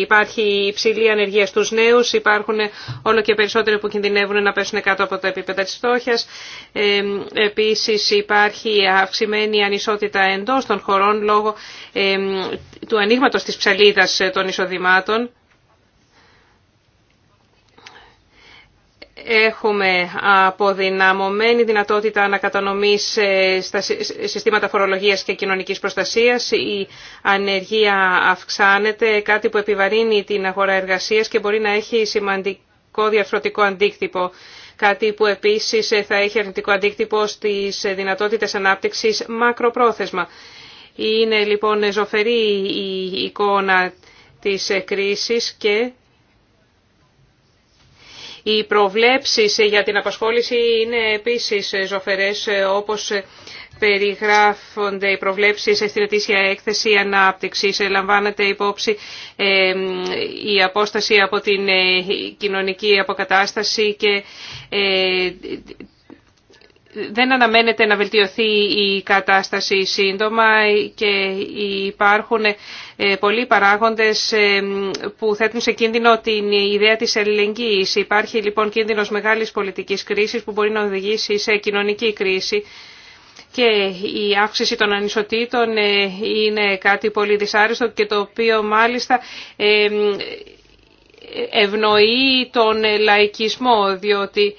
Υπάρχει υψηλή ανεργία στους νέους, υπάρχουν όλο και περισσότεροι που κινδυνεύουν να πέσουν κάτω από τα επίπεδα της φτώχειας. Επίσης υπάρχει αυξημένη ανισότητα εντός των χωρών λόγω του ανοίγματο της ψαλίδας των εισοδημάτων. Έχουμε αποδυναμωμένη δυνατότητα ανακατανομής ε, στα συστήματα φορολογίας και κοινωνικής προστασίας. Η ανεργία αυξάνεται, κάτι που επιβαρύνει την αγορά εργασίας και μπορεί να έχει σημαντικό διαφορετικό αντίκτυπο. Κάτι που επίσης ε, θα έχει αρνητικό αντίκτυπο στις δυνατότητες ανάπτυξης μακροπρόθεσμα. Είναι λοιπόν ζωφερή η εικόνα της ε, κρίσης και οι προβλέψεις για την απασχόληση είναι επίσης ζωφερές όπως περιγράφονται οι προβλέψεις στην ετήσια έκθεση ανάπτυξης. Λαμβάνεται υπόψη η απόσταση από την ε, κοινωνική αποκατάσταση και ε, δεν αναμένεται να βελτιωθεί η κατάσταση σύντομα και υπάρχουν ε, πολλοί παράγοντες ε, που θέτουν σε κίνδυνο την ιδέα της ελληνικής. Υπάρχει λοιπόν κίνδυνος μεγάλης πολιτικής κρίσης που μπορεί να οδηγήσει σε κοινωνική κρίση και η αύξηση των ανισοτήτων ε, είναι κάτι πολύ δυσάρεστο και το οποίο μάλιστα ευνοεί τον λαϊκισμό διότι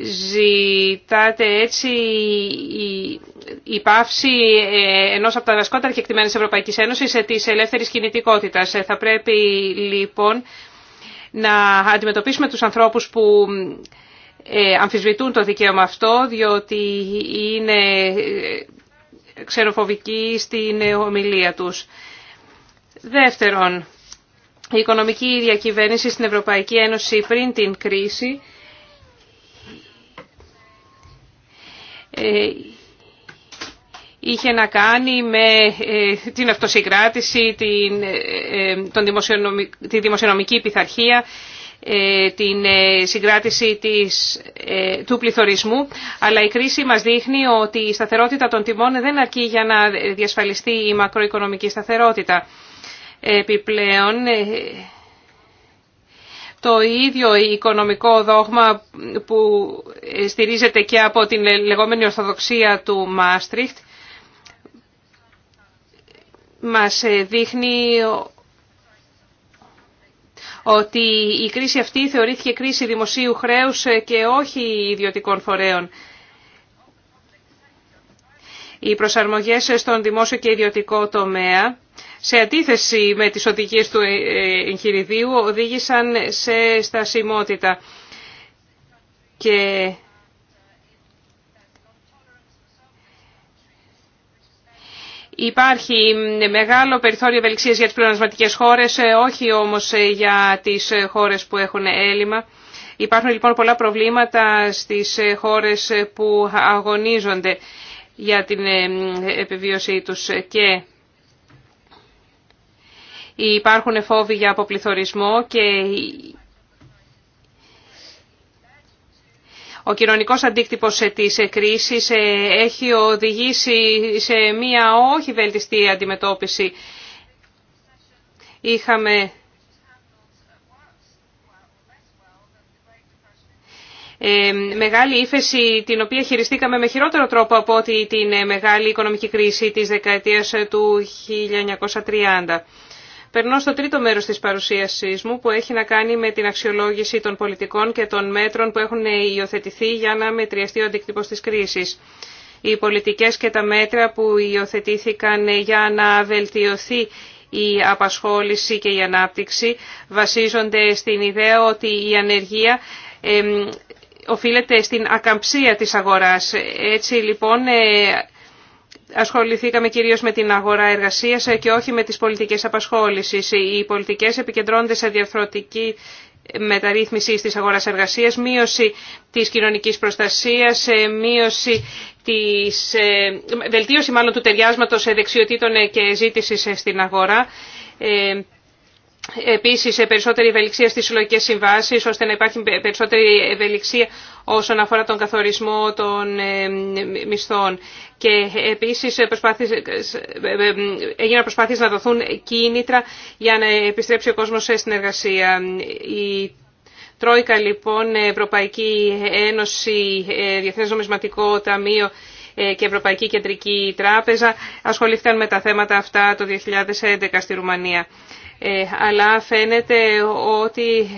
ζητάτε έτσι η, η πάυση ε, ενός από τα δασκότερα της Ευρωπαϊκής Ένωσης ε, της ελεύθερης κινητικότητας. Ε, θα πρέπει λοιπόν να αντιμετωπίσουμε τους ανθρώπους που αμφισβητούν το δικαίωμα αυτό, διότι είναι ξεροφοβικοί στην ομιλία τους. Δεύτερον, η οικονομική διακυβέρνηση στην Ευρωπαϊκή Ένωση πριν την κρίση Ε, είχε να κάνει με ε, την αυτοσυγκράτηση, την, ε, τον τη δημοσιονομική πειθαρχία, την συγκράτηση της, του πληθωρισμού, αλλά η κρίση μας δείχνει ότι η σταθερότητα των τιμών δεν αρκεί για να διασφαλιστεί η μακροοικονομική σταθερότητα. Επιπλέον, το ίδιο οικονομικό δόγμα που στηρίζεται και από την λεγόμενη ορθοδοξία του Μάστριχτ μας δείχνει ότι η κρίση αυτή θεωρήθηκε κρίση δημοσίου χρέους και όχι ιδιωτικών φορέων. Οι προσαρμογές στον δημόσιο και ιδιωτικό τομέα σε αντίθεση με τις οδηγίες του ε, ε, εγχειριδίου οδήγησαν σε στασιμότητα. Και Υπάρχει μεγάλο περιθώριο ευελιξίας για τις πλεονασματικές χώρες, ε, όχι όμως για τις χώρες που έχουν έλλειμμα. Υπάρχουν λοιπόν πολλά προβλήματα στις χώρες που αγωνίζονται για την επιβίωσή τους και υπάρχουν φόβοι για αποπληθωρισμό και ο κοινωνικός αντίκτυπος της κρίσης ε, έχει οδηγήσει σε μία όχι βελτιστή αντιμετώπιση. Είχαμε ε, μεγάλη ύφεση την οποία χειριστήκαμε με χειρότερο τρόπο από ότι την μεγάλη οικονομική κρίση της δεκαετίας του 1930. Περνώ στο τρίτο μέρο τη παρουσίασή μου που έχει να κάνει με την αξιολόγηση των πολιτικών και των μέτρων που έχουν υιοθετηθεί για να μετριαστεί ο αντίκτυπο τη κρίση. Οι πολιτικέ και τα μέτρα που υιοθετήθηκαν για να βελτιωθεί η απασχόληση και η ανάπτυξη βασίζονται στην ιδέα ότι η ανεργία οφείλεται στην ακαμψία της αγοράς. Έτσι λοιπόν ε, ασχοληθήκαμε κυρίως με την αγορά εργασίας και όχι με τις πολιτικές απασχόλησης. Οι πολιτικές επικεντρώνονται σε διαφορετική μεταρρύθμιση της αγοράς εργασίας, μείωση της κοινωνικής προστασίας, ε, μείωση της, ε, βελτίωση μάλλον του ταιριάσματος ε, δεξιοτήτων και ζήτησης στην αγορά, Επίση, περισσότερη ευελιξία στι συλλογικέ συμβάσει, ώστε να υπάρχει περισσότερη ευελιξία όσον αφορά τον καθορισμό των ε, μισθών. Και επίσης έγιναν προσπάθειε να δοθούν κίνητρα για να επιστρέψει ο κόσμο στην εργασία. Η Τρόικα, λοιπόν, Ευρωπαϊκή Ένωση, ε, διεθνέ Νομισματικό Ταμείο, ε, και Ευρωπαϊκή Κεντρική Τράπεζα ασχολήθηκαν με τα θέματα αυτά το 2011 στη Ρουμανία. Ε, αλλά φαίνεται ότι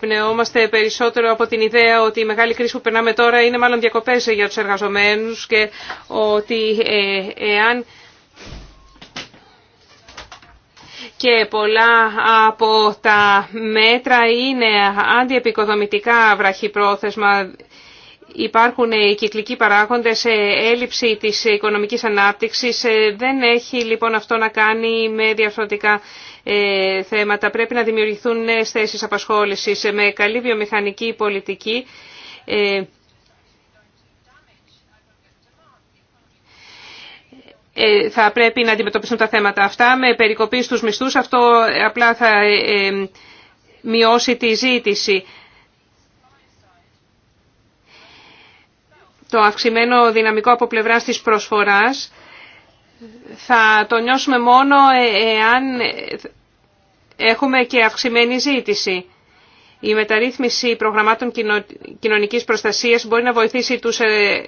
πνεόμαστε περισσότερο από την ιδέα ότι η μεγάλη κρίση που περνάμε τώρα είναι μάλλον διακοπές για τους εργαζομένους και ότι ε, εάν και πολλά από τα μέτρα είναι αντιεπικοδομητικά βραχυπρόθεσμα, υπάρχουν ε, οι κυκλικοί παράγοντες, έλλειψη της οικονομικής ανάπτυξης. Δεν έχει λοιπόν αυτό να κάνει με διαφορετικά ε, θέματα. Πρέπει να δημιουργηθούν νέες θέσεις απασχόλησης με καλή βιομηχανική πολιτική. Ε, ε, θα πρέπει να αντιμετωπιστούν τα θέματα αυτά με περικοπή στους μισθούς. Αυτό απλά θα μειώσει τη ζήτηση. Το αυξημένο δυναμικό από πλευράς της προσφοράς θα το νιώσουμε μόνο ε, εάν έχουμε και αυξημένη ζήτηση. Η μεταρρύθμιση προγραμμάτων κοινωνικής προστασίας μπορεί να βοηθήσει τους ε,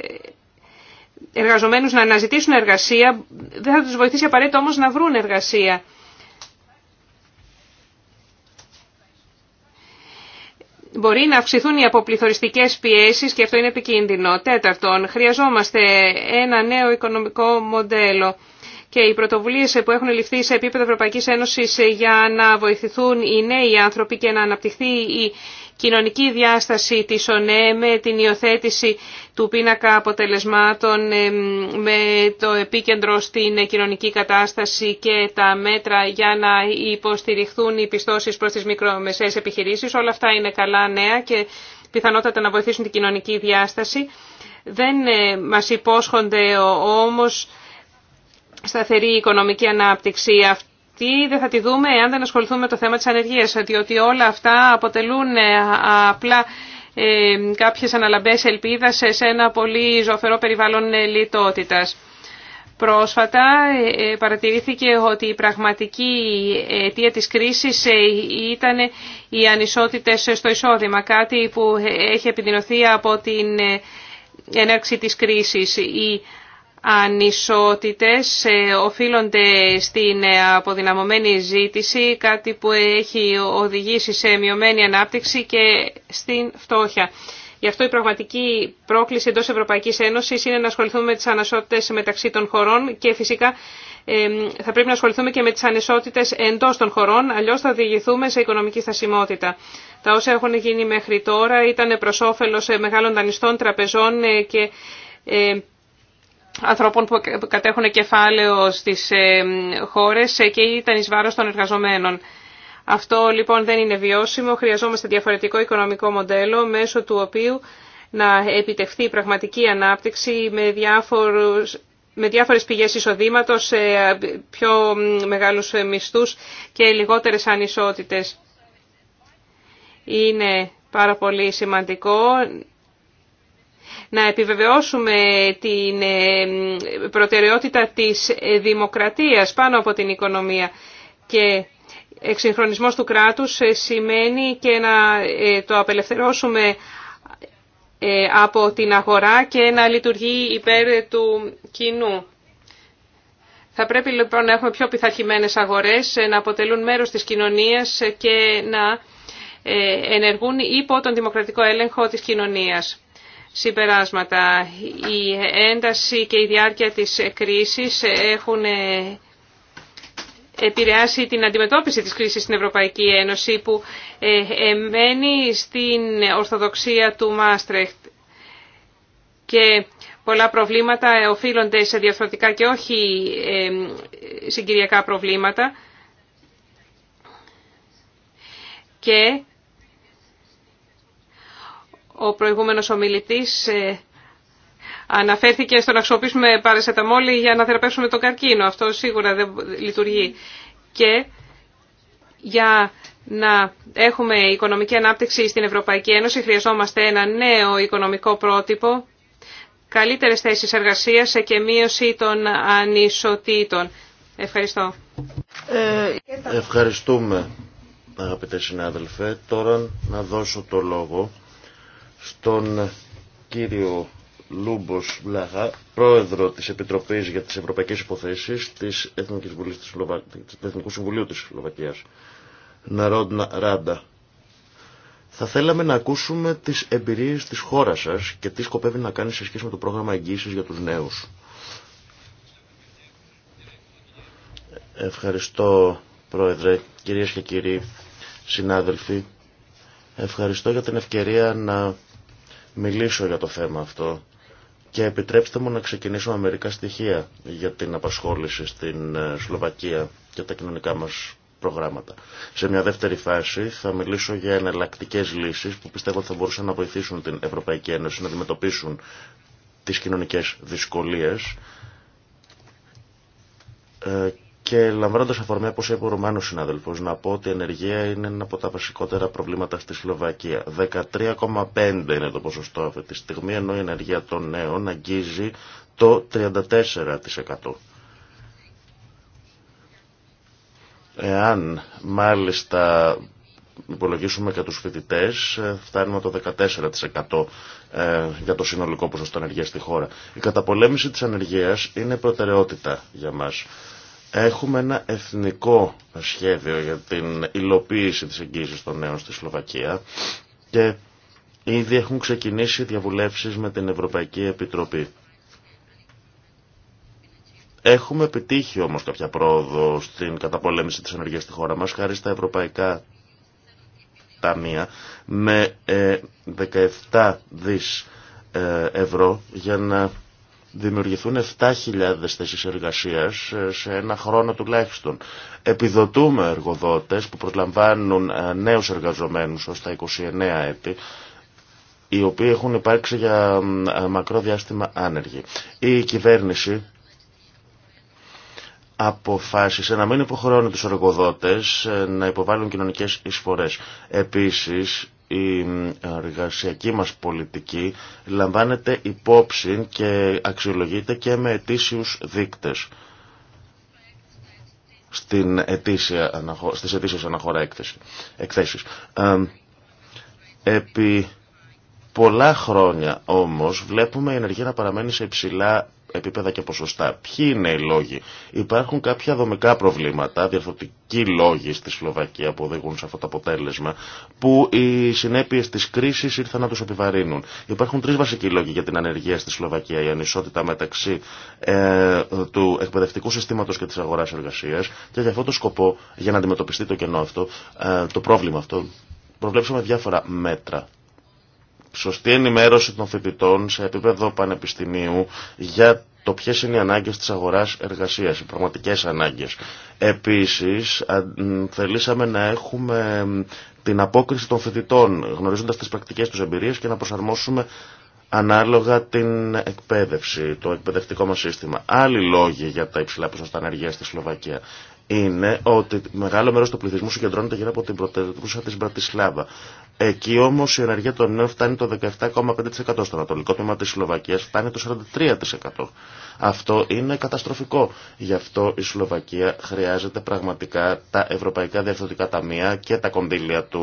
εργαζομένους να αναζητήσουν εργασία, δεν θα τους βοηθήσει απαραίτητα όμως να βρουν εργασία. μπορεί να αυξηθούν οι αποπληθωριστικές πιέσεις και αυτό είναι επικίνδυνο. Τέταρτον, χρειαζόμαστε ένα νέο οικονομικό μοντέλο και οι πρωτοβουλίες που έχουν ληφθεί σε επίπεδο Ευρωπαϊκής Ένωσης για να βοηθηθούν οι νέοι άνθρωποι και να αναπτυχθεί η κοινωνική διάσταση της ΟΝΕ με την υιοθέτηση του πίνακα αποτελεσμάτων ε, με το επίκεντρο στην κοινωνική κατάσταση και τα μέτρα για να υποστηριχθούν οι πιστώσεις προς τις μικρομεσαίες επιχειρήσεις. Όλα αυτά είναι καλά νέα και πιθανότατα να βοηθήσουν την κοινωνική διάσταση. Δεν ε, μας υπόσχονται όμως σταθερή οικονομική ανάπτυξη τι δεν θα τη δούμε εάν δεν ασχοληθούμε με το θέμα της ανεργίας, διότι όλα αυτά αποτελούν ε, απλά ε, κάποιες αναλαμπές ελπίδας σε ένα πολύ ζωφερό περιβάλλον ε, λιτότητας. Πρόσφατα παρατηρήθηκε ότι η πραγματική αιτία της κρίσης ήταν οι ανισότητες στο εισόδημα, κάτι που έχει επιδεινωθεί από την έναρξη της κρίσης. Η ανισότητες ε, οφείλονται στην ε, αποδυναμωμένη ζήτηση, κάτι που έχει οδηγήσει σε μειωμένη ανάπτυξη και στην φτώχεια. Γι' αυτό η πραγματική πρόκληση εντός Ευρωπαϊκής Ένωσης είναι να ασχοληθούμε με τις ανισότητες μεταξύ των χωρών και φυσικά ε, θα πρέπει να ασχοληθούμε και με τις ανισότητες εντός των χωρών, αλλιώς θα διηγηθούμε σε οικονομική στασιμότητα. Τα όσα έχουν γίνει μέχρι τώρα ήταν προς όφελος μεγάλων δανειστών τραπεζών και ανθρώπων που κατέχουν κεφάλαιο στις ε, χώρες ε, και ήταν εις βάρος των εργαζομένων. Αυτό λοιπόν δεν είναι βιώσιμο. Χρειαζόμαστε διαφορετικό οικονομικό μοντέλο μέσω του οποίου να επιτευχθεί πραγματική ανάπτυξη με, διάφορους, με διάφορες πηγές εισοδήματος, ε, πιο μεγάλους μισθούς και λιγότερες ανισότητες. Είναι πάρα πολύ σημαντικό να επιβεβαιώσουμε την ε, προτεραιότητα της δημοκρατίας πάνω από την οικονομία και εξυγχρονισμός του κράτους ε, σημαίνει και να ε, το απελευθερώσουμε από την αγορά και να λειτουργεί υπέρ του κοινού. Θα πρέπει λοιπόν να έχουμε πιο πειθαρχημένες αγορές, να αποτελούν μέρος της κοινωνίας και να ενεργούν υπό τον δημοκρατικό έλεγχο της κοινωνίας. Συμπεράσματα. Η ένταση και η διάρκεια της κρίσης έχουν ε, επηρεάσει την αντιμετώπιση της κρίσης στην Ευρωπαϊκή Ένωση που ε, μένει στην ορθοδοξία του Μάστρεχτ και πολλά προβλήματα οφείλονται σε διαφορετικά και όχι ε, συγκυριακά προβλήματα και ο προηγούμενος ομιλητής ε, αναφέρθηκε στο να χρησιμοποιήσουμε παρασεταμόλη για να θεραπεύσουμε τον καρκίνο. Αυτό σίγουρα δεν λειτουργεί. Και για να έχουμε οικονομική ανάπτυξη στην Ευρωπαϊκή Ένωση χρειαζόμαστε ένα νέο οικονομικό πρότυπο, καλύτερες θέσεις εργασίας και μείωση των ανισοτήτων. Ευχαριστώ. Ε, ευχαριστούμε αγαπητέ συνάδελφε. Τώρα να δώσω το λόγο στον κύριο Λούμπος Βλάχα, πρόεδρο της Επιτροπής για τις Ευρωπαϊκές Υποθέσεις της Εθνικής Βουλής της, της Εθνικού Συμβουλίου της Σλοβακίας, Ναρόντνα Ράντα. Θα θέλαμε να ακούσουμε τις εμπειρίες της χώρας σας και τι σκοπεύει να κάνει σε σχέση με το πρόγραμμα εγγύησης για τους νέους. Ευχαριστώ, Πρόεδρε, κυρίες και κύριοι, συνάδελφοι. Ευχαριστώ για την ευκαιρία να μιλήσω για το θέμα αυτό και επιτρέψτε μου να ξεκινήσω με μερικά στοιχεία για την απασχόληση στην ε, Σλοβακία και τα κοινωνικά μας προγράμματα. Σε μια δεύτερη φάση θα μιλήσω για εναλλακτικέ λύσεις που πιστεύω θα μπορούσαν να βοηθήσουν την Ευρωπαϊκή Ένωση να αντιμετωπίσουν τις κοινωνικές δυσκολίες ε, και λαμβάνοντα αφορμή, όπω είπε ο Ρουμάνο συνάδελφο, να πω ότι η ενεργεία είναι ένα από τα βασικότερα προβλήματα στη Σλοβακία. 13,5 είναι το ποσοστό αυτή τη στιγμή, ενώ η ενεργεία των νέων αγγίζει το 34%. Εάν μάλιστα υπολογίσουμε και τους φοιτητές, ε, φτάνουμε το 14% ε, για το συνολικό ποσοστό ανεργία στη χώρα. Η καταπολέμηση της ανεργίας είναι προτεραιότητα για μας. Έχουμε ένα εθνικό σχέδιο για την υλοποίηση της εγγύησης των νέων στη Σλοβακία και ήδη έχουν ξεκινήσει διαβουλεύσεις με την Ευρωπαϊκή Επιτροπή. Έχουμε επιτύχει όμως κάποια πρόοδο στην καταπολέμηση της ενεργείας στη χώρα μας χάρη στα ευρωπαϊκά ταμεία με 17 ε, δις ε, ευρώ για να δημιουργηθούν 7.000 θέσει εργασία ε, σε ένα χρόνο τουλάχιστον. Επιδοτούμε εργοδότες που προσλαμβάνουν ε, νέους εργαζομένους ως τα 29 έτη, οι οποίοι έχουν υπάρξει για ε, μακρό διάστημα άνεργοι. Η κυβέρνηση αποφάσισε να μην υποχρεώνει τους εργοδότες να υποβάλουν κοινωνικές εισφορές. Επίσης, η εργασιακή μας πολιτική λαμβάνεται υπόψη και αξιολογείται και με ετήσιους δείκτες στην ετήσια, στις ετήσιες αναχώρα εκθέσεις. Ε, επί πολλά χρόνια όμως βλέπουμε η ενεργία να παραμένει σε υψηλά επίπεδα και ποσοστά. Ποιοι είναι οι λόγοι. Υπάρχουν κάποια δομικά προβλήματα, διαρθρωτικοί λόγοι στη Σλοβακία που οδηγούν σε αυτό το αποτέλεσμα, που οι συνέπειε τη κρίση ήρθαν να του επιβαρύνουν. Υπάρχουν τρει βασικοί λόγοι για την ανεργία στη Σλοβακία. Η ανισότητα μεταξύ ε, του εκπαιδευτικού συστήματο και τη αγορά εργασία και για αυτό το σκοπό, για να αντιμετωπιστεί το κενό αυτό, ε, το πρόβλημα αυτό, προβλέψαμε διάφορα μέτρα σωστή ενημέρωση των φοιτητών σε επίπεδο πανεπιστημίου για το ποιε είναι οι ανάγκε τη αγορά εργασία, οι πραγματικέ ανάγκε. Επίση, θελήσαμε να έχουμε την απόκριση των φοιτητών, γνωρίζοντα τι πρακτικέ του εμπειρίε και να προσαρμόσουμε ανάλογα την εκπαίδευση, το εκπαιδευτικό μας σύστημα. Άλλοι λόγοι για τα υψηλά ποσοστά ανεργία στη Σλοβακία είναι ότι μεγάλο μέρος του πληθυσμού συγκεντρώνεται γύρω από την πρωτεύουσα της Μπρατισλάβα. Εκεί όμως η ενεργεία των νέων φτάνει το 17,5%. Στο ανατολικό τμήμα της Σλοβακίας φτάνει το 43%. Αυτό είναι καταστροφικό. Γι' αυτό η Σλοβακία χρειάζεται πραγματικά τα ευρωπαϊκά διευθυντικά ταμεία και τα κονδύλια τη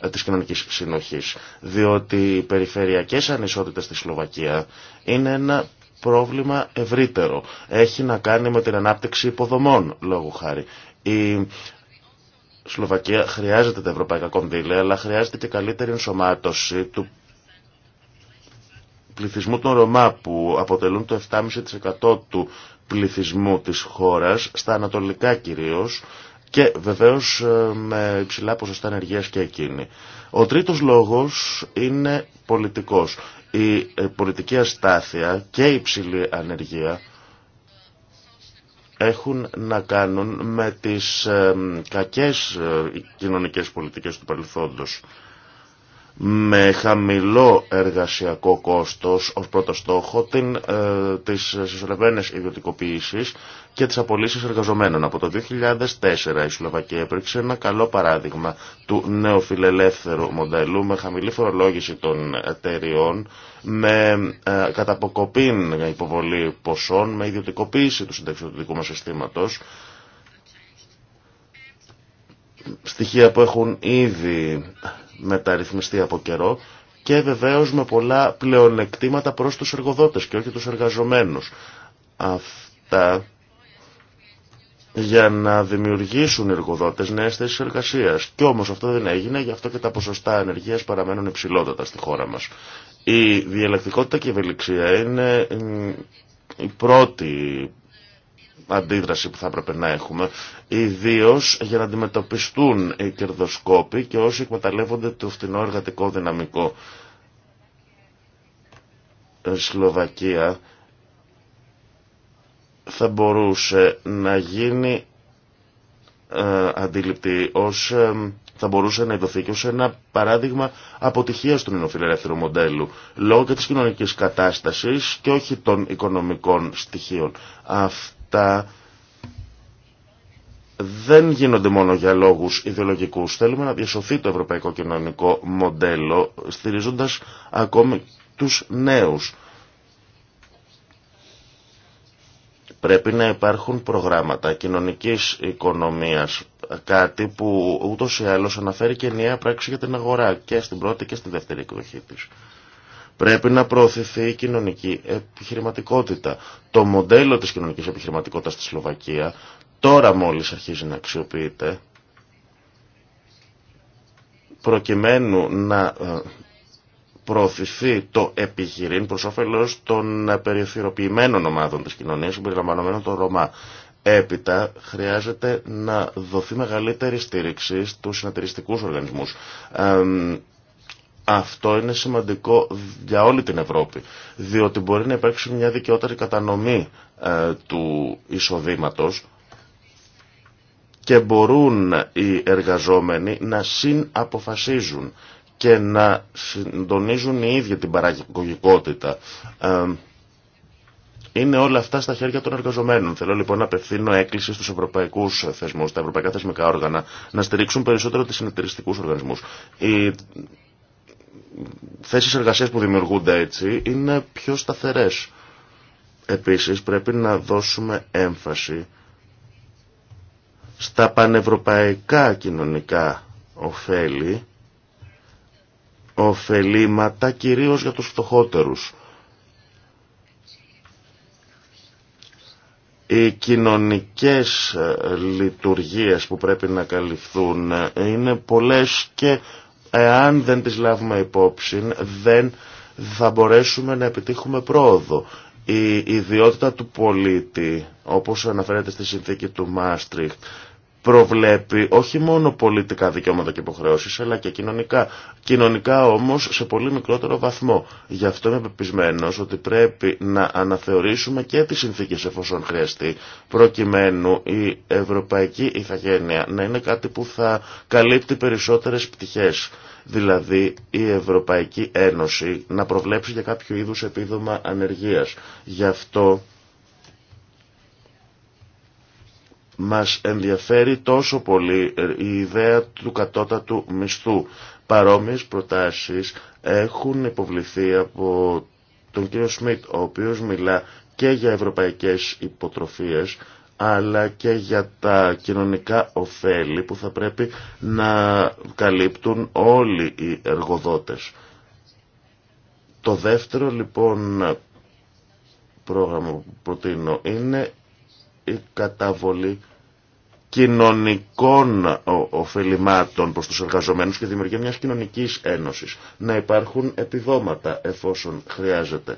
ε, της κοινωνικής Διότι οι περιφερειακές ανισότητες στη Σλοβακία είναι ένα πρόβλημα ευρύτερο. Έχει να κάνει με την ανάπτυξη υποδομών, λόγω χάρη. Η Σλοβακία χρειάζεται τα ευρωπαϊκά κονδύλια, αλλά χρειάζεται και καλύτερη ενσωμάτωση του πληθυσμού των Ρωμά που αποτελούν το 7,5% του πληθυσμού της χώρας, στα ανατολικά κυρίως, και βεβαίως ε, με υψηλά ποσοστά ενεργείας και εκείνη. Ο τρίτος λόγος είναι πολιτικός η ε, πολιτική αστάθεια και η υψηλή ανεργία έχουν να κάνουν με τις ε, κακές ε, κοινωνικές πολιτικές του παρελθόντος με χαμηλό εργασιακό κόστος ως πρώτο στόχο την, ε, τις και τις απολύσεις εργαζομένων. Από το 2004 η Σλοβακία έπρεξε ένα καλό παράδειγμα του νεοφιλελεύθερου μοντέλου με χαμηλή φορολόγηση των εταιριών, με ε, για υποβολή ποσών, με ιδιωτικοποίηση του συνταξιδοτικού μας συστήματος, στοιχεία που έχουν ήδη μεταρρυθμιστεί από καιρό και βεβαίως με πολλά πλεονεκτήματα προς τους εργοδότες και όχι τους εργαζομένους. Αυτά για να δημιουργήσουν εργοδότες νέες θέσεις εργασίας. Κι όμως αυτό δεν έγινε, γι' αυτό και τα ποσοστά ανεργίας παραμένουν υψηλότατα στη χώρα μας. Η διαλεκτικότητα και η ευελιξία είναι η πρώτη αντίδραση που θα έπρεπε να έχουμε, ιδίω για να αντιμετωπιστούν οι κερδοσκόποι και όσοι εκμεταλλεύονται το φθηνό εργατικό δυναμικό. Ε, Σλοβακία θα μπορούσε να γίνει ε, αντίληπτη ως, ε, θα μπορούσε να ειδωθεί και ως ένα παράδειγμα αποτυχίας του νεοφιλελεύθερου μοντέλου λόγω και της κοινωνικής κατάστασης και όχι των οικονομικών στοιχείων τα δεν γίνονται μόνο για λόγους ιδεολογικούς. Θέλουμε να διασωθεί το ευρωπαϊκό κοινωνικό μοντέλο στηρίζοντας ακόμη τους νέους. Πρέπει να υπάρχουν προγράμματα κοινωνικής οικονομίας, κάτι που ούτως ή άλλως αναφέρει και νέα πράξη για την αγορά και στην πρώτη και στη δεύτερη εκδοχή της. Πρέπει να προωθηθεί η κοινωνική επιχειρηματικότητα. Το μοντέλο της κοινωνικής επιχειρηματικότητας στη Σλοβακία τώρα μόλις αρχίζει να αξιοποιείται προκειμένου να ε, προωθηθεί το επιχειρήν προς όφελος των ε, περιοθυροποιημένων ομάδων της κοινωνίας, συμπεριλαμβανομένων των Ρωμά. Έπειτα χρειάζεται να δοθεί μεγαλύτερη στήριξη στους συνεταιριστικούς οργανισμούς. Αυτό είναι σημαντικό για όλη την Ευρώπη, διότι μπορεί να υπάρξει μια δικαιότερη κατανομή ε, του εισοδήματος και μπορούν οι εργαζόμενοι να συναποφασίζουν και να συντονίζουν οι ίδιοι την παραγωγικότητα. Ε, είναι όλα αυτά στα χέρια των εργαζομένων. Θέλω λοιπόν να απευθύνω έκκληση στους ευρωπαϊκούς θεσμούς, τα ευρωπαϊκά θεσμικά όργανα, να στηρίξουν περισσότερο τις συνεταιριστικού οργανισμούς θέσεις εργασίας που δημιουργούνται έτσι είναι πιο σταθερές. Επίσης πρέπει να δώσουμε έμφαση στα πανευρωπαϊκά κοινωνικά ωφέλη, ωφελήματα κυρίως για τους φτωχότερους. οι κοινωνικές ε, λειτουργίες που πρέπει να καλυφθούν ε, είναι πολλές και Εάν δεν τις λάβουμε υπόψη, δεν θα μπορέσουμε να επιτύχουμε πρόοδο. Η ιδιότητα του πολίτη, όπως αναφέρεται στη συνθήκη του Μάστριχτ, προβλέπει όχι μόνο πολιτικά δικαιώματα και υποχρεώσεις, αλλά και κοινωνικά. Κοινωνικά όμως σε πολύ μικρότερο βαθμό. Γι' αυτό είμαι πεπισμένο ότι πρέπει να αναθεωρήσουμε και τις συνθήκες εφόσον χρειαστεί, προκειμένου η ευρωπαϊκή ηθαγένεια να είναι κάτι που θα καλύπτει περισσότερες πτυχές. Δηλαδή η Ευρωπαϊκή Ένωση να προβλέψει για κάποιο είδους επίδομα ανεργίας. Γι' αυτό Μας ενδιαφέρει τόσο πολύ η ιδέα του κατώτατου μισθού. Παρόμοιες προτάσεις έχουν υποβληθεί από τον κύριο Σμιτ, ο οποίος μιλά και για ευρωπαϊκές υποτροφίες, αλλά και για τα κοινωνικά ωφέλη που θα πρέπει να καλύπτουν όλοι οι εργοδότες. Το δεύτερο λοιπόν πρόγραμμα που προτείνω είναι η καταβολή κοινωνικών ωφελημάτων προς τους εργαζομένους και δημιουργία μιας κοινωνικής ένωσης. Να υπάρχουν επιδόματα εφόσον χρειάζεται.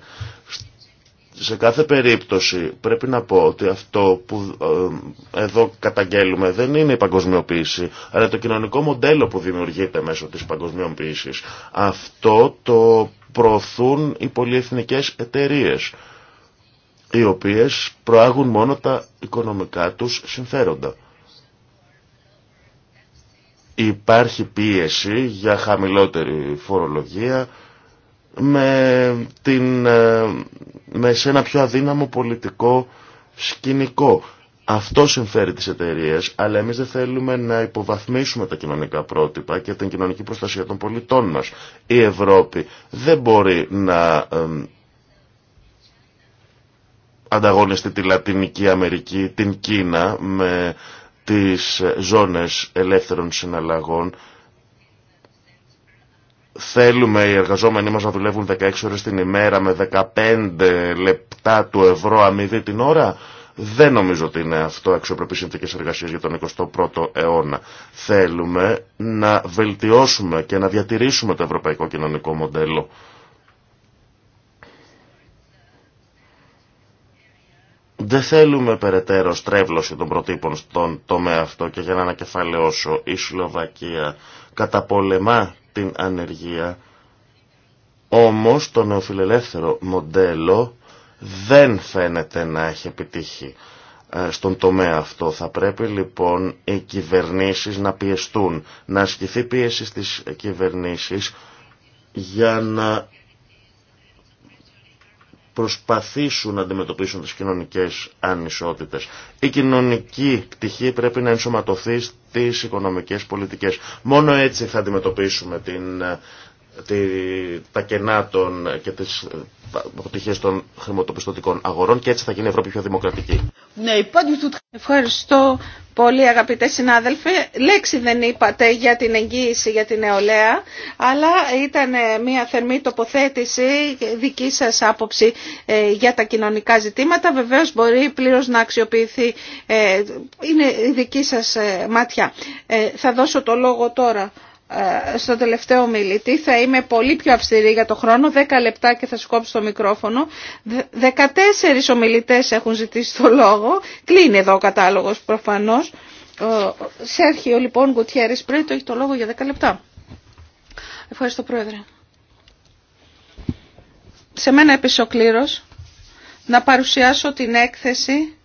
Σε κάθε περίπτωση πρέπει να πω ότι αυτό που ε, εδώ καταγγέλουμε δεν είναι η παγκοσμιοποίηση, αλλά το κοινωνικό μοντέλο που δημιουργείται μέσω της παγκοσμιοποίησης. Αυτό το προωθούν οι πολυεθνικές εταιρείες οι οποίες προάγουν μόνο τα οικονομικά τους συμφέροντα. Υπάρχει πίεση για χαμηλότερη φορολογία με, την, ε, με σε ένα πιο αδύναμο πολιτικό σκηνικό. Αυτό συμφέρει τις εταιρείες, αλλά εμείς δεν θέλουμε να υποβαθμίσουμε τα κοινωνικά πρότυπα και την κοινωνική προστασία των πολιτών μας. Η Ευρώπη δεν μπορεί να ε, ανταγωνιστεί τη Λατινική Αμερική, την Κίνα με τις ζώνες ελεύθερων συναλλαγών. Θέλουμε οι εργαζόμενοι μας να δουλεύουν 16 ώρες την ημέρα με 15 λεπτά του ευρώ αμοιβή την ώρα. Δεν νομίζω ότι είναι αυτό αξιοπρεπή συνθήκες εργασίας για τον 21ο αιώνα. Θέλουμε να βελτιώσουμε και να διατηρήσουμε το ευρωπαϊκό κοινωνικό μοντέλο Δεν θέλουμε περαιτέρω στρέβλωση των προτύπων στον τομέα αυτό και για να ανακεφαλαιώσω η Σλοβακία καταπολεμά την ανεργία όμως το νεοφιλελεύθερο μοντέλο δεν φαίνεται να έχει επιτύχει ε, στον τομέα αυτό. Θα πρέπει λοιπόν οι κυβερνήσεις να πιεστούν, να ασκηθεί πίεση στις κυβερνήσεις για να προσπαθήσουν να αντιμετωπίσουν τις κοινωνικές ανισότητες. Η κοινωνική πτυχή πρέπει να ενσωματωθεί στις οικονομικές πολιτικές. Μόνο έτσι θα αντιμετωπίσουμε την ε, τα κενά των, και τις ε, αποτυχίες των χρηματοπιστωτικών αγορών και έτσι θα γίνει η Ευρώπη πιο δημοκρατική. Ναι, Ευχαριστώ πολύ αγαπητέ συνάδελφοι. Λέξη δεν είπατε για την εγγύηση για την νεολαία, αλλά ήταν ε, μια θερμή τοποθέτηση δική σας άποψη ε, για τα κοινωνικά ζητήματα. Βεβαίως μπορεί πλήρως να αξιοποιηθεί, είναι η δική σας μάτια. Θα δώσω το λόγο τώρα ε, στο τελευταίο μιλητή. Θα είμαι πολύ πιο αυστηρή για το χρόνο. Δέκα λεπτά και θα σκόψω το μικρόφωνο. 14 ομιλητές έχουν ζητήσει το λόγο. Κλείνει εδώ ο κατάλογος προφανώς. Ε, Σέρχιο λοιπόν Γκουτιέρης το έχει το λόγο για 10 λεπτά. Ευχαριστώ Πρόεδρε. Σε μένα επισοκλήρως να παρουσιάσω την έκθεση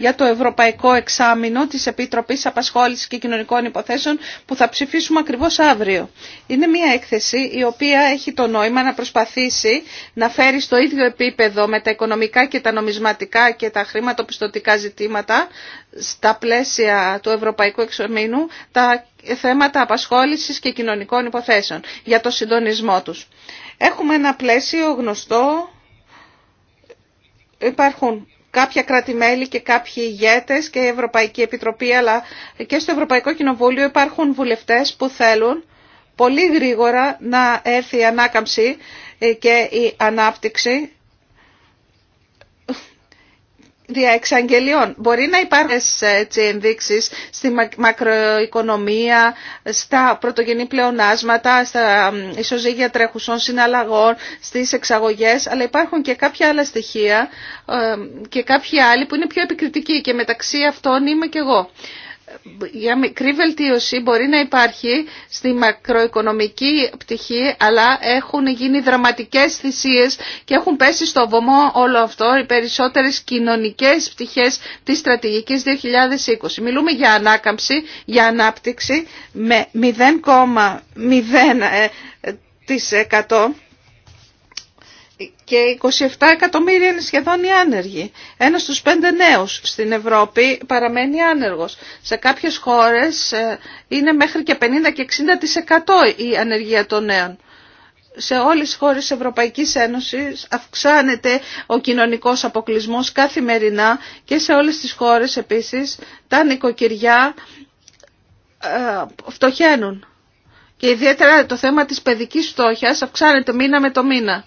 για το Ευρωπαϊκό Εξάμεινο της Επιτροπής Απασχόλησης και Κοινωνικών Υποθέσεων που θα ψηφίσουμε ακριβώς αύριο. Είναι μια έκθεση η οποία έχει το νόημα να προσπαθήσει να φέρει στο ίδιο επίπεδο με τα οικονομικά και τα νομισματικά και τα χρηματοπιστωτικά ζητήματα στα πλαίσια του Ευρωπαϊκού Εξαμήνου τα θέματα απασχόλησης και κοινωνικών υποθέσεων για το συντονισμό τους. Έχουμε ένα πλαίσιο γνωστό, υπάρχουν κάποια κράτη-μέλη και κάποιοι ηγέτες και η Ευρωπαϊκή Επιτροπή αλλά και στο Ευρωπαϊκό Κοινοβούλιο υπάρχουν βουλευτές που θέλουν πολύ γρήγορα να έρθει η ανάκαμψη ε, και η ανάπτυξη εξαγγελιών. Μπορεί να υπάρχουν ε, έτσι, ενδείξεις στη μακροοικονομία, στα πρωτογενή πλεονάσματα, στα ισοζύγια τρέχουσών συναλλαγών, στις εξαγωγές, αλλά υπάρχουν και κάποια άλλα στοιχεία ε, και κάποιοι άλλοι που είναι πιο επικριτικοί και μεταξύ αυτών είμαι και εγώ για μικρή βελτίωση μπορεί να υπάρχει στη μακροοικονομική πτυχή, αλλά έχουν γίνει δραματικές θυσίες και έχουν πέσει στο βωμό όλο αυτό οι περισσότερες κοινωνικές πτυχές της στρατηγικής 2020. Μιλούμε για ανάκαμψη, για ανάπτυξη με 0,0% και 27 εκατομμύρια είναι σχεδόν οι άνεργοι. Ένα στου πέντε νέου στην Ευρώπη παραμένει άνεργος. Σε κάποιες χώρες ε, είναι μέχρι και 50 και 60% η ανεργία των νέων. Σε όλες τις χώρες τη Ευρωπαϊκής Ένωσης αυξάνεται ο κοινωνικός αποκλεισμό καθημερινά και σε όλες τις χώρες επίσης τα νοικοκυριά ε, φτωχαίνουν. Και ιδιαίτερα το θέμα της παιδικής φτώχειας αυξάνεται μήνα με το μήνα.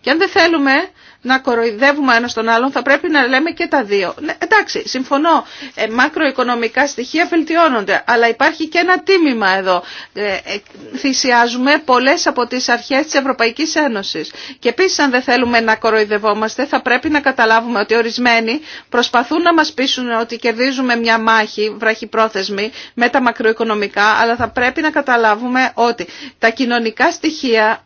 Και αν δεν θέλουμε να κοροϊδεύουμε ένα τον άλλον, θα πρέπει να λέμε και τα δύο. Ναι, εντάξει, συμφωνώ, ε, μακροοικονομικά στοιχεία βελτιώνονται, αλλά υπάρχει και ένα τίμημα εδώ. Ε, ε, θυσιάζουμε πολλέ από τι αρχέ τη Ευρωπαϊκή Ένωση. Και επίση αν δεν θέλουμε να κοροϊδευόμαστε, θα πρέπει να καταλάβουμε ότι ορισμένοι προσπαθούν να μα πείσουν ότι κερδίζουμε μια μάχη βραχυπρόθεσμη με τα μακροοικονομικά, αλλά θα πρέπει να καταλάβουμε ότι τα κοινωνικά στοιχεία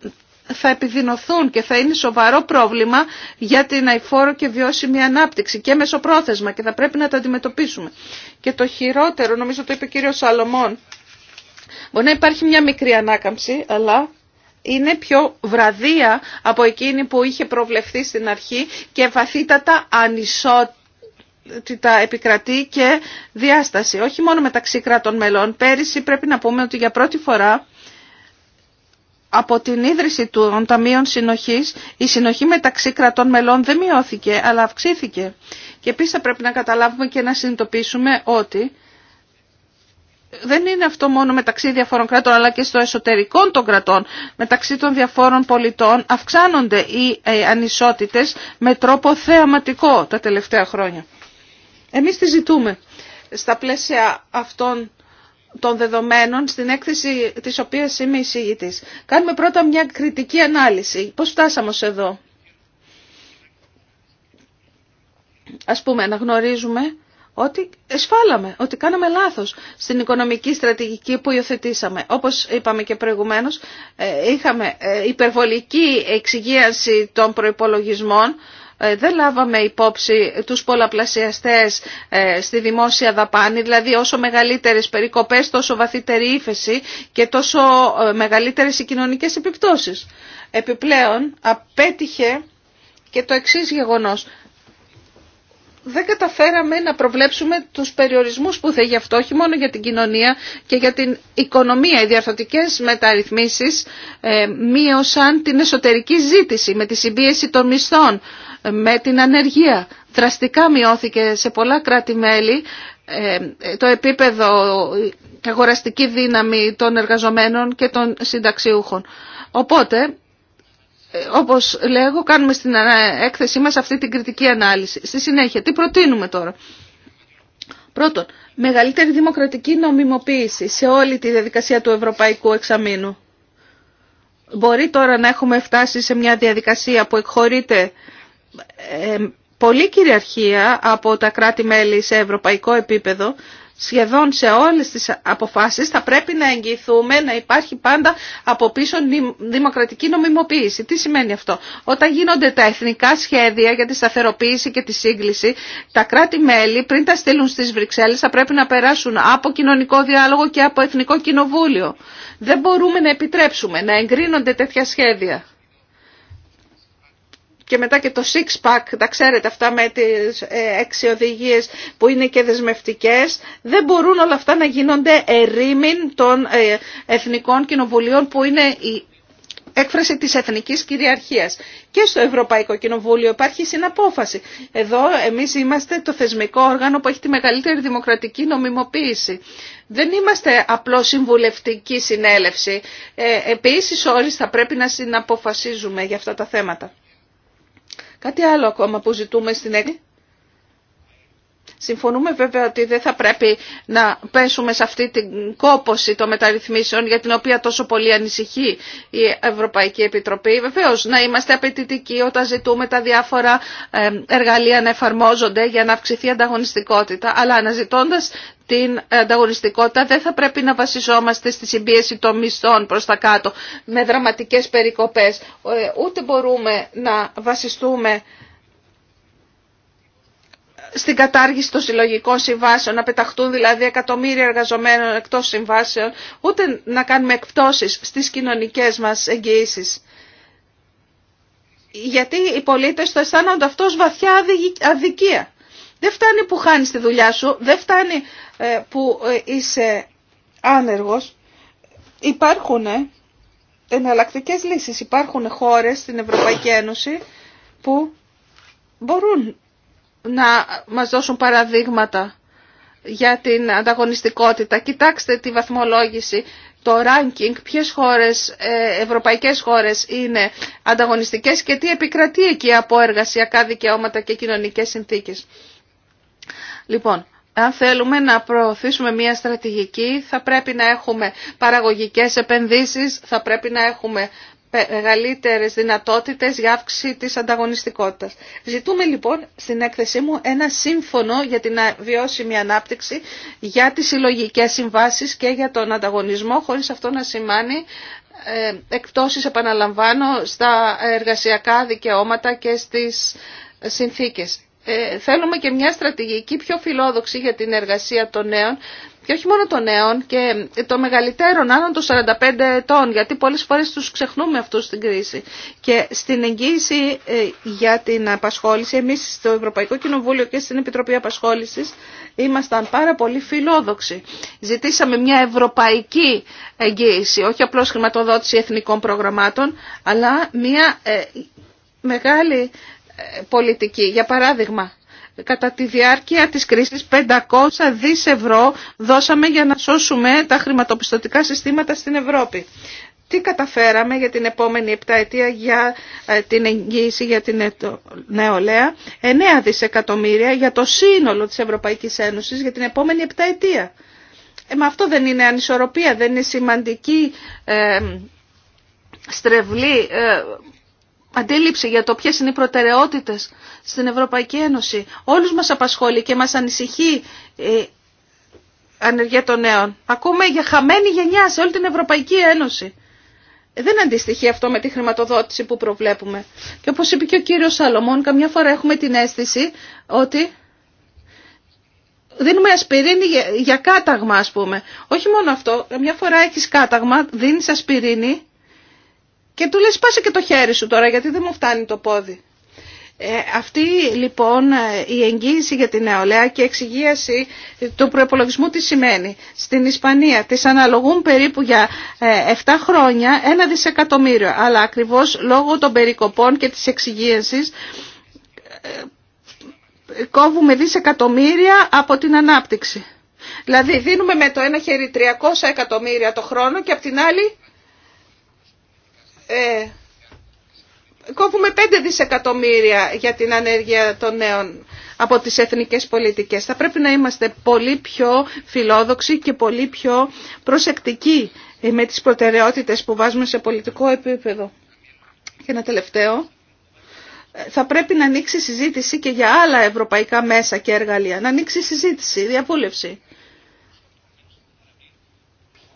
θα επιδεινωθούν και θα είναι σοβαρό πρόβλημα για την αηφόρο και βιώσιμη ανάπτυξη και μεσοπρόθεσμα και θα πρέπει να τα αντιμετωπίσουμε. Και το χειρότερο, νομίζω το είπε ο κύριος Σαλωμών, μπορεί να υπάρχει μια μικρή ανάκαμψη, αλλά είναι πιο βραδία από εκείνη που είχε προβλεφθεί στην αρχή και βαθύτατα ανισότητα τα επικρατεί και διάσταση, όχι μόνο μεταξύ κρατών μελών. Πέρυσι πρέπει να πούμε ότι για πρώτη φορά από την ίδρυση των Ταμείων Συνοχής η συνοχή μεταξύ κρατών μελών δεν μειώθηκε αλλά αυξήθηκε. Και επίσης θα πρέπει να καταλάβουμε και να συνειδητοποιήσουμε ότι δεν είναι αυτό μόνο μεταξύ διαφόρων κρατών αλλά και στο εσωτερικό των κρατών μεταξύ των διαφόρων πολιτών αυξάνονται οι ε, ανισότητες με τρόπο θεαματικό τα τελευταία χρόνια. Εμείς τη ζητούμε στα πλαίσια αυτών των δεδομένων στην έκθεση της οποίας είμαι εισηγητής. Κάνουμε πρώτα μια κριτική ανάλυση. Πώς φτάσαμε ως εδώ. Ας πούμε, να ότι εσφάλαμε, ότι κάναμε λάθος στην οικονομική στρατηγική που υιοθετήσαμε. Όπως είπαμε και προηγουμένως, ε, είχαμε ε, υπερβολική εξυγίαση των προϋπολογισμών ε, δεν λάβαμε υπόψη τους πολλαπλασιαστές ε, στη δημόσια δαπάνη, δηλαδή όσο μεγαλύτερες περικοπές τόσο βαθύτερη ύφεση και τόσο ε, μεγαλύτερες οι κοινωνικές επιπτώσεις. Επιπλέον απέτυχε και το εξής γεγονός. Δεν καταφέραμε να προβλέψουμε τους περιορισμούς που θα γι' αυτό, όχι μόνο για την κοινωνία και για την οικονομία. Οι διαρθωτικές μεταρρυθμίσεις μείωσαν την εσωτερική ζήτηση με τη συμπίεση των μισθών με την ανεργία. Δραστικά μειώθηκε σε πολλά κράτη-μέλη ε, το επίπεδο αγοραστική δύναμη των εργαζομένων και των συνταξιούχων. Οπότε, ε, όπως λέγω, κάνουμε στην έκθεσή μας αυτή την κριτική ανάλυση. Στη συνέχεια, τι προτείνουμε τώρα. Πρώτον, μεγαλύτερη δημοκρατική νομιμοποίηση σε όλη τη διαδικασία του Ευρωπαϊκού Εξαμήνου. Μπορεί τώρα να έχουμε φτάσει σε μια διαδικασία που εκχωρείται ε, πολύ κυριαρχία από τα κράτη-μέλη σε ευρωπαϊκό επίπεδο, σχεδόν σε όλες τις αποφάσεις θα πρέπει να εγγυηθούμε να υπάρχει πάντα από πίσω δημοκρατική νομιμοποίηση. Τι σημαίνει αυτό. Όταν γίνονται τα εθνικά σχέδια για τη σταθεροποίηση και τη σύγκληση, τα κράτη-μέλη πριν τα στείλουν στις Βρυξέλλες θα πρέπει να περάσουν από κοινωνικό διάλογο και από εθνικό κοινοβούλιο. Δεν μπορούμε να επιτρέψουμε να εγκρίνονται τέτοια σχέδια και μετά και το six pack, τα ξέρετε αυτά με τις ε, έξι οδηγίες που είναι και δεσμευτικές, δεν μπορούν όλα αυτά να γίνονται ερήμην των ε, εθνικών κοινοβουλίων που είναι η έκφραση της εθνικής κυριαρχίας. Και στο Ευρωπαϊκό Κοινοβούλιο υπάρχει συναπόφαση. Εδώ εμείς είμαστε το θεσμικό όργανο που έχει τη μεγαλύτερη δημοκρατική νομιμοποίηση. Δεν είμαστε απλό συμβουλευτική συνέλευση. Ε, επίσης όλοι θα πρέπει να συναποφασίζουμε για αυτά τα θέματα. Κάτι άλλο ακόμα που ζητούμε στην έκθεση. Συμφωνούμε βέβαια ότι δεν θα πρέπει να πέσουμε σε αυτή την κόποση των μεταρρυθμίσεων για την οποία τόσο πολύ ανησυχεί η Ευρωπαϊκή Επιτροπή. Βεβαίως να είμαστε απαιτητικοί όταν ζητούμε τα διάφορα ε, εργαλεία να εφαρμόζονται για να αυξηθεί η ανταγωνιστικότητα, αλλά αναζητώντας την ανταγωνιστικότητα δεν θα πρέπει να βασιζόμαστε στη συμπίεση των μισθών προς τα κάτω με δραματικές περικοπές. Ε, ούτε μπορούμε να βασιστούμε στην κατάργηση των συλλογικών συμβάσεων, να πεταχτούν δηλαδή εκατομμύρια εργαζομένων εκτός συμβάσεων, ούτε να κάνουμε εκπτώσεις στις κοινωνικές μας εγγυήσεις. Γιατί οι πολίτες το αισθάνονται αυτός βαθιά αδικία. Δεν φτάνει που χάνεις τη δουλειά σου, δεν φτάνει ε, που ε, είσαι άνεργος. Υπάρχουν ε, εναλλακτικέ λύσεις, υπάρχουν χώρες στην Ευρωπαϊκή Ένωση που μπορούν να μας δώσουν παραδείγματα για την ανταγωνιστικότητα. Κοιτάξτε τη βαθμολόγηση, το ranking, ποιες χώρες, ευρωπαϊκές χώρες είναι ανταγωνιστικές και τι επικρατεί εκεί από εργασιακά δικαιώματα και κοινωνικές συνθήκες. Λοιπόν, αν θέλουμε να προωθήσουμε μια στρατηγική θα πρέπει να έχουμε παραγωγικές επενδύσεις, θα πρέπει να έχουμε μεγαλύτερε δυνατότητες για αύξηση της ανταγωνιστικότητας. Ζητούμε λοιπόν στην έκθεσή μου ένα σύμφωνο για την βιώσιμη ανάπτυξη, για τις συλλογικέ συμβάσεις και για τον ανταγωνισμό, χωρίς αυτό να σημάνει ε, εκπτώσεις, επαναλαμβάνω, στα εργασιακά δικαιώματα και στις συνθήκες. Ε, θέλουμε και μια στρατηγική πιο φιλόδοξη για την εργασία των νέων και όχι μόνο των νέων και των μεγαλύτερων άνω των 45 ετών γιατί πολλές φορές τους ξεχνούμε αυτούς στην κρίση. Και στην εγγύηση ε, για την απασχόληση εμείς στο Ευρωπαϊκό Κοινοβούλιο και στην Επιτροπή Απασχόλησης ήμασταν πάρα πολύ φιλόδοξοι. Ζητήσαμε μια ευρωπαϊκή εγγύηση, όχι απλώς χρηματοδότηση εθνικών προγραμμάτων αλλά μια ε, μεγάλη πολιτική. Για παράδειγμα, κατά τη διάρκεια της κρίσης 500 δις ευρώ δώσαμε για να σώσουμε τα χρηματοπιστωτικά συστήματα στην Ευρώπη. Τι καταφέραμε για την επόμενη επταετία για ε, την εγγύηση για την νεολαία. 9 δισεκατομμύρια για το σύνολο της Ευρωπαϊκής Ένωσης για την επόμενη επταετία. Ε, μα αυτό δεν είναι ανισορροπία, δεν είναι σημαντική ε, στρεβλή ε, αντίληψη για το ποιες είναι οι προτεραιότητες στην Ευρωπαϊκή Ένωση. Όλους μας απασχολεί και μας ανησυχεί η ανεργία των νέων. Ακούμε για χαμένη γενιά σε όλη την Ευρωπαϊκή Ένωση. Δεν αντιστοιχεί αυτό με τη χρηματοδότηση που προβλέπουμε. Και όπως είπε και ο κύριος Σαλωμών, καμιά φορά έχουμε την αίσθηση ότι δίνουμε ασπιρίνη για κάταγμα ας πούμε. Όχι μόνο αυτό, καμιά φορά έχεις κάταγμα, δίνεις ασπιρίνη και του λες πάσε και το χέρι σου τώρα γιατί δεν μου φτάνει το πόδι. Ε, αυτή λοιπόν η εγγύηση για την νεολαία και η εξυγίαση του προπολογισμού τι σημαίνει. Στην Ισπανία τις αναλογούν περίπου για 7 ε, χρόνια ένα δισεκατομμύριο. Αλλά ακριβώς λόγω των περικοπών και της εξυγίασης ε, κόβουμε δισεκατομμύρια από την ανάπτυξη. Δηλαδή δίνουμε με το ένα χέρι 300 εκατομμύρια το χρόνο και από την άλλη ε, κόβουμε 5 δισεκατομμύρια για την ανέργεια των νέων από τις εθνικές πολιτικές. Θα πρέπει να είμαστε πολύ πιο φιλόδοξοι και πολύ πιο προσεκτικοί με τις προτεραιότητες που βάζουμε σε πολιτικό επίπεδο. Και ένα τελευταίο. Θα πρέπει να ανοίξει συζήτηση και για άλλα ευρωπαϊκά μέσα και εργαλεία. Να ανοίξει συζήτηση, διαβούλευση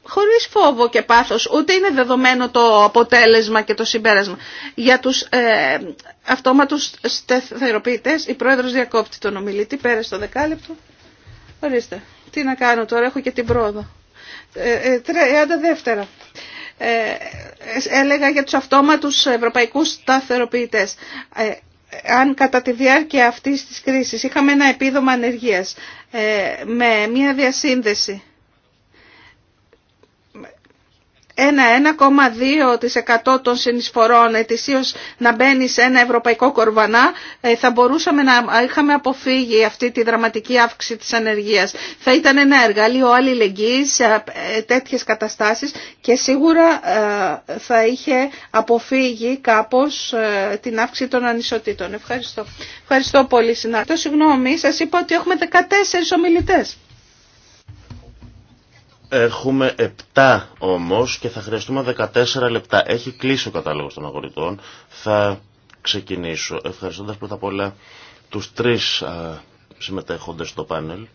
χωρίς φόβο και πάθος, ούτε είναι δεδομένο το αποτέλεσμα και το συμπέρασμα. Για τους ε, αυτόματους σταθεροποιητές, η πρόεδρος διακόπτει τον ομιλητή, πέρασε το δεκάλεπτο. Ορίστε, τι να κάνω τώρα, έχω και την πρόοδο. Ε, ε, ε δεύτερα. Ε, ε, έλεγα για τους αυτόματους ευρωπαϊκούς σταθεροποιητές. αν κατά τη διάρκεια αυτής της κρίσης είχαμε ένα επίδομα ανεργίας με μια διασύνδεση ένα 1,2% των συνεισφορών ετησίως να μπαίνει σε ένα ευρωπαϊκό κορβανά, ε, θα μπορούσαμε να είχαμε αποφύγει αυτή τη δραματική αύξηση της ανεργίας. Θα ήταν ένα εργαλείο αλληλεγγύης σε ε, τέτοιες καταστάσεις και σίγουρα ε, θα είχε αποφύγει κάπως την αύξηση των ανισοτήτων. Ευχαριστώ. Ευχαριστώ πολύ συνάδελφοι. Συγγνώμη, σας είπα ότι έχουμε 14 ομιλητές. Έχουμε 7 όμως και θα χρειαστούμε 14 λεπτά. Έχει κλείσει ο κατάλογος των αγορητών. Θα ξεκινήσω ευχαριστώντας πρώτα απ' όλα τους τρεις συμμετέχοντες στο πάνελ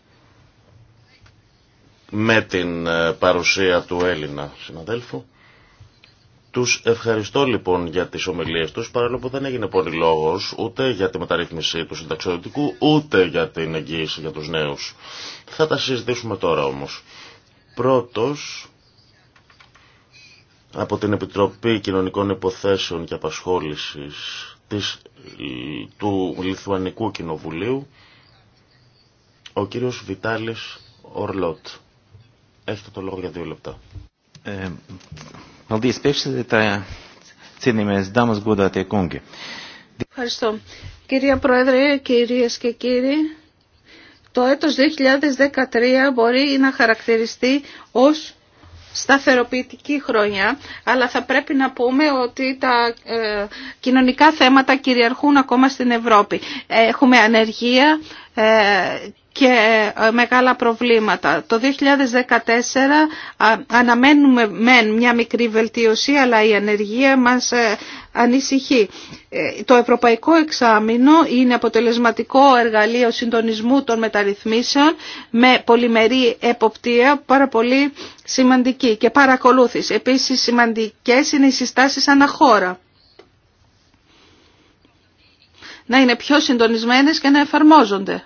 με την ε, παρουσία του Έλληνα συναδέλφου. Τους ευχαριστώ λοιπόν για τις ομιλίες τους, παρόλο που δεν έγινε πολύ λόγος ούτε για τη μεταρρύθμιση του συνταξιδοτικού, ούτε για την εγγύηση για τους νέους. Θα τα συζητήσουμε τώρα όμως. Πρώτος, από την Επιτροπή Κοινωνικών Υποθέσεων και Απασχόλησης του Λιθουανικού Κοινοβουλίου, ο κύριος Βιτάλης Ορλότ. Έχετε το λόγο για δύο λεπτά. Ε, Ευχαριστώ. Κυρία Πρόεδρε, κυρίες και κύριοι, το έτος 2013 μπορεί να χαρακτηριστεί ως σταθεροποιητική χρονιά, αλλά θα πρέπει να πούμε ότι τα ε, κοινωνικά θέματα κυριαρχούν ακόμα στην Ευρώπη. Έχουμε ανεργία ε, και ε, μεγάλα προβλήματα. Το 2014 αναμένουμε μεν μια μικρή βελτίωση, αλλά η ανεργία μας ε, ανησυχεί. Ε, το Ευρωπαϊκό Εξάμεινο είναι αποτελεσματικό εργαλείο συντονισμού των μεταρρυθμίσεων με πολυμερή εποπτεία πάρα πολύ σημαντική και παρακολούθηση. Επίσης σημαντικές είναι οι συστάσεις αναχώρα. Να είναι πιο συντονισμένες και να εφαρμόζονται.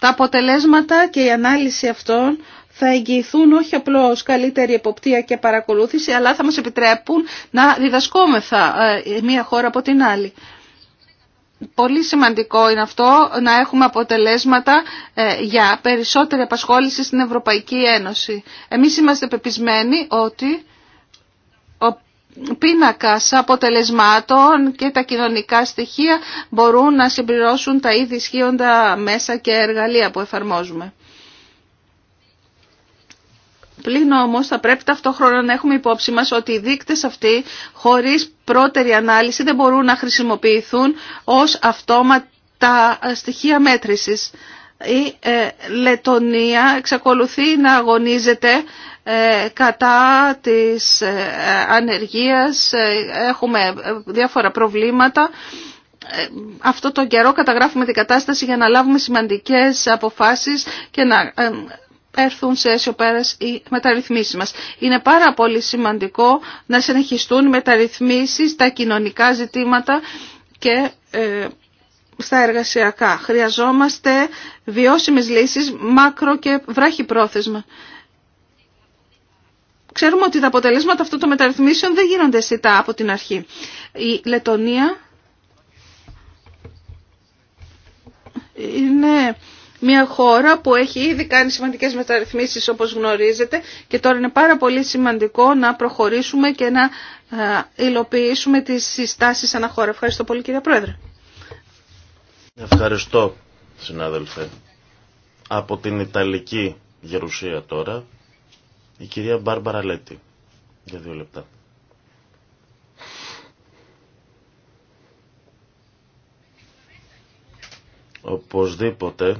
Τα αποτελέσματα και η ανάλυση αυτών θα εγγυηθούν όχι απλώς καλύτερη εποπτεία και παρακολούθηση, αλλά θα μας επιτρέπουν να διδασκόμεθα ε, μία χώρα από την άλλη. Πολύ σημαντικό είναι αυτό να έχουμε αποτελέσματα ε, για περισσότερη απασχόληση στην Ευρωπαϊκή Ένωση. Εμείς είμαστε πεπισμένοι ότι ο πίνακας αποτελεσμάτων και τα κοινωνικά στοιχεία μπορούν να συμπληρώσουν τα ήδη ισχύοντα μέσα και εργαλεία που εφαρμόζουμε. Πλην όμω θα πρέπει ταυτόχρονα να έχουμε υπόψη μα ότι οι δείκτε αυτοί χωρί πρώτερη ανάλυση δεν μπορούν να χρησιμοποιηθούν ω αυτόματα στοιχεία μέτρηση. Η ε, Λετωνία εξακολουθεί να αγωνίζεται ε, κατά της ε, ανεργίας, έχουμε διάφορα προβλήματα. Αυτό το καιρό καταγράφουμε την κατάσταση για να λάβουμε σημαντικές αποφάσεις και να έρθουν σε αίσιο πέρας οι μεταρρυθμίσεις μας. Είναι πάρα πολύ σημαντικό να συνεχιστούν οι μεταρρυθμίσεις στα κοινωνικά ζητήματα και ε, στα εργασιακά. Χρειαζόμαστε βιώσιμες λύσεις, μάκρο και βράχη πρόθεσμα. Ξέρουμε ότι τα αποτελέσματα αυτών των μεταρρυθμίσεων δεν γίνονται σιτά από την αρχή. Η Λετωνία είναι μια χώρα που έχει ήδη κάνει σημαντικές μεταρρυθμίσεις όπως γνωρίζετε και τώρα είναι πάρα πολύ σημαντικό να προχωρήσουμε και να ε, υλοποιήσουμε τις συστάσεις αναχώρα. Ευχαριστώ πολύ κύριε Πρόεδρε. Ευχαριστώ συνάδελφε. Από την Ιταλική Γερουσία τώρα η κυρία Μπάρμπαρα Λέτη για δύο λεπτά. Οπωσδήποτε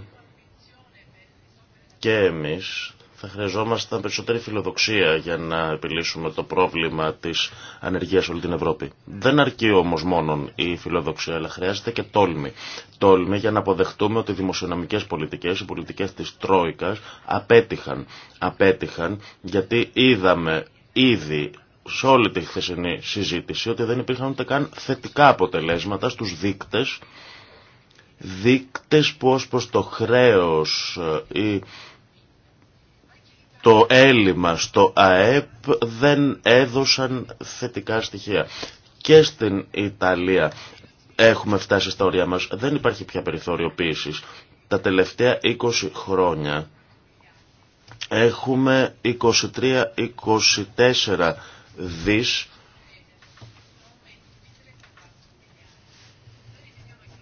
και εμείς θα χρειαζόμασταν περισσότερη φιλοδοξία για να επιλύσουμε το πρόβλημα της ανεργίας όλη την Ευρώπη. Δεν αρκεί όμως μόνο η φιλοδοξία, αλλά χρειάζεται και τόλμη. Τόλμη για να αποδεχτούμε ότι οι δημοσιονομικές πολιτικές, οι πολιτικές της Τρόικας απέτυχαν. Απέτυχαν γιατί είδαμε ήδη σε όλη τη χθεσινή συζήτηση ότι δεν υπήρχαν ούτε καν θετικά αποτελέσματα στους δείκτες δείκτες που ως προς το χρέος ε, ή το έλλειμμα στο ΑΕΠ δεν έδωσαν θετικά στοιχεία. Και στην Ιταλία έχουμε φτάσει στα όρια μας. Δεν υπάρχει πια περιθωριοποίησης. Τα τελευταία 20 χρόνια έχουμε 23-24 δις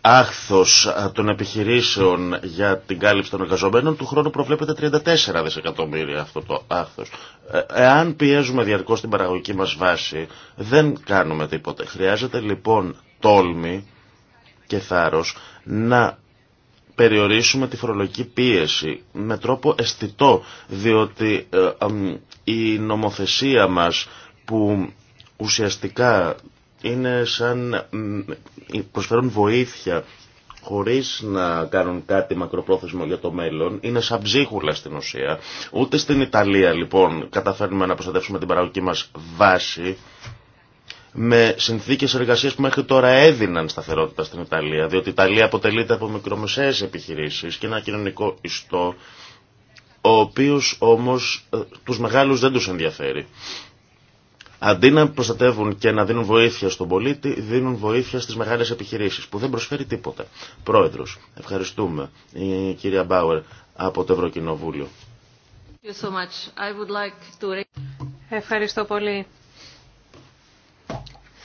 άχθος των επιχειρήσεων για την κάλυψη των εργαζομένων του χρόνου προβλέπεται 34 δισεκατομμύρια αυτό το άχθος. Ε, εάν πιέζουμε διαρκώς την παραγωγική μας βάση δεν κάνουμε τίποτε. Χρειάζεται λοιπόν τόλμη και θάρρος να περιορίσουμε τη φορολογική πίεση με τρόπο αισθητό διότι ε, η νομοθεσία μας που ουσιαστικά είναι σαν προσφέρουν βοήθεια χωρίς να κάνουν κάτι μακροπρόθεσμο για το μέλλον, είναι σαν ψίχουλα στην ουσία. Ούτε στην Ιταλία λοιπόν καταφέρνουμε να προστατεύσουμε την παραγωγική μας βάση με συνθήκες εργασίας που μέχρι τώρα έδιναν σταθερότητα στην Ιταλία, διότι η Ιταλία αποτελείται από μικρομεσαίες επιχειρήσεις και ένα κοινωνικό ιστό, ο οποίος όμως ε, τους μεγάλους δεν τους ενδιαφέρει. Αντί να προστατεύουν και να δίνουν βοήθεια στον πολίτη, δίνουν βοήθεια στις μεγάλες επιχειρήσεις που δεν προσφέρει τίποτα. Πρόεδρος, ευχαριστούμε η κυρία Μπάουερ από το Ευρωκοινοβούλιο. Ευχαριστώ πολύ.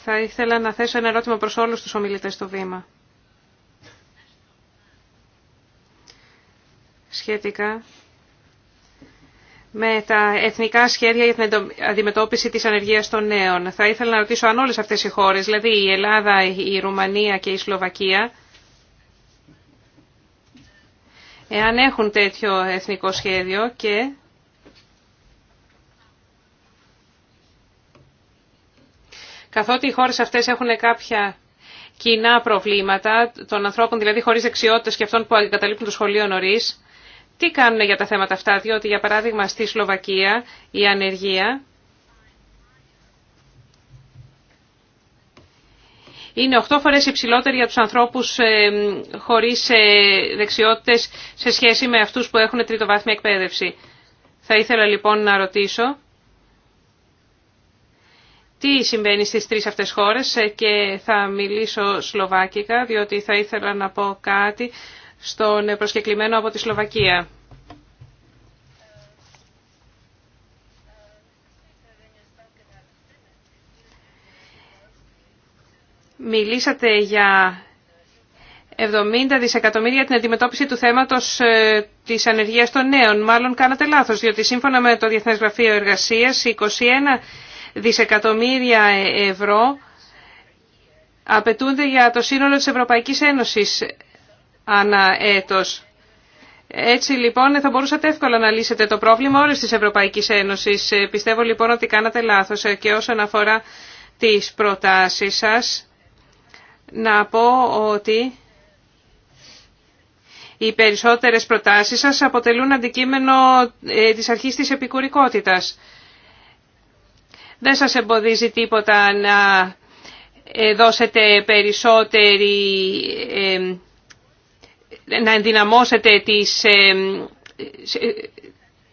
Θα ήθελα να θέσω ένα ερώτημα προς όλους τους ομιλητές στο βήμα. Σχετικά με τα εθνικά σχέδια για την αντιμετώπιση της ανεργίας των νέων. Θα ήθελα να ρωτήσω αν όλες αυτές οι χώρες, δηλαδή η Ελλάδα, η Ρουμανία και η Σλοβακία, εάν έχουν τέτοιο εθνικό σχέδιο και καθότι οι χώρες αυτές έχουν κάποια κοινά προβλήματα των ανθρώπων, δηλαδή χωρίς δεξιότητες και αυτών που εγκαταλείπουν το σχολείο νωρίς, τι κάνουν για τα θέματα αυτά, διότι για παράδειγμα στη Σλοβακία η ανεργία είναι 8 φορές υψηλότερη για τους ανθρώπους ε, χωρίς ε, δεξιότητες σε σχέση με αυτούς που έχουν τριτοβάθμια εκπαίδευση. Θα ήθελα λοιπόν να ρωτήσω τι συμβαίνει στις τρεις αυτές χώρες ε, και θα μιλήσω σλοβάκικα διότι θα ήθελα να πω κάτι στον προσκεκλημένο από τη Σλοβακία. Μιλήσατε για 70 δισεκατομμύρια την αντιμετώπιση του θέματος ε, της ανεργίας των νέων. Μάλλον κάνατε λάθος, διότι σύμφωνα με το Διεθνές Γραφείο Εργασίας, 21 δισεκατομμύρια ευρώ απαιτούνται για το σύνολο της Ευρωπαϊκής Ένωσης ανά Έτσι λοιπόν θα μπορούσατε εύκολα να λύσετε το πρόβλημα όλης της Ευρωπαϊκής Ένωσης. Ε, πιστεύω λοιπόν ότι κάνατε λάθος ε, και όσον αφορά τις προτάσεις σας να πω ότι οι περισσότερες προτάσεις σας αποτελούν αντικείμενο ε, της αρχής της επικουρικότητας. Δεν σας εμποδίζει τίποτα να δώσετε περισσότερη να ενδυναμώσετε τις, ε,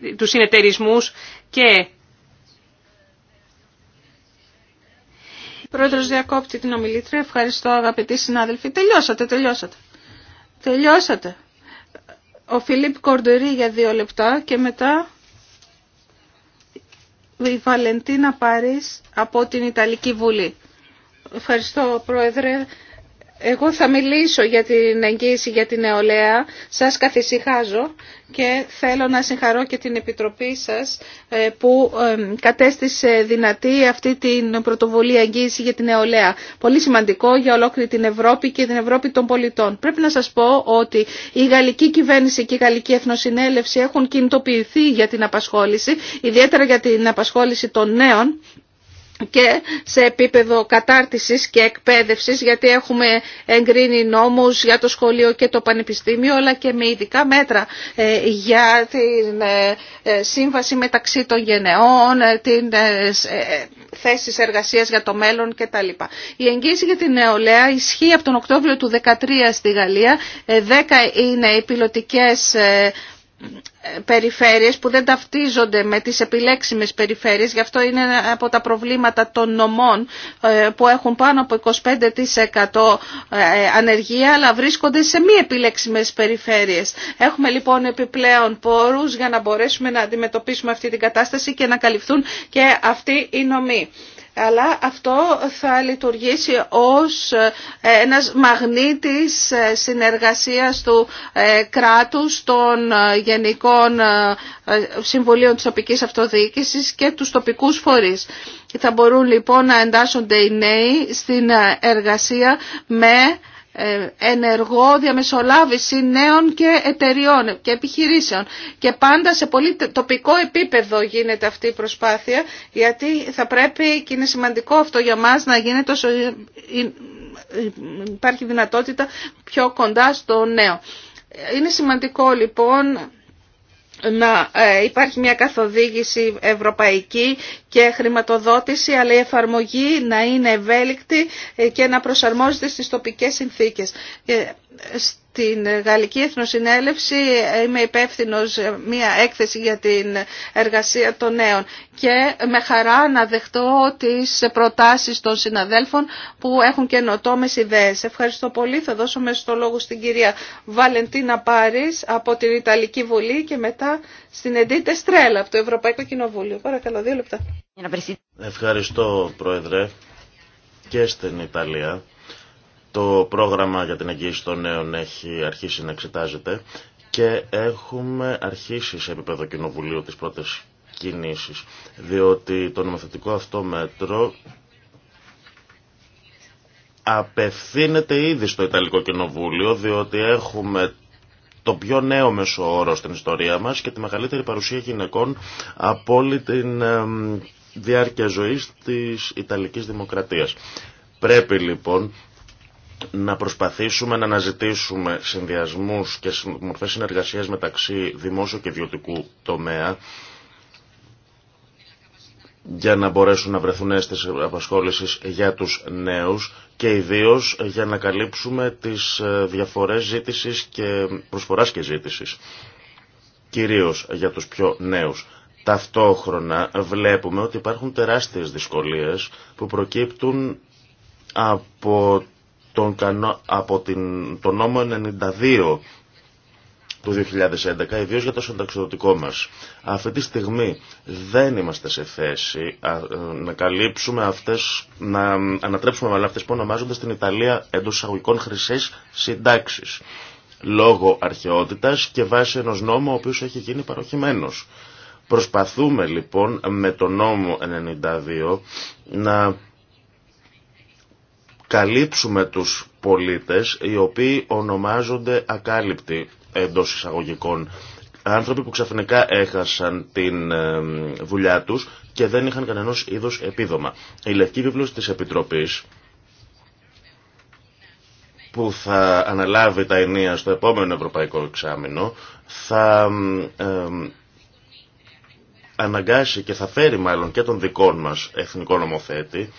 ε, τους συνεταιρισμούς και... Πρόεδρος διακόπτη την ομιλήτρια. Ευχαριστώ αγαπητοί συνάδελφοι. Τελειώσατε, τελειώσατε. Τελειώσατε. Ο Φιλίπ Κορντερή για δύο λεπτά και μετά η Βαλεντίνα Πάρης από την Ιταλική Βουλή. Ευχαριστώ Πρόεδρε. Εγώ θα μιλήσω για την εγγύηση για την νεολαία. Σας καθησυχάζω και θέλω να συγχαρώ και την Επιτροπή σας ε, που κατέστησε δυνατή αυτή την πρωτοβουλία εγγύηση για την νεολαία. Πολύ σημαντικό για ολόκληρη την Ευρώπη και την Ευρώπη των πολιτών. Πρέπει να σας πω ότι η γαλλική κυβέρνηση και η γαλλική εθνοσυνέλευση έχουν κινητοποιηθεί για την απασχόληση, ιδιαίτερα για την απασχόληση των νέων και σε επίπεδο κατάρτισης και εκπαίδευσης γιατί έχουμε εγκρίνει νόμους για το σχολείο και το πανεπιστήμιο αλλά και με ειδικά μέτρα ε, για την ε, ε, σύμβαση μεταξύ των γενεών, την θέση εργασίας για το μέλλον κτλ. Η εγγύηση για την νεολαία ισχύει από τον Οκτώβριο του 2013 στη Γαλλία. 10 είναι οι πιλωτικές περιφέρειες που δεν ταυτίζονται με τις επιλέξιμες περιφέρειες. Γι' αυτό είναι από τα προβλήματα των νομών ε, που έχουν πάνω από 25% ε, ανεργία αλλά βρίσκονται σε μη επιλέξιμες περιφέρειες. Έχουμε λοιπόν επιπλέον πόρους για να μπορέσουμε να αντιμετωπίσουμε αυτή την κατάσταση και να καλυφθούν και αυτοί οι νομοί αλλά αυτό θα λειτουργήσει ως ε, ένας μαγνήτης ε, συνεργασίας του ε, κράτους, των γενικών συμβουλίων της τοπικής αυτοδιοίκησης και τους τοπικούς φορείς. Θα μπορούν λοιπόν να εντάσσονται οι νέοι στην εργασία με ε, ενεργό διαμεσολάβηση νέων και εταιριών και επιχειρήσεων. Και πάντα σε πολύ τοπικό επίπεδο γίνεται αυτή η προσπάθεια, γιατί θα πρέπει και είναι σημαντικό αυτό για μας να γίνεται όσο ε, ε, υπάρχει δυνατότητα πιο κοντά στο νέο. Είναι σημαντικό λοιπόν να ε, υπάρχει μια καθοδήγηση ευρωπαϊκή και χρηματοδότηση, αλλά η εφαρμογή να είναι ευέλικτη ε, και να προσαρμόζεται στις τοπικές συνθήκες. Ε, την Γαλλική Εθνοσυνέλευση είμαι υπεύθυνο μια έκθεση για την εργασία των νέων και με χαρά να δεχτώ τις προτάσεις των συναδέλφων που έχουν καινοτόμες ιδέες. Ευχαριστώ πολύ. Θα δώσω μέσα στο λόγο στην κυρία Βαλεντίνα Πάρης από την Ιταλική Βουλή και μετά στην Εντίτε Στρέλα από το Ευρωπαϊκό Κοινοβούλιο. Παρακαλώ, δύο λεπτά. Ευχαριστώ, Πρόεδρε, και στην Ιταλία το πρόγραμμα για την εγγύηση των νέων έχει αρχίσει να εξετάζεται και έχουμε αρχίσει σε επίπεδο κοινοβουλίου τις πρώτες κινήσεις, διότι το νομοθετικό αυτό μέτρο απευθύνεται ήδη στο Ιταλικό Κοινοβούλιο, διότι έχουμε το πιο νέο μέσο όρο στην ιστορία μας και τη μεγαλύτερη παρουσία γυναικών από όλη την διάρκεια ζωής της Ιταλικής Δημοκρατίας. Πρέπει λοιπόν να προσπαθήσουμε να αναζητήσουμε συνδυασμούς και μορφές συνεργασίας μεταξύ δημόσιο και ιδιωτικού τομέα για να μπορέσουν να βρεθούν αίσθηση απασχόλησης για τους νέους και ιδίως για να καλύψουμε τις ε, διαφορές ζήτησης και προσφοράς και ζήτησης, κυρίως για τους πιο νέους. Ταυτόχρονα βλέπουμε ότι υπάρχουν τεράστιες δυσκολίες που προκύπτουν από τον από την, τον νόμο 92 του 2011, ιδίω για το συνταξιδοτικό μας. Αυτή τη στιγμή δεν είμαστε σε θέση να καλύψουμε αυτές, να ανατρέψουμε με αυτές που ονομάζονται στην Ιταλία εντός εισαγωγικών χρυσές συντάξεις. Λόγω αρχαιότητας και βάσει ενός νόμου ο οποίος έχει γίνει παροχημένος. Προσπαθούμε λοιπόν με το νόμο 92 να καλύψουμε τους πολίτες οι οποίοι ονομάζονται ακάλυπτοι εντός εισαγωγικών. Άνθρωποι που ξαφνικά έχασαν την ε, δουλειά τους και δεν είχαν κανένας είδος επίδομα. Η Λευκή Βίβλος της Επιτροπής που θα αναλάβει τα ενία στο επόμενο Ευρωπαϊκό Εξάμεινο θα ε, ε, αναγκάσει και θα φέρει μάλλον και τον δικό μας εθνικό νομοθέτη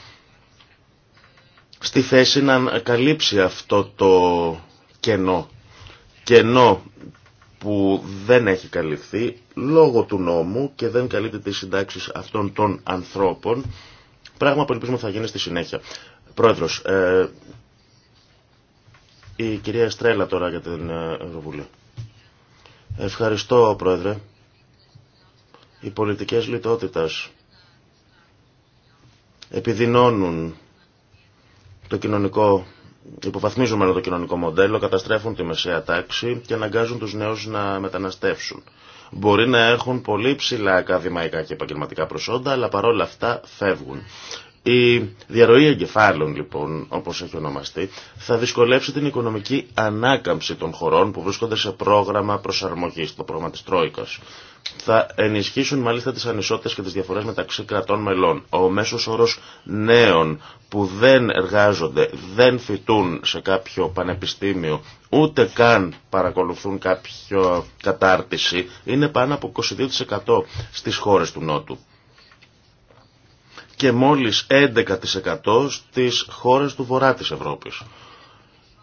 στη θέση να καλύψει αυτό το κενό. Κενό που δεν έχει καλυφθεί λόγω του νόμου και δεν καλύπτει τις συντάξεις αυτών των ανθρώπων, πράγμα που ελπίζουμε θα γίνει στη συνέχεια. Πρόεδρος, ε, η κυρία Στρέλα τώρα για την ε, Ευρωβουλή. Ευχαριστώ, Πρόεδρε. Οι πολιτικές λιτότητας επιδεινώνουν το κοινωνικό, υποβαθμίζουν το κοινωνικό μοντέλο, καταστρέφουν τη μεσαία τάξη και αναγκάζουν τους νέους να μεταναστεύσουν. Μπορεί να έχουν πολύ ψηλά ακαδημαϊκά και επαγγελματικά προσόντα, αλλά παρόλα αυτά φεύγουν. Η διαρροή εγκεφάλων, λοιπόν, όπως έχει ονομαστεί, θα δυσκολεύσει την οικονομική ανάκαμψη των χωρών που βρίσκονται σε πρόγραμμα προσαρμογής, το πρόγραμμα της Τρόικας. Θα ενισχύσουν μάλιστα τις ανισότητες και τις διαφορές μεταξύ κρατών μελών. Ο μέσος όρος νέων που δεν εργάζονται, δεν φοιτούν σε κάποιο πανεπιστήμιο, ούτε καν παρακολουθούν κάποιο κατάρτιση, είναι πάνω από 22% στις χώρες του Νότου και μόλις 11% στις χώρες του βορρά της Ευρώπης.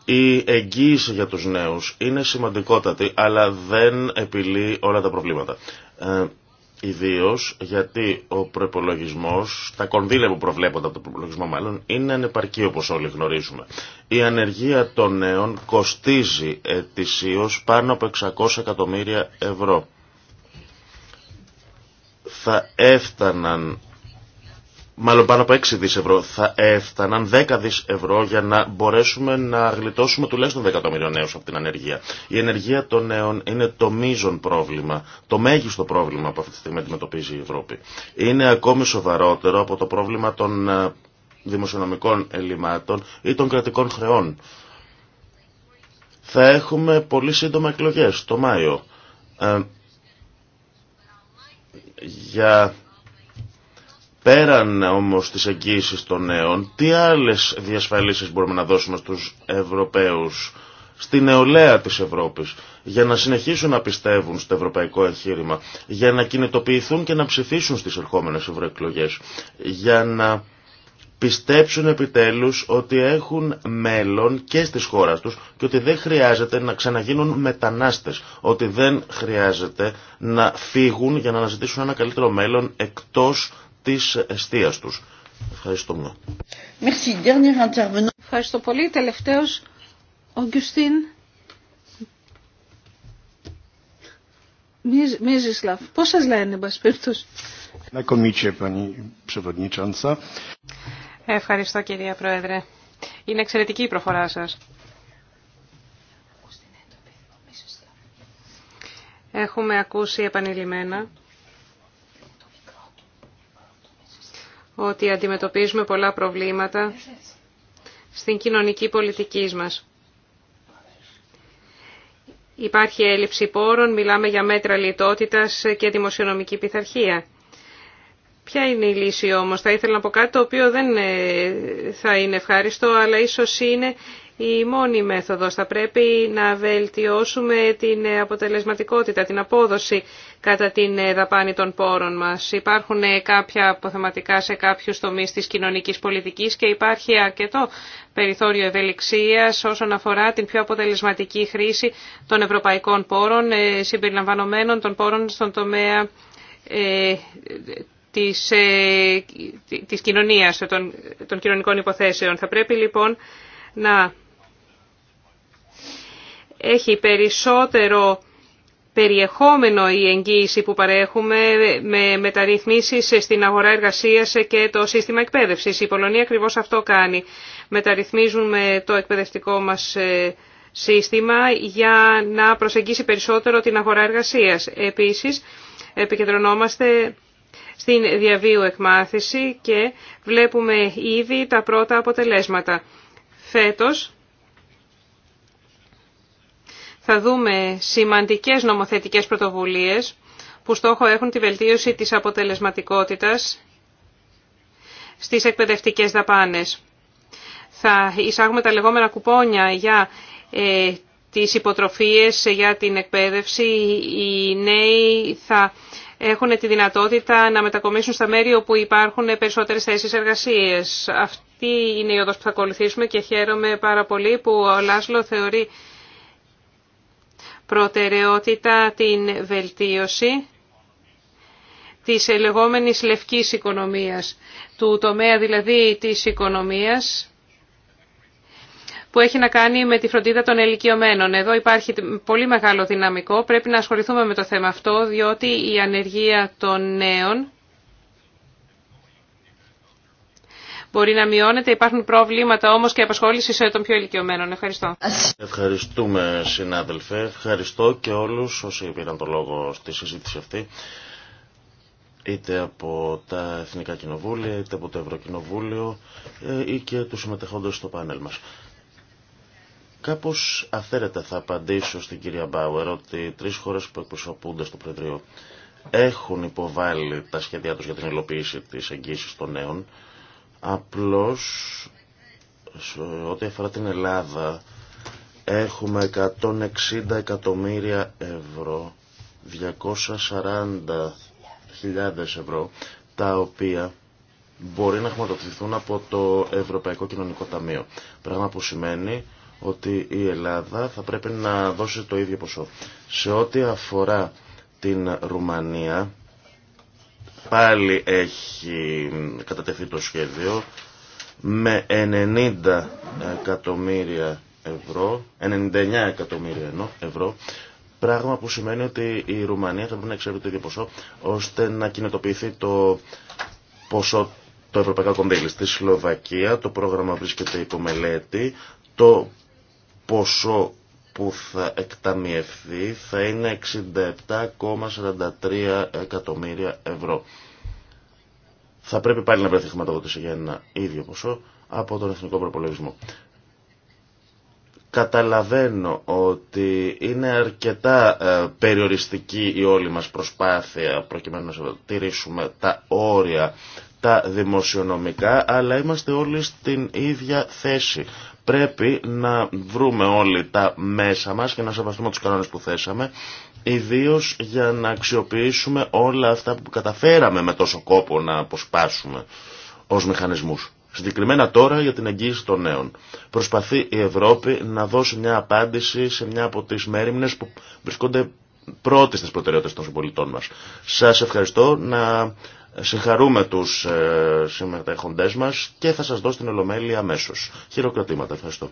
Η εγγύηση για τους νέους είναι σημαντικότατη, αλλά δεν επιλύει όλα τα προβλήματα. Ε, Ιδίω γιατί ο προπολογισμό, τα κονδύλια που προβλέπονται από τον προπολογισμό μάλλον, είναι ανεπαρκή όπως όλοι γνωρίζουμε. Η ανεργία των νέων κοστίζει ετησίως πάνω από 600 εκατομμύρια ευρώ. Θα έφταναν μάλλον πάνω από 6 δις ευρώ, θα έφταναν 10 δις ευρώ για να μπορέσουμε να γλιτώσουμε τουλάχιστον 10 εκατομμύρια νέους από την ανεργία. Η ενεργία των νέων είναι το μείζον πρόβλημα, το μέγιστο πρόβλημα που αυτή τη στιγμή αντιμετωπίζει η Ευρώπη. Είναι ακόμη σοβαρότερο από το πρόβλημα των ε, δημοσιονομικών ελλημάτων ή των κρατικών χρεών. Θα έχουμε πολύ σύντομα εκλογές το Μάιο. Ε, για Πέραν όμως της εγγύησης των νέων, τι άλλες διασφαλίσεις μπορούμε να δώσουμε στους Ευρωπαίους, στη νεολαία της Ευρώπης, για να συνεχίσουν να πιστεύουν στο ευρωπαϊκό εγχείρημα, για να κινητοποιηθούν και να ψηφίσουν στις ερχόμενες ευρωεκλογέ, για να πιστέψουν επιτέλους ότι έχουν μέλλον και στις χώρες τους και ότι δεν χρειάζεται να ξαναγίνουν μετανάστες, ότι δεν χρειάζεται να φύγουν για να αναζητήσουν ένα καλύτερο μέλλον εκτός της εστίας τους. Ευχαριστούμε. Ευχαριστώ πολύ. Τελευταίος, ο Γκουστίν Μίζισλαβ. Πώς σας λένε, Μπασπίρτος. Ευχαριστώ, κυρία Πρόεδρε. Είναι εξαιρετική η προφορά σας. Έχουμε ακούσει επανειλημμένα ότι αντιμετωπίζουμε πολλά προβλήματα στην κοινωνική πολιτική μας. Υπάρχει έλλειψη πόρων, μιλάμε για μέτρα λιτότητας και δημοσιονομική πειθαρχία. Ποια είναι η λύση όμως, θα ήθελα να πω κάτι το οποίο δεν ε, θα είναι ευχάριστο, αλλά ίσως είναι η μόνη μέθοδος. Θα πρέπει να βελτιώσουμε την αποτελεσματικότητα, την απόδοση κατά την δαπάνη των πόρων μας. Υπάρχουν κάποια αποθεματικά σε κάποιους τομείς της κοινωνικής πολιτικής και υπάρχει αρκετό περιθώριο ευελιξίας όσον αφορά την πιο αποτελεσματική χρήση των ευρωπαϊκών πόρων, ε, συμπεριλαμβανομένων των πόρων στον τομέα ε, της, ε, της κοινωνίας, των, των κοινωνικών υποθέσεων. Θα πρέπει λοιπόν να έχει περισσότερο περιεχόμενο η εγγύηση που παρέχουμε με μεταρρυθμίσεις στην αγορά εργασίας και το σύστημα εκπαίδευσης. Η Πολωνία ακριβώς αυτό κάνει. Μεταρρυθμίζουμε το εκπαιδευτικό μας ε, σύστημα για να προσεγγίσει περισσότερο την αγορά εργασίας. Επίσης, επικεντρωνόμαστε στην διαβίου εκμάθηση και βλέπουμε ήδη τα πρώτα αποτελέσματα. Φέτος, θα δούμε σημαντικές νομοθετικές πρωτοβουλίες που στόχο έχουν τη βελτίωση της αποτελεσματικότητας στις εκπαιδευτικές δαπάνες. Θα εισάγουμε τα λεγόμενα κουπόνια για ε, τις υποτροφίες για την εκπαίδευση. Οι νέοι θα έχουν τη δυνατότητα να μετακομίσουν στα μέρη όπου υπάρχουν περισσότερες θέσεις εργασίες. Αυτή είναι η οδός που θα ακολουθήσουμε και χαίρομαι πάρα πολύ που ο Λάσλο θεωρεί προτεραιότητα την βελτίωση της ελεγόμενης λευκής οικονομίας, του τομέα δηλαδή της οικονομίας που έχει να κάνει με τη φροντίδα των ελικιωμένων. Εδώ υπάρχει πολύ μεγάλο δυναμικό, πρέπει να ασχοληθούμε με το θέμα αυτό, διότι η ανεργία των νέων μπορεί να μειώνεται. Υπάρχουν προβλήματα όμως και απασχόληση σε των πιο ηλικιωμένων. Ευχαριστώ. Ευχαριστούμε συνάδελφε. Ευχαριστώ και όλους όσοι πήραν το λόγο στη συζήτηση αυτή είτε από τα Εθνικά Κοινοβούλια, είτε από το Ευρωκοινοβούλιο ε, ή και τους συμμετεχόντες στο πάνελ μας. Κάπως αφαίρετα θα απαντήσω στην κυρία Μπάουερ ότι τρεις χώρες που εκπροσωπούνται στο Πρεδρείο έχουν υποβάλει τα σχέδιά τους για την υλοποίηση τη εγγύηση των νέων Απλώς, ό,τι αφορά την Ελλάδα, έχουμε 160 εκατομμύρια ευρώ, 240.000 ευρώ, τα οποία μπορεί να χρηματοδοτηθούν από το Ευρωπαϊκό Κοινωνικό Ταμείο. Πράγμα που σημαίνει ότι η Ελλάδα θα πρέπει να δώσει το ίδιο ποσό. Σε ό,τι αφορά την Ρουμανία, Πάλι έχει κατατεθεί το σχέδιο με 90 εκατομμύρια ευρώ, 99 εκατομμύρια ενώ, ευρώ, πράγμα που σημαίνει ότι η Ρουμανία θα πρέπει να εξαρτηθεί το ίδιο ποσό, ώστε να κινητοποιηθεί το ποσό το Ευρωπαϊκό Κονδύλι. Στη Σλοβακία το πρόγραμμα βρίσκεται υπό μελέτη, το ποσό που θα εκταμιευθεί θα είναι 67,43 εκατομμύρια ευρώ. Θα πρέπει πάλι να βρεθεί χρηματοδότηση για ένα ίδιο ποσό από τον Εθνικό Προπολογισμό. Καταλαβαίνω ότι είναι αρκετά ε, περιοριστική η όλη μας προσπάθεια προκειμένου να τηρήσουμε τα όρια τα δημοσιονομικά, αλλά είμαστε όλοι στην ίδια θέση. Πρέπει να βρούμε όλοι τα μέσα μας και να σεβαστούμε τους κανόνες που θέσαμε, ιδίως για να αξιοποιήσουμε όλα αυτά που καταφέραμε με τόσο κόπο να αποσπάσουμε ως μηχανισμούς. Συγκεκριμένα τώρα για την εγγύηση των νέων. Προσπαθεί η Ευρώπη να δώσει μια απάντηση σε μια από τις μέρημνες που βρισκόνται πρώτη στις προτεραιότητες των συμπολιτών μας. Σας ευχαριστώ να Συγχαρούμε τους ε, συμμετέχοντές μας και θα σας δώσω την ολομέλεια αμέσως. Χειροκροτήματα. Ευχαριστώ.